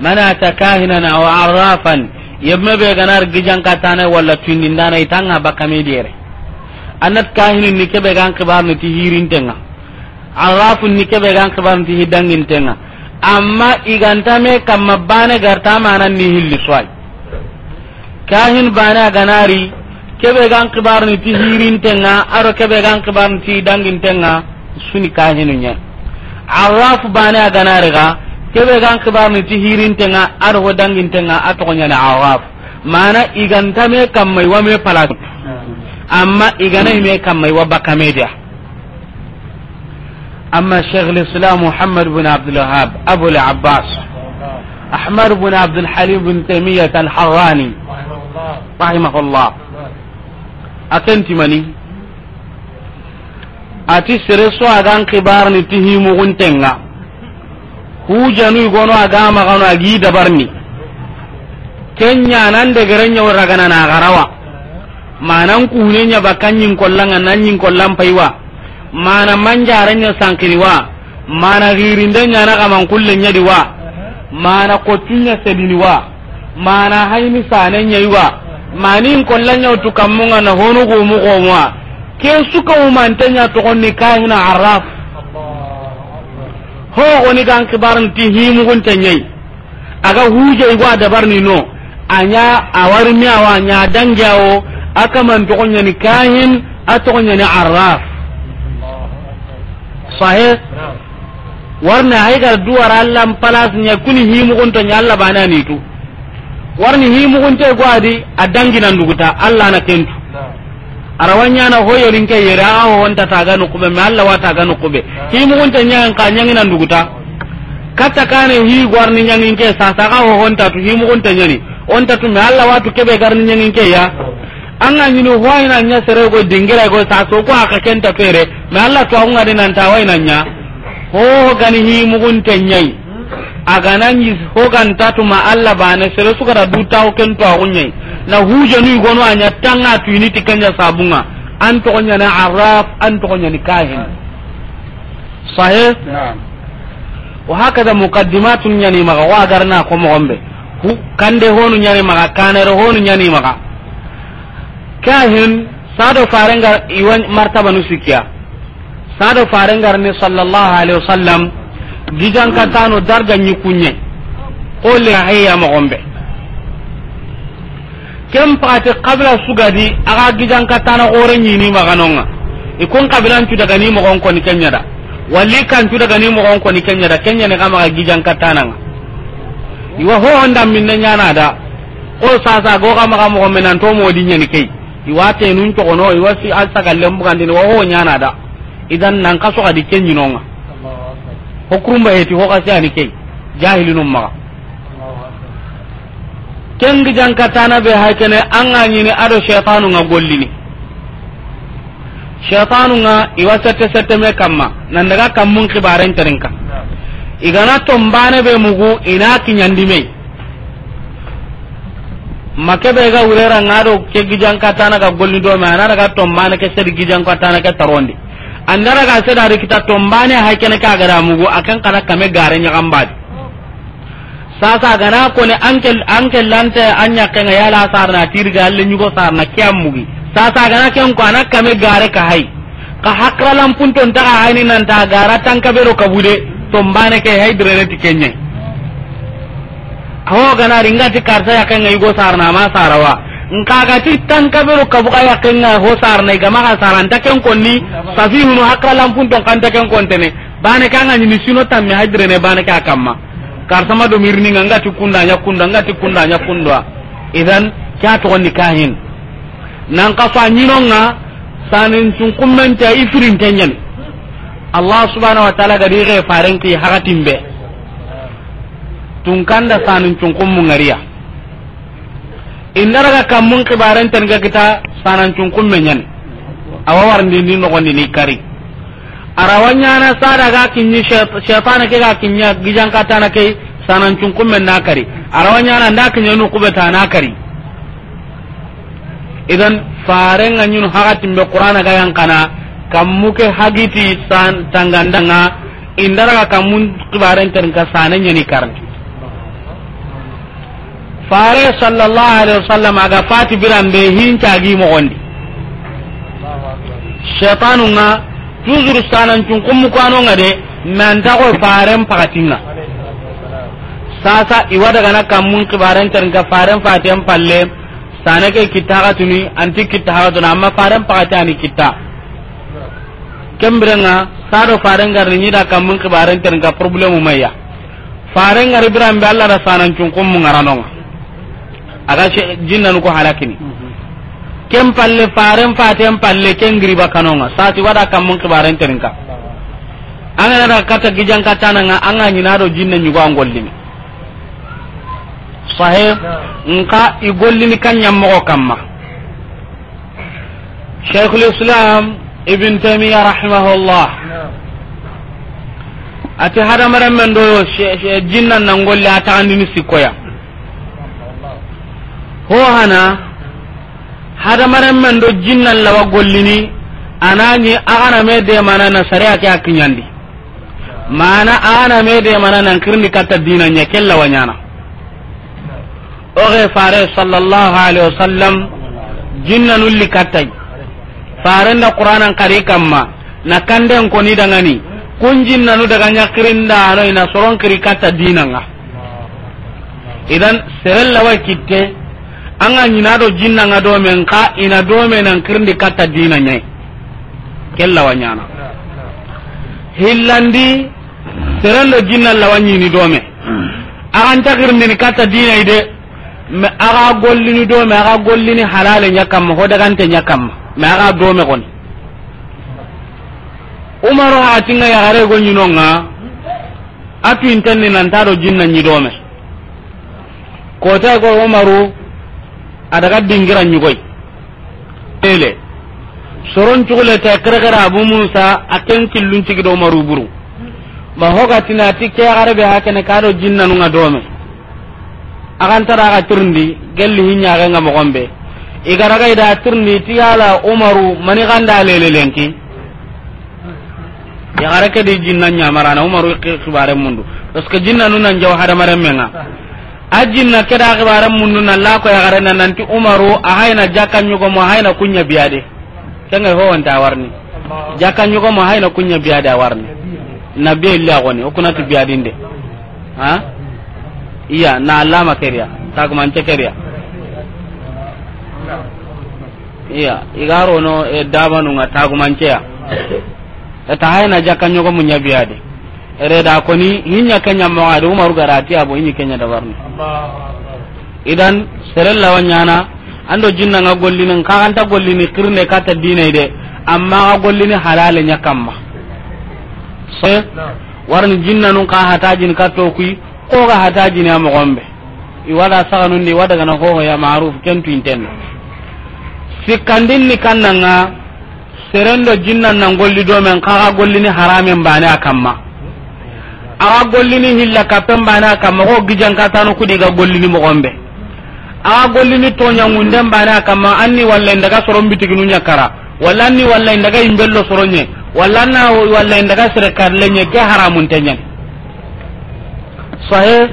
manata kahinana wa arrafan yebme be ganar gijan katana walla tindindana itanga bakame dire anat kahinin ni kebe gan kibar ni hirin tenga arrafun ni kebe gan kibar ni hidangin tenga amma iganta me kamma bane garta mana ni hilli swai kahin bana ganari kebe gan kibar ni hirin tenga aro kebe gan kibar ni hidangin tenga suni kahinunya arraf bane ganari ga kebe gan kibarni ti hirintenga ar ho dangintenga a togoñani awaf mana igantame kamma iwa me palat amma igana me hime kamma iwa bakkamedia amma shaykh al-islam muhammad ibn abd al-wahhab abu al abbas ahmad bne abdulhalim bne taimiyat alharrani rahimahullah a kentimani ati sere so agan kibarni ti himuguntenga hujanu gono aga magano agi dabarni kenya nan de yau waragana na garawa manan kunenya bakanyin bakan yin kollan paiwa mana manjaranya sankiriwa mana nya na kaman kullenya diwa mana kotunya sediniwa mana haini sanenya iwa manin kollanya utukamunga na honu gumu gomwa ke suka umantenya tokonni na araf ho oni gan kibaran ti himu gun tanyai aga huje igwa dabar ni no anya awar mi awa nya dangyawo aka man tokonya ni kahin atokonya ni arraf sahe warna hay gar duwar Allah palas nya kuni himu gun tanya Allah bana ni tu warni himu gun te gwadi adangina nduguta Allah na kentu arawanya na hoyo hoyorinke yera aho wanta taga nukube me alla wa taga nukube himugunte ñangin ka ñangina nduguta kata kane hi gwarni ñanginke sasaga ho hontatu himugunte ñani ontatu me alla watu kebe garni ñanginke ya anga ñini hoayna ña serego dingiray go sa so ko aka kenta pere me alla twagungadi nanta wayna nya ho gani nyai himugunte ñayi aganañi hogantatu ma alla bane sere sugata du taw ken twagu ñayi na hujanu gono anya tanga tuini tikanya sabunga an to na araf an to ni kahin sahe na'am wa hakada muqaddimatun nyani maga wa garna ko mo hu kande honu nyani ni maga kanere honu nyani ni maga kahin sado farenga iwan martaba nusikia sado farenga ni sallallahu alaihi wasallam gijan katano darga nyukunye ole ya mo gombe kem pati kabila sugadi aga gijan katana gore nyini maganonga ikun kabila cu daga ni mogon ko ni kenya da walli kan cu daga ni mogon ko ni kenya da kenya ne kama gijan katana nga iwa ho honda ne nyana da o sasa go kama kama ko menan to modi nyani kai iwa te nun to kono iwa si alsa kallem bukan din wa ho nyana da idan nan kaso kadi kenyi nonga hukumba heti ho kasi ani kai jahilinum maga kengi jankatana be hakene anga nyini ado shaytanu nga gollini shaytanu nga iwa sete sete me kamma nan daga kammun kibaren tarinka igana tombane be mugu ina kinyandime make be ga wurera ngado ke gijankatana ga golli do me anara ga tombane ke sedi gijankatana ke tarondi andara ga sedari kita tombane hakene ka gara mugu akan kana kame gare nyagambadi sasa gana kone ankel ankel lante anya kenga yala sarna tirga alle nyugo sarna kiamugi sasa gana ken ko anak kame gare ka hay ka hakra pun ton ta ni nan ta gara tan ka bero kabude tombane ke hay direne tikenye ho gana ringa ti karsa ya kenga yugo sarna ma sarawa nka ga ti tan ka bero kabu ka ya kenga ho sarna ga ma saran ta ken konni mu hakra pun ton kan ta ken kontene bane kanga ni sino tamme hay drene bane ka kamma karsama do mirni nga kunda nya kunda ngati kunda nya kunda idan kya to ni kahin nan ka fa nyinonga sanin sun kumman ta ifrin tanyan Allah subhanahu wa ta'ala ga dire faran ki haratin be tun sanin sun ngariya indara ga kamun kibaran tan ga kita sanan sun kummen yan awawar ni no ni kari arawanyana sada ga kinyi shaytana ke ga kinya gijan na ke sanan cunkum men nakari arawanyana nda kinya nu kubeta kari. idan farenga nyun hagatin be qur'ana ga yang kana kammuke hagiti san tangandanga indara ga kamun kibaren terinka sanan nyani karin. fare sallallahu alaihi wasallam aga fati biran be hinta gi mo gondi shaytanu nga toujours sanan cun kum kwano ta ko faren sasa iwa daga na kamun kibaren tan ga faren palle kitta ga tuni anti kitta ga amma faren kitta kembrenga sado faren ni da tan ga problemu faren biran be Allah da sanan cun kum ngarano aga jinna ko halakini ken palle faren faten palle ken giriba kanonga sati wada mun kibaren terinka anga na kata gijan kata nanga anga nyina do jinna nyugo angollimi sahe nka kan nyam mo kamma ma. الإسلام ibn تيمية رحمه ati hada maran men do jinna nan ngolli ata andini sikoya ho hana hadamaren men do jinnan lawa gollini anani agana me de mana na sariya ke akinyandi mana agana me de mana nan kirni katta dina nya kella wanyana oge fare sallallahu alaihi wasallam jinna nulli katai fare na qur'anan kare kamma na kanden ko ni dangani kun jinna nu daga nya kirinda ano ina soron kiri kata dina nga idan serella wa kitte anga nyina do jinna nga do men ka ina do men an kirndi katta dina nyai kella wanyana hillandi serando jinna lawanyi ni do me hmm. an ta kirndi ni katta dina ide me aga golli ni do me aga golli ni halale nyakam ho daga ante nyakam me aga do me kon umaru ha tinga ya hare go nga atu intenni nan taro jinna nyi do me kota go umaru adaga dingira ñugoy ele soron cugulete kerekera abu musa a ken killuncigido umaru buru ma hogatina ti ke garebe hakene kado jinnanunga dome agantara aga tirindi gelli hiñagenga mogonɓe igaraga ida tirndi ti yaala umaru mani ganda lelelenki di kedi na ñamarana umaru kibaren mundu parce que jinna nu nan jaw hadamaren menga na keda gbara munnu na la ko yagare na nan ti umaru a hayna jaka nyugo mo hayna kunya biade kenga ho wanta warni jaka nyugo mo hayna kunya biade warni nabi illa goni kunati biade inde ha iya na alama keriya ko man keriya iya igaro no e dabanu ngata ko man ya ta hayna jaka nyugo munya biade reda koni hinya kenya mo adu umaru garati abo hinya kenya da warni idan serella wanyana ando jinna nga kan ta golli ni kirne kata dinai de amma ga ni halale nya kamma so warni jinna nun ka hatajin ka to kui ko ga hatajin ya mo gombe i iwada saganun ni wada gana ho ya maruf ken kentu intenna sikkandin ni kannanga serendo jinna nan golli do men ka ga ni haramen bane akamma awa gollini hilla kappen bana kamma ko gijankatano kudiga gollini mogonɓe awa gollini toñangunden bana kamma anni walla indaga soron bitiginu ñakkara walla anni walla indaga yimbello soronñe walla anna walla indaga sere karlenñe ke haramunteñani sahe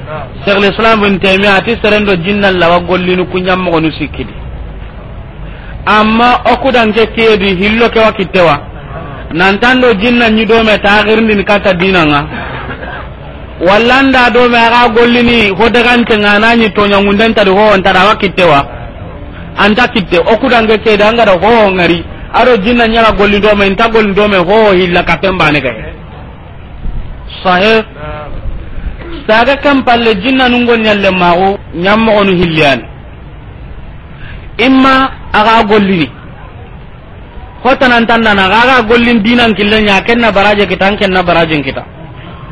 cheikh lislam bin taimia ati serendo jinnal lawa gollini kuñammogonu sikkidi amma okudanke keedi hillo kewa kittewa nantan do jinna ñidome taxirindini katta dinanga wallanda do me aga gollini ho dagante ni to nyangunden tadi ho on tada wakitte wa an ta kitte o kudange ke danga da ho ngari aro jinna nyala golli do me nta golli do me ho hilla kapemba ne kay sahe daga kam palle jinna nun gon nyalle mago nyammo onu hilliyan imma aga gollini hotanan tan dana aga gollin dinan kille nya kenna baraje kitan kenna baraje kita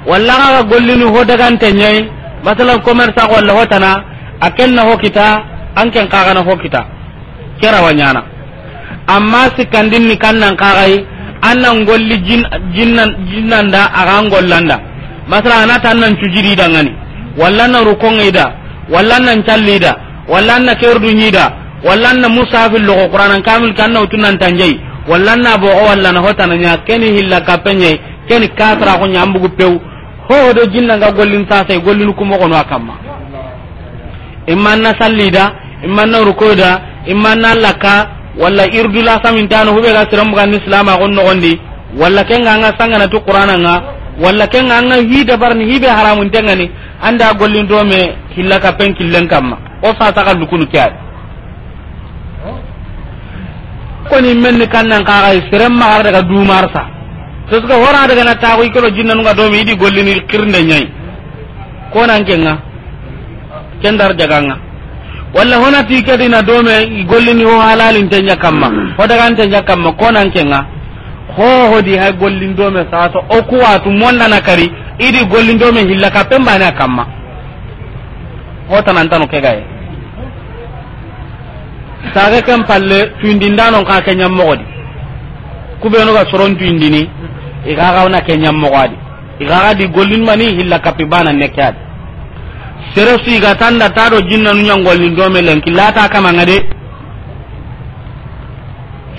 walla ga gollini ho daga tanyayi masalan commerce ko walla hotana aken na hokita an ken kaga na hokita kera na amma sikandin ni kannan kagai annan golli jin jinnan jinnan da aga gollanda masala ana tannan cujiri dangani walla na rukonga ida walla nan challida walla na kerdu nyida walla na musafil logo qur'anan kamil kanna utunan tanjai walla na bo walla na hotana nya keni hilla kapenye keni katra ko nyambugu pew ho do jinna ga gollin tasa gollin kuma gono akamma imman na sallida imman na rukoda imman na laka walla irdu la samin tanu hube ga tiram ga islama gon no gondi walla kenga nga sangana to qur'ana nga walla kenga nga hida barni hibe haramun tengani anda gollin do me hillaka pen killen kamma o sa ta kallu kunu ko ni men kan nan ka ga tiram ma har daga du marsa to suka hora daga na tawo i jinna nunga domi idi ni kirnde nyai ko nan kenga ken dar jaganga walla hona honati kedina dome i ni ho halalinte ña kamma ho dagante ña kamma ko nan kenga ho ho hohodi hay gollin dome saso o tu monna na kari idi gollin dome hilla ka pemba na kamma ho tanu hotanantano kegaye sage ken palle tu tuindindanon ka kenya ke ñammogodi ga soron tu indini igagawna ke ñammogoadi igagadi gollinmani hilla kapi bana nekkeadi sere su iga tanda taɗo jinnanu ñangollin dome lenki lata kamanga de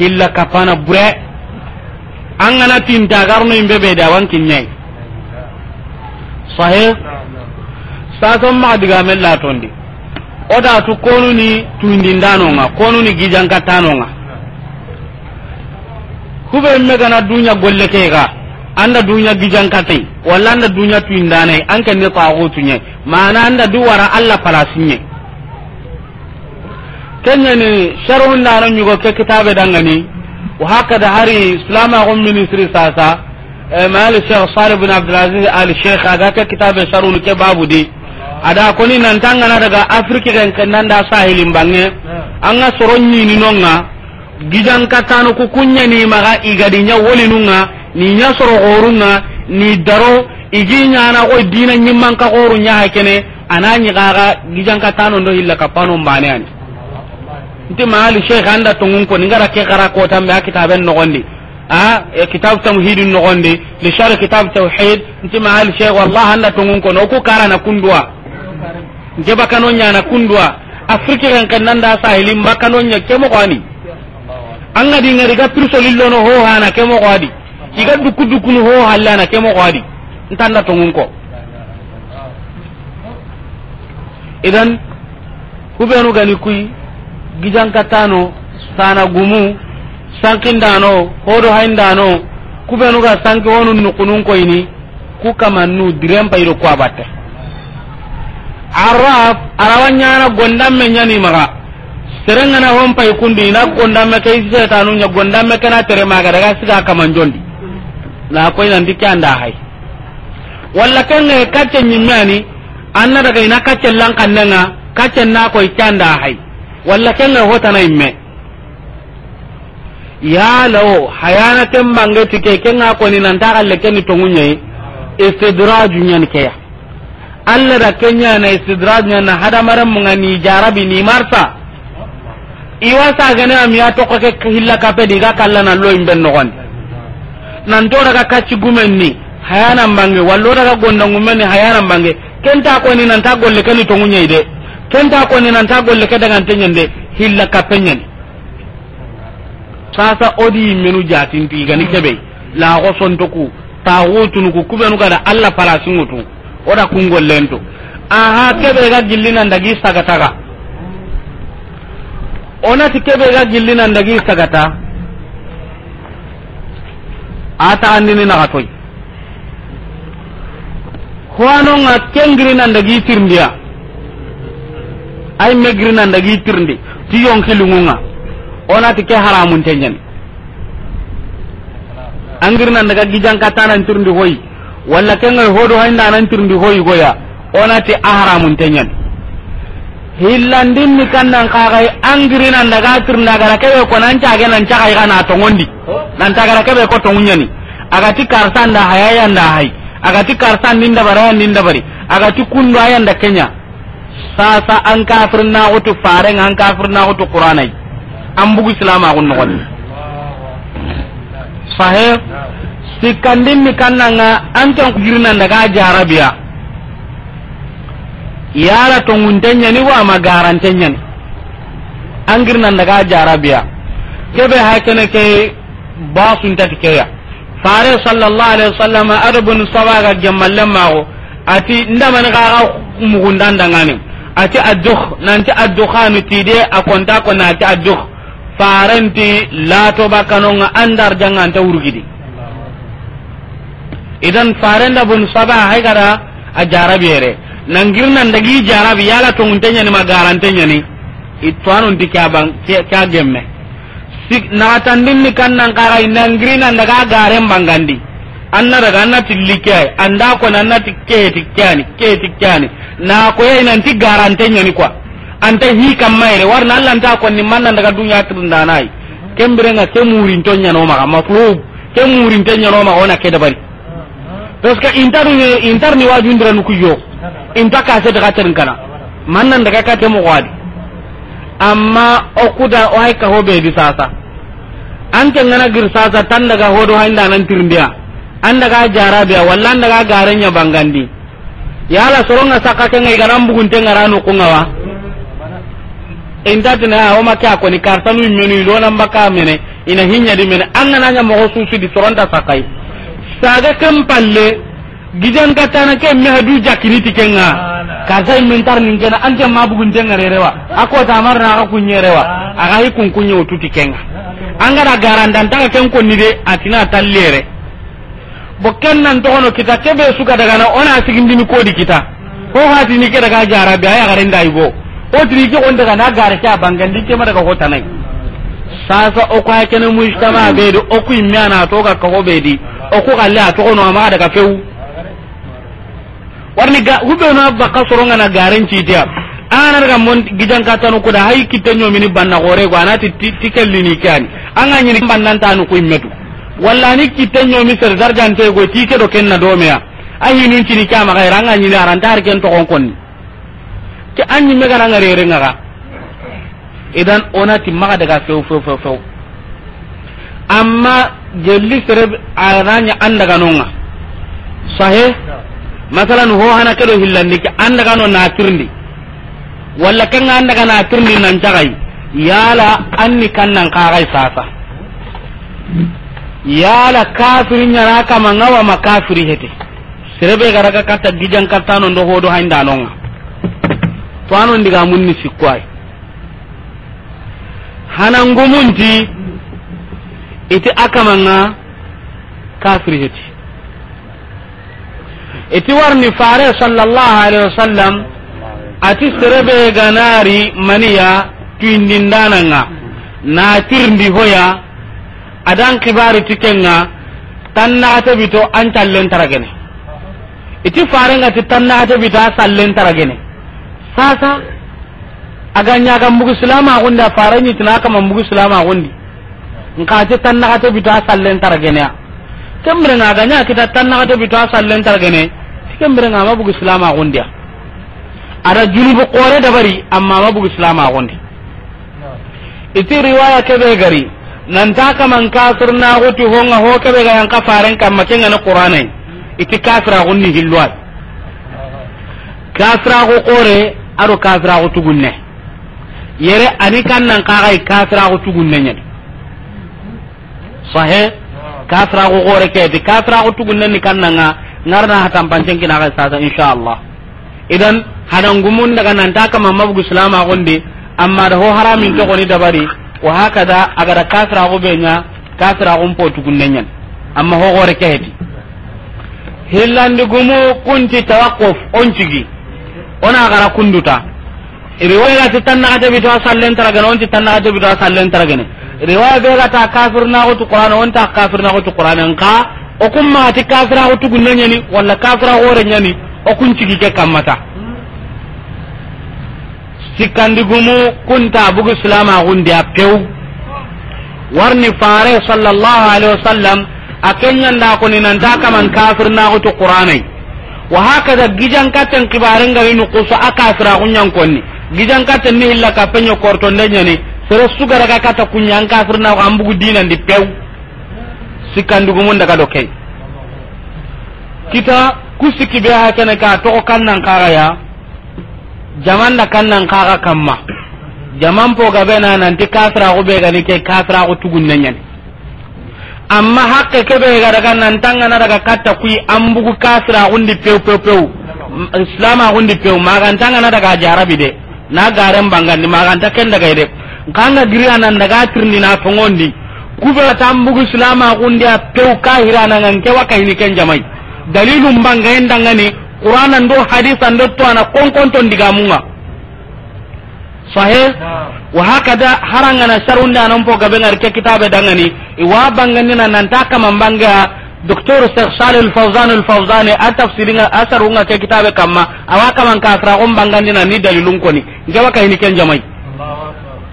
hilla kapana bure an gana tintagarno yimɓe ɓe de awan kinñayi sahe sason tundi digamen latondi odatu konuni tuindindanonga konuni gijankattanonga huɓe megana dunya golle kega anda dunya kate wala anda dunya tuindane anke ne tagutunye mana anda duwara alla palasinye kenya ni sharhun nano nyugo ke kitabe dangani wa hakada hari islama gum ministry sasa eh, mal sheikh salih bin abd alaziz al sheikh aga ke kitabe sharhun ke babu di ada koni nan tangana daga afrika kan nan da sahilin bange anga soron ni nonga gijankatano ku kukunya ni maga igadinya wolinunga ni nya soro horunga ni daro igi na ko dina nyimman ka horu nya hakene ananyi gaga gijan ka tano ndo illa ka pano mbane an inte mahali sheikh anda tungun ko ningara ke gara ko tambe akitaben no gondi a e kitab tamhid no gondi li shar kitab tauhid inte mahali sheikh wallahi anda tungun ko no ku kara na kundwa nge bakano nya na kundwa afrika kan kananda sahili bakano nya kemo kwani an anga dinga diga pirso lillo no ho hana kemo kwadi iga duku duku ho halla na kemo qadi ntanda tongun ko idan kubenu gani kui gijankatano sana gumu sankindano hodo haindano kubenu ga sanki wonu nukunun koyni ku kamannu dirempa ido ko abatte arab arawanyana gondamme nyani maga serengana hon pay kundi na gondamme kay setanu nya gondamme kana tere maga daga siga kamanjondi na koy nan dikya anda hay wala kan ne kacce nyimmani anna daga ina kacce lan kannanga kacce na koy kanda hay wala kan ne hota na imme ya law hayana tan bange tike kenga ko ni nan daga le ken to munye istidraj nyan ke alla da kenya na istidraj nyan na hada maram mun ni jarabi ni marsa iwa sa gane am ya to ko ke hilla ka pe diga kallana lo imben no nan to daga kacci gumen ni hayana mbange wallo daga gonda gumen ni hayana mbange kenta ko ni nan ta golle kani to munye de kenta ko ni nan ta golle ka daga tanyen de hilla kapenyen sasa odi menu jatin ti gani kebe la go son to ku taxutunu ku kubenu gada allah palasinŋutu oda kungollentu aha kebe ga gillinandagi sagataga onati kebe ga gillinandagi sagata ata andini na katoy hoano nga kengri nan dagi tirndia ay megri nan dagi tirndi ti yonki nga onati ke haramun tenyen angri nan daga gijan kata nan tirndi hoyi wala kengal hodo hay nan tirndi hoyi goya onati haramun te tenyen Hilandin ni kannan kagai angiri nan daga tir daga kebe ko nan cage nan ga na to ngondi oh. nan daga kebe ko to ngunyani agati karsan da hayaya da hay agati karsan din da ninda din da bari agati kundu ayan da kenya sa an kafir na utu fare an kafir na utu qur'anai an bugu islam agun no wani sahe sikandin ni kannan an kan kujirnan daga jarabiya yala tonguntenya ni wa jaara ni angirna daga jarabiya kebe hakene ke basun tatikeya fare sallallahu alaihi wasallam arbun sawaga jamallama go ati ndamani ne ga mugundan dangane ati addukh nanti addukhanu tide akonta ko nanti addukh farenti lato bakanonga andar jangan ta urgidi idan farenda bun sabah hay gara ajara bere nan girnan dagi jarabi yala to nguntenya ni magarantenya ni itwanu ndika bang kya gemme sik na tandin ni kan nan kara nan girnan daga garen bangandi anna daga anna tilike anda ko na tikke tikkani ke tikkani na ko yai nan ti garantenya ni kwa anta hi kam re war nan lanta ko ni nan daga dunya tirnda nai kembere nga kemurin tonya no ma ma matlub kemurin tonya no ma ona dabari parce que intar wajun ni nuku nukuyo in ta ka se daga tarin kana man nan daga ka temo gwadi amma o kuda o hay ka ho be di sasa an ta ngana gir sasa tan daga ho do handa nan tirindiya an daga jara biya walla an daga garanya bangandi yala soronga saka ke ngai garam bugun te ngaranu kungawa inta dina o make akoni ah, kartanu menu do nan baka mene ina hinya di mene an nana nya mo su su di soronda sakai saga kam gijan katana ke me hadu jakini tikenga ah, karsa min tar nin an ante ma bugun tenga rerewa ako ta mar na ka kunye rewa ah, aga hi kun kunye utu tikenga anga da garandan ta ken ko ni de atina tallere bokken nan to hono kita kebe suka daga na ona sigindi ko kodi kita ko hmm. hati ni ke daga jara bi aya garin dai go o tiri ke on daga na gara ta bangan ke ma daga hota nai sasa o ko hakene mujtama be do o ku imana to ga ko be di o ko galle a to no ma daga feu warni ga hube na ba kasoro ngana garen citiya ana ga mon gidan kata no kuda hay kitan nyomi ni banna gore go anati tikelli ni kan anga nyini banna ta no kuin metu walla ni kitta nyomi ser te go tike do kenna do meya ayi nun cini kama ga ranga nyini aran tar ken to kon kon ke anyi mega na ngare re ga idan onati maga daga fo fo fo fo amma jelli sere aranya andaga nonga sahe masalan ho hana kado hillandi ke anda kano na turndi walla kan anda kana turndi nan tagai yala anni kannan kagai sasa yala kafiri nyara kama ngawa makafiri hete serebe garaka kata gijan kata no ndo hodo hainda nonga to anon diga munni sikwai hanan gumunti iti akamanga kafiri hete iti warni fare sallallahu alaihi wasallam ati serebe ganari maniya nga na tirndi hoya adan kibari tikenga tan ata bito an callen taragene iti ti tan ata bito a sallen taragene sasa aga ñaga mbugu silama axundi a fareñitina kama mbugu silama nka ti tan ata bito a sallen taragenea nga aga ña kita tan ata bito a sallen taragene kembere nga ma bugu islam agundiya ada junubu kore dabari amma ma bugu islam agundi iti riwaya kebe gari nan ta ka kaman kafir na hutu honga ho kebe ga yanka faren kan makenga na qur'anai iti kafir agunni hilwa kafir agu kore aro kafir agu tugunne yere ani kan nan kagai kafir agu tugunne nyani sahe ah. kafir agu kore ke ti kafir agu tugunne ni kan nan ngarna hatan pancen kina ga sasa inshallah idan hadan gumun daga nan ta kama mabugu islama gondi amma da ho haramin to goni dabari wa hakada agada kasra go benya kasra go po tugunnenyan amma ho gore ke hillandi gumu kunti tawaqquf oncigi on cigi onaa riwaya ti tanna ata bi to sallen taragana onti tanna ata bi to sallen taragana riwaya be ga ta kafir na go to qur'an on ta kafir na go to qur'an an okun maati kafira ho tugunna nyani wala kafira hore nyani okun cigi ke kammata sikkandigumu kunta bugu silama gundi a pew warni fare sallallahu alaihi wasallam a kenyanda ni nanta kaman kafir na naxutu qur'anai wa hakaza gijankatten kibarengari nukuso a kafira gijan gijankatten ni hilla kappenya kortonde nyani sere sugaraga kata kunyan kafir naxu an bugu di pew mun daga do kita ku sikki be ha kene ka togo kannan kaga ya jaman da kannan kaga kamma jaman po gabe na nanti kasra ko be gani ke kasra ko tugun nanyan amma hakke ke be ga daga nan tanga na daga katta ku ambugu kasra undi pew pew pew islama undi pew magan tanga na daga jarabi de na garen bangan ni kan ta ken daga de kanga giri anan daga tirni na tongondi kubela tambugu islama gundi a pew kahira nangan ke waka hini ken jamai dalilum bangayen dangani qur'ana ndo hadisa ndo to ana ton digamunga sahe nah. wa hakada na sharunda nan po gabe ngar ke kitabe dangani iwa bangani nan nantaka kama doktor docteur Sheikh Salih fawzan Al-Fawzani a asarunga ke kitabe kama awaka kama ka asra on bangani ni dalilun koni ngewaka hini ken jamai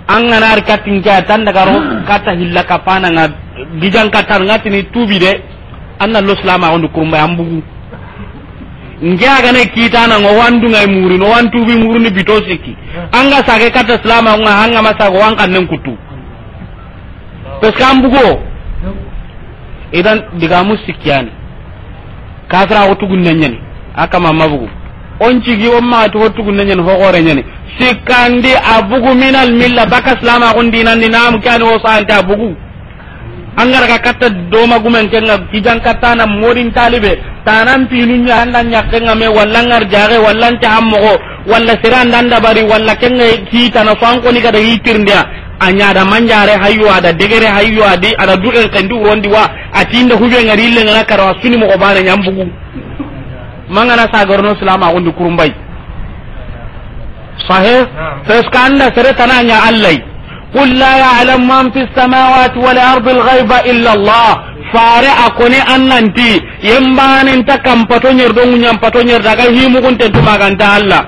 an gana ar katin ka tan daga ro hmm. kata hilla ka pana nga gijan kata ngati tini tubi de na los lama on kurumba ambugu bugu aga ne kita na nga wandu ngai muri no wan tubi muri ni bitosiki anga sake kata selama nga hanga masago wan neng kutu pes kambugo idan diga musikiyan kasra otugun nanyen aka mamabugu onci gi on ma to otugun nanyen ho gore nyane sikandi abugu minal milla baka slama kun ni namu kani wo sante abugu angara ka katta doma men kenga ijan katta na modin talibe tanan pinu nya nya kenga me walla ngar jare walla ta ammo walla siran danda bari walla kenga ki tan fanko ni kada hitir ndia anya da manjare hayu ada degere hayu adi ada duren kandu urondi wa atinda hubbe ngari lenga ngana karwa suni mo bana nyambugu mangana sagorno salama kundi kurumbai صحيح فإسكان سر تنانيا علي قل لا يعلم من في السماوات والأرض الغيب إلا الله fare a kone annanti yembaninta kampato ñerdo ŋuñampato ñerdaga maganta allah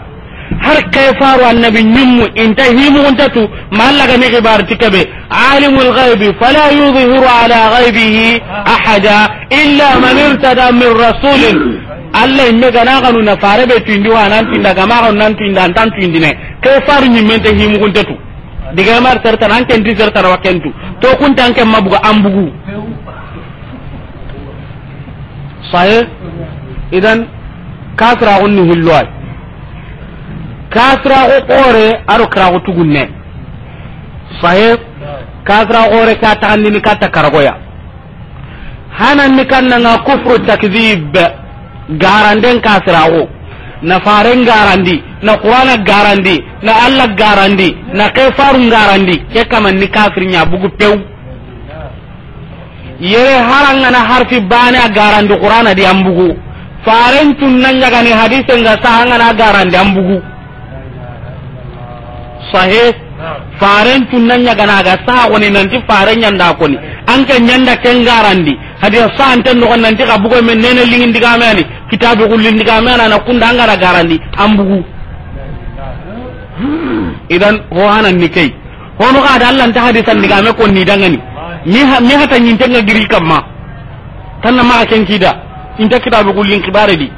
har kay faru annabi nyimmu inta himu untatu mallaga ni gibar tikabe alimul ghaibi fala yudhiru ala ghaibihi ahada illa man irtada min rasulin alla imme gana ganu na farebe tindi wa nan tinda gama ganu nan tinda antan tindi ne kay faru nyimme ta himu untatu diga mar tarta nan ken di zarta wa kentu to kun tan ken mabuga ambugu sahih idan kasra unni hilwai katiraxu qoore aɗo kiraxu tugunne sahe katiraxu qoore kaa taxandini katta karagoya hananni kannanga kufru takdib garanden kasiraxu na faren garandi na qur'ana garandi na allah garandi na kefaru garandi ke kamanni kafir nya bugu peu yere harangana harfi bane a garandi qur'ana di ambugu tun na nyagani hadise nga sahangana garandi ambugu sahe faren tunnan ya gana ga sa woni ti faren nya ko ni an kan nyanda ken garandi hadiya sa anten no ti ka bugo men nene lingin diga meni kitabu kullin diga mena ana kunda an gara garandi an bugu idan ho hanan ni kai hono ka da Allah ta hadisan diga me ko ni dangani ni ha ni hata nyin tanga giri kamma tanna ma ken kida ta kitabu kullin kibare di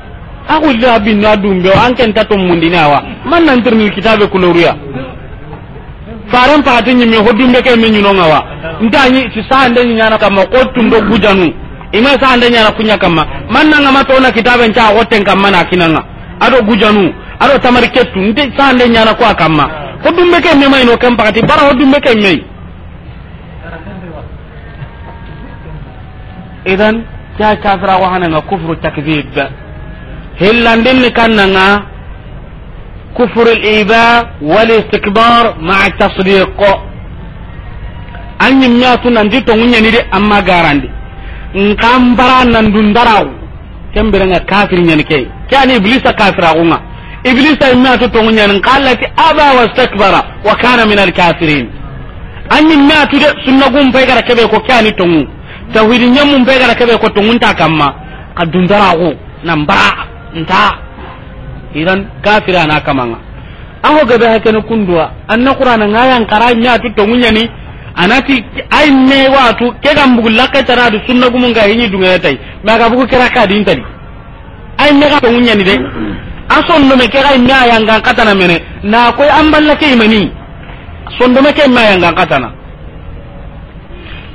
aku da bin na dumbe an kan mundina wa man nan tirni kitabe kuluruya faran paati ñimme hoddumbe ke min ñunonga wa ntañi si sahande ñana kamma qottum do gujanu ima sahande ñana kuña kamma man nangama tona kitabe nca xotten kamma na kinanga aɗo gujanu aɗo tamari kettu nte sahande ñana ko a kamma hoddumbe ke me mayno ken pakati bara hoddumbe ke mey idan ke kafira ko hananga kufru takdib hillandinni kannanga كفر الإيباء والاستكبار مع التصديق أن يمياتو نندي تونيا ندي أما غاراندي نقامبرا نندون دراو كم برنا كافر ينكي كان إبليس كافر أغنى إبليس يمياتو تونيا نقالت أبا واستكبر وكان من الكافرين أني يمياتو دي سنقوم بيغر كبيكو كان تونو تهويد نيمون بيغر كبيكو تونتا تاكما قد دون دندراغو نمبرا نتاك idan kafira na kamanga aho gabe hakene kundua anna qur'ana ngayan karanya tu to munyani anati ay me watu ke gam bugul lakka tara du sunna gumun ga hinyi dunga tay ma ga bugu kira ka din tadi ay me ga to munyani de ason no me ke ga nya ayang ga kata na mene na koy amballa ke imani son do me ke ma ayang ga kata na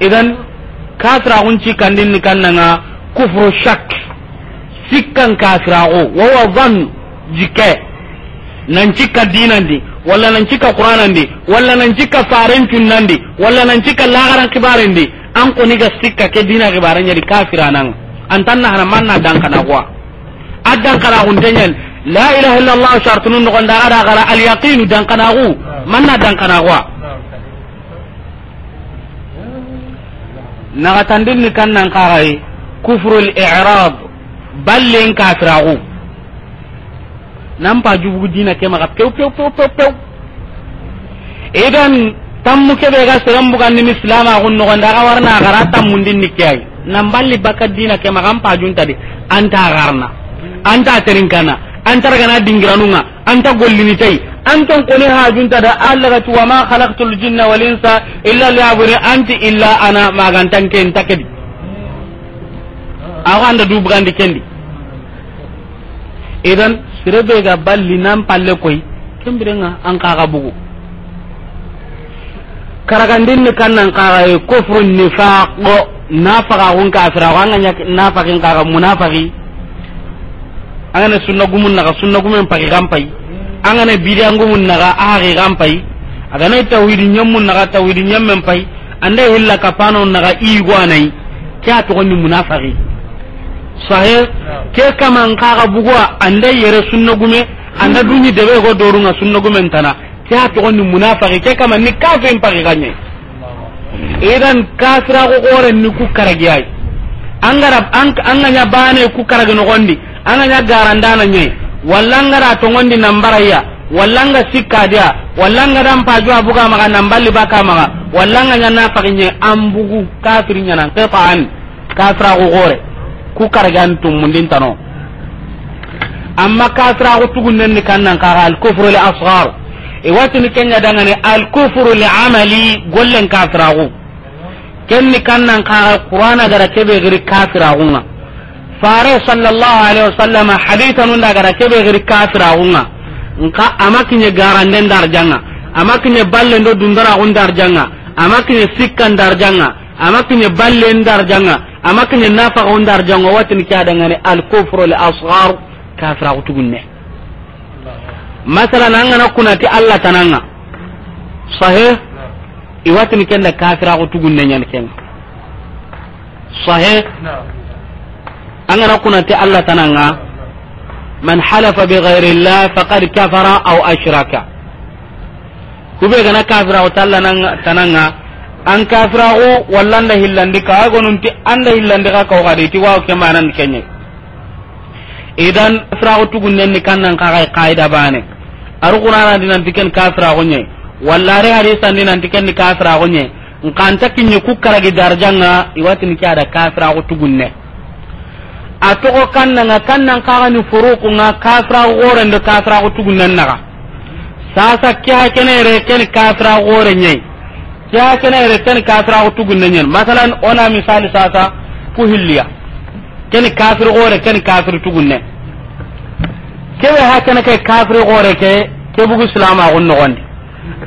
idan kafira hunci kandin ni kannanga kufru shak sikkan kafira o wa wa dhannu jike nan cika dinandi wala nan cika qur'anandi wala nan cika faren cunnandi wala nan cika lagaran kibarindi an koni ga sikka ke dina kibaranya di kafiranan antan na hanan na dan kana kwa adan kana huntenyen la ilaha illallah shartunun no gonda ada gara al yaqin dan kana ku na dan kana kwa naga tandin ni kan nan kagai kufrul i'rab ballin kafiragu nan pa jubugu dina ke maga pew pew pew pew pew idan tammu ke be ga seram bukan ni islam agun no ganda ga warna gara tammu din nikai nan balli bakat dina ke maga pa jun tadi anta garna anta terinkana anta gana dingiranunga anta gollini tai anton kone ha junta da Allah ga tuwa ma khalaqtul jinna wal insa illa liya'budun anti illa ana magantan ken takedi awa anda dubu gandi kendi idan sirebe ga balli nan palle koy kembirenga an kaga bugu karagandin ni kannan kaga ye hun wa angana sunna gumun sunna gumen pagi gampai angana gumun gampai agana nyammun nyammen pai hilla kapano kya to ni sahe ke kaman kaga bugwa anda yere sunna gume anda duni debe go dorunga sunna gume tana kya to ni munafiki ke kaman ni paxi pagi ganye idan kasra go gore ni ku karagi ay angara an anganya bane ku karagi no gondi anganya garandana nye wallangara to gondi nambara ya wallanga sikka walla wallanga dan paju abuga maka nambali baka maka wallanga nyana pakinye ambugu kafirinya nan qatan kasra go gore ku karagan tumundin tano amma kasra ko tugunnen ni kannan ka al kufru li asghar e wati ni kenya dangane al kufru li amali gollen kasra ko ken ni kannan ka qur'ana gara kebe giri kasra ko na fare sallallahu alaihi wasallam hadithanu da gara kebe giri kasra ko na nka amakinye garanden darjanga amakinye ballen do dundara ko darjanga amakinye sikkan darjanga amakinye ballen darjanga amma kinyen na fa wanda dar jango watan kya da ne al kufru al asghar kafira kutugunne masalan an ngana kunati allah tananga sahih iwatin kenda kafira kutugunne nyan ken sahih an ngana kunati allah tananga man halafa bi ghairi allah faqad kafara aw ashraka kube gana kafira wa talla tananga an kafirago walla ka hillandi kawa ti anda hillandi ka kawgadi ti waw ke manan kenye idan ni tugunnenni kannan kaxay qaida bane nan aru qur'anadi nanti ken kafirago ñe walla are hadisandi nanti kenni kafirago ñe nkanta kinye ku karagi darjanga iwatini ki ada kafirago ne. a togo nga kannan kaxani furukunga kafira gorende tugun nan na sasa ke ha kenere ken kafirago gore ñayi ke ha kene yere ken kafira ko ne nyen masalan ona misali sasa ku hilliya ken kafir gore ken kafir ne ke ha kene ke kafir gore ke ke bugu islam a gonno gonde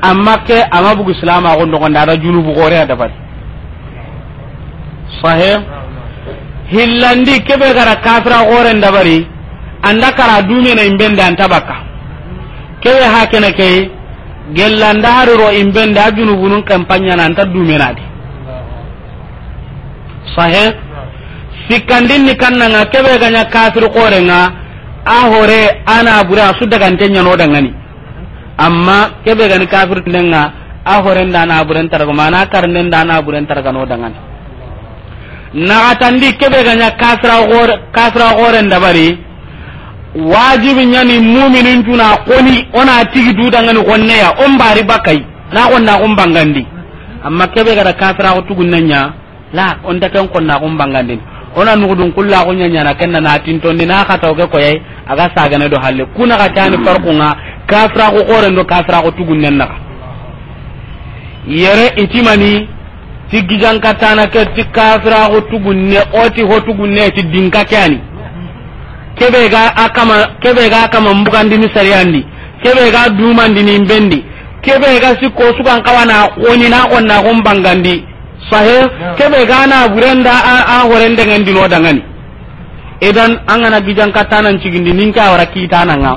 amma ke amma bugu islam a gonno gonde julu bugu gore ada bat sahih hillandi be gara kafira gore ndabari anda kara na imbe ndan tabaka kewe ha kene ke gellanda hariro imbende a junubunun kempañana anta dumenadi sahe sikkandinni kannanga keɓe gaña kafir korenga a hore ana bure a suddagante ñanodangani amma gani kafir mana ndabari wajibin yani muminin tuna koni ona tigi duda ngani konne ya on bari bakai na konna on bangandi amma kebe gara kafira ko tugun nanya la on da kan konna on bangandi ona dun kulla ko nyanya na kenna na tinton ni na kata ko yai aga saga ne do halle kuna ka tani farqunga hmm. kafira ko koren do kafira ko tugun nanna yere itimani tigi na ke tikafira ko tugun ne oti ho tugun ne ti dinka kani kebe ga akama kebe ga akama mbukan dini sariandi kebe ga duman dini bendi kebe si ko sukan kawana woni na on na gon bangandi sahe kebe ga na burenda a a horende ngendi no dangani edan angana ana gijan katanan cigindi ninka wara kitana nga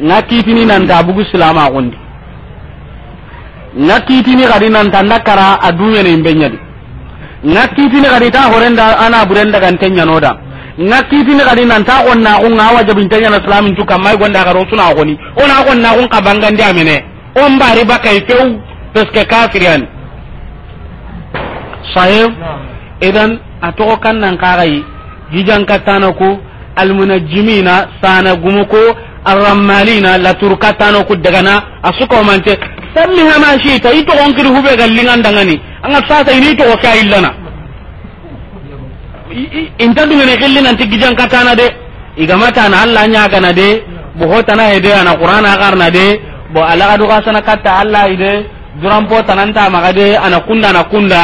nga kitini nan da bugu silama gondi nga kitini gadi nan tanda kara a dunya ne kiti ni gadi ta horenda ana burenda kan tenya nga kitini kadi nanta xonnaxunga a wajabintanya na slamin cu kam may gonda garo suna xoni ona xonnaxun xabangandi amene o mbari ba kai parce que kafirian sahib idan a toxo kan nan kaxayi gijankatana ku almunajimina sana gumu ko arrammalina laturkatano ku dagana a sukomante sammihama shita i toxonkiri huɓe gallingandangani anga sata ini toxo ke a illana inta dugene xilli nanti gijan na de igamatana allah ñagana de bo hotana hede ana qur'ana garna de bo alaxadu xa sana katta allah ide duranpo tanantamaxa de ana kunda ana kunda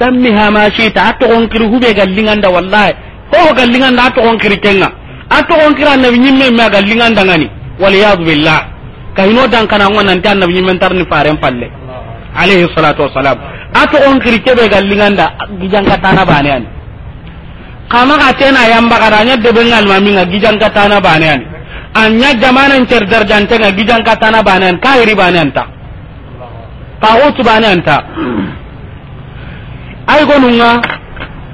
sammiha ma shita a toxonkiri huɓe gallinganda wallahi hoho gallinganda a toxonkiri kenga a toxonkiri annabi ñimmemme a gallingandangani waliyadu billah kahino dankanango nanti annabi ñimmentarni faren palle alayhi salatu wasalam a toxonkiri keɓe gallinganda gijankatana bane ani kama ga tena yamba garanya debe ngal mami nga gijan katana banean anya jamanan dar jante nga gijan katana banean bane banean ta bane banean ta ay gonunga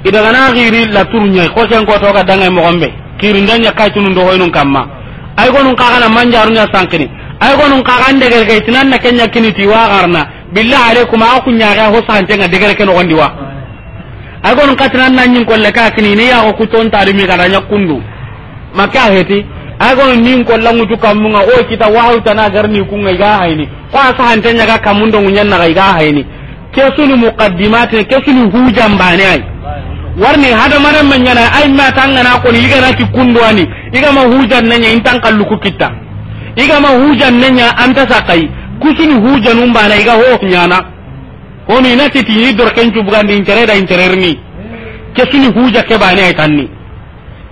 idagana giri la turunya ko sen ko to ka dangay mo gombe kirindanya kaytunu ndo hoynun kamma ay gonun kagana manjarunya sankini ay ka kagan de gergay tinan na kenya ti wa garna billahi alaikum a kunya ga ho sante nga de gerke no gondi wa agon katran nan nyin kolle ka kini ne ya ko kuton tari mi kada kundu. maka heti agon nin kolla ngutu kamunga o kita wahu tana garni kunga ga haini ko asa hantanya ga kamundo ngunyan na ga haini kesuni muqaddimat kesuni hujam bane ai warni hada maran man yana ai ma tangana ko ni iga na ti kundu ani iga ma hujan nanya intan kalluku kita iga ma hujan nanya anta sakai kusuni hujan umbana iga ho nyana honu inati tini dorken da intereda intererni ke suni huja ke ne ay tanni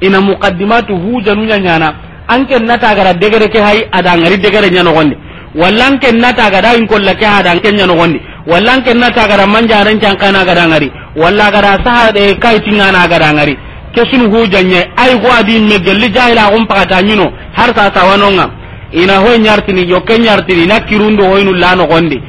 ina muqaddimatu huja nunya nyana anke nata gara degere ke hay ada ngari degere nyano gonde walla anke nata gara in kolla ke ada anke nyano gonde walla anke nata gara manja ran cankana gara ngari walla gara saha de kai tingana gara ngari ke suni huja nye ay go adi me gelli jahila gum pakata nyino har sa tawanonga ina ho nyartini yo ke nyartini na kirundo hoynu lano gonde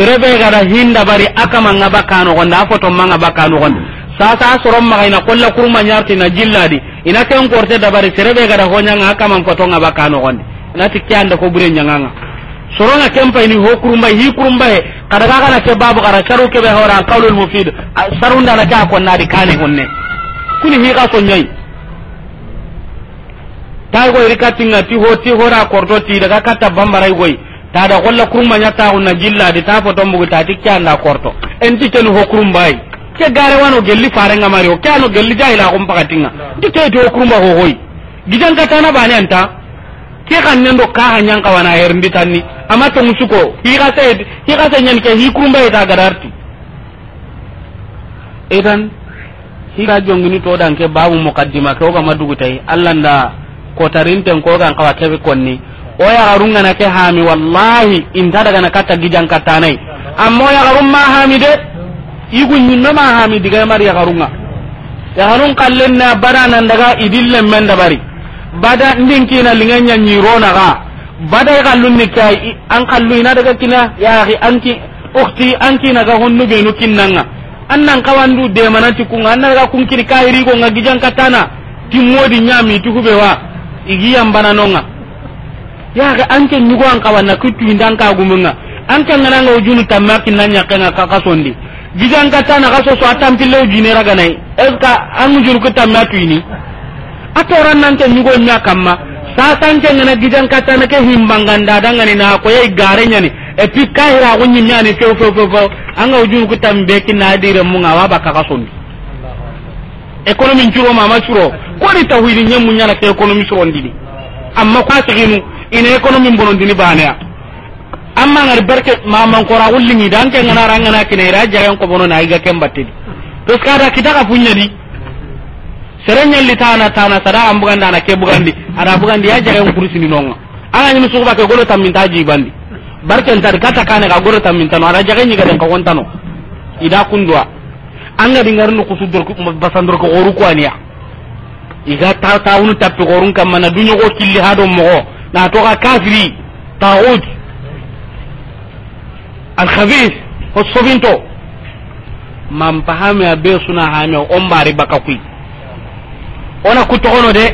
serebe gara hinda bari aka manga bakano gonda afoto manga bakano gonda sasa soron maga ina kolla kurma nyarti na jilladi ina ken korte da bari serebe gara honya nga aka man foto nga bakano gonda nati kyanda ko bure nyanganga soronga kempa ini ho kurumba hi kurumba he kada ga kana ke babu kada charu ke be hora qaulul mufid sarunda na ka ko nadi kane honne kuni hi ka so nyai go irikatinga ti ho ti hora korto ti daga kata bambara goyi ta da golla kurma ya ta hunna jilla da ta foto mbugu ta ti tikya na korto en ti ken ho kurumbai ke gare wano gelli fare nga mari o kano gelli ja ila jahila ko mpakatinga dike to kurumba ho hoyi gidan ka tana bani anta ke kan nan do ka hanyan ka wana her mbitanni amma to musuko hi ka se hi ka sai nyen ke hi kurumba ta gadarti idan hi ka ni to dan ke babu mukaddima ke o ga madugu tai allah nda ko tarinten ko ga kawa kebe konni o yagarunga na ke hami wallahi inta daga na katta gijan nai amma o yagarun ma hami de igu ñinno ma hami diga mari yagarunga yagarun kallen na bada nan daga idillen men bari bada ndinkina lingenya ga bada ya kallun ni kai an kallu ina daga kina yaaki anki ukti anki naga honnu benu kinnanga annan kawandu manati kunga anna daga kunkiri kahirigonga gijan kattana timmodi ñami ti huɓewa nonga ya ga an ken nyugo an kawanna kutu indan ka gumunga an kan ngana nga ujunu tamaki nan nyaka nga kaka sondi gidan ka tana ka so so atam pille ujine raga nai eska an ujunu ku tamatu ini atoran nan ken nyugo nya kamma sa tan ken ngana gidan ka tana ke himbangan dadanga ni na ko yai garenya ni e pi kaira ko nyinya ni fo fo fo an ga ujunu ku tambe ki na dire mun awa ba kaka sondi economy curo mama churo ko ni tawhidi nyemu na ke ekonomi churo ndini amma kwa siginu ina ekonomi dini baneya amma ngari berke maman kora ulingi dan ke ngana na kine ira jagan ko bono na iga to skada kita ka punya di serenya li tana tana sada am dana ke bugandi di ada aja ya, yang kursi ni nonga ana ni musuba ke golo tam mintaji bandi barke ntar kata kane ka golo tam mintano ada jaga ni gadan ka wontano ida dua anga dingar nu kusudur ku basandur ko oru ko ania ya. iga ta taunu tapi gorun kam mana dunyo ko killi hado mo na toka kafiri tagut alkhabis ho sofinto man pahame a be suna hame on bari baka kui ona kutogono de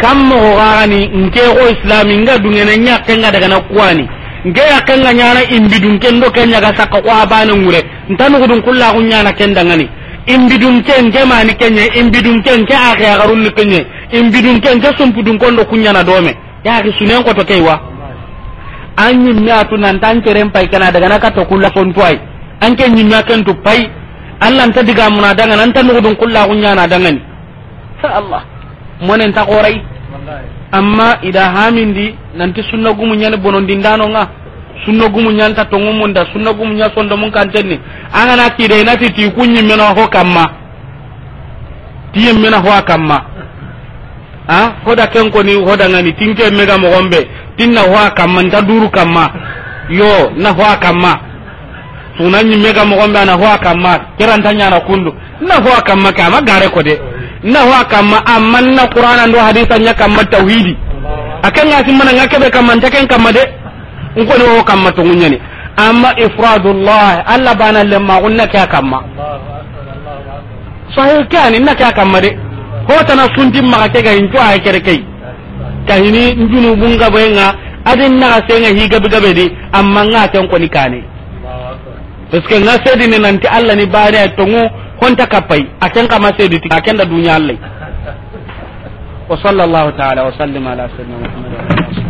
kam mogo gagani nke go islami nga dungene ñakkenga dagana kuwani nke yakkenga ñana imbidun ken do ke ñaga saka ko abane ngure ntanugudun kullagu ñana ken dangani imbidun ke nke mani kenye imbidun ke ni akeagarunni kenye imbidun ke sumpu sumpudun kon do na dome ya ki sunen ko to wa an nyin me atu nan tan keren pai kana daga na kato kula fon tuai an ken nyin me kan tu pai Allah ta diga mun daga nan tan nudun kulla kunya na daga ni sa Allah monen ta korai amma ida hamindi nanti sunna gumu nyane bonon dindano nga sunna gumu nyanta tongu munda sunna gumu nya sondo mun ten angana kide na titi kunyi mena ho kamma tiyem mena ho kamma a hoda ken koni hoda ngani tinke mega mogombe tinna hoa kamma nta duru kamma yo na hoa kamma sunanyi mega mogombe na hoa kamma keranta nyana kundu na hoa kamma kama gare ko de na hoa kamma amma na qur'ana ndo hadisa nya kamma tauhidi akan ngasi mana ngakebe kamma nta ken kamma de ngoni ho kamma to ngunyani amma ifradullah alla bana lemma gunna kya kamma sahih kan inna kya kamma de hotana suntin maxa ke ga hincu axe kere key kahini njunu bunga boyenga adin na naxa senga higabigabe di amma nga ta ten koni kane parce nga sedi ni nanti alla ni bane to tongu honta kapai aken kama sedi ti aken da dunya alle wa sallallahu taala wa sallim ala sayyidina muhammad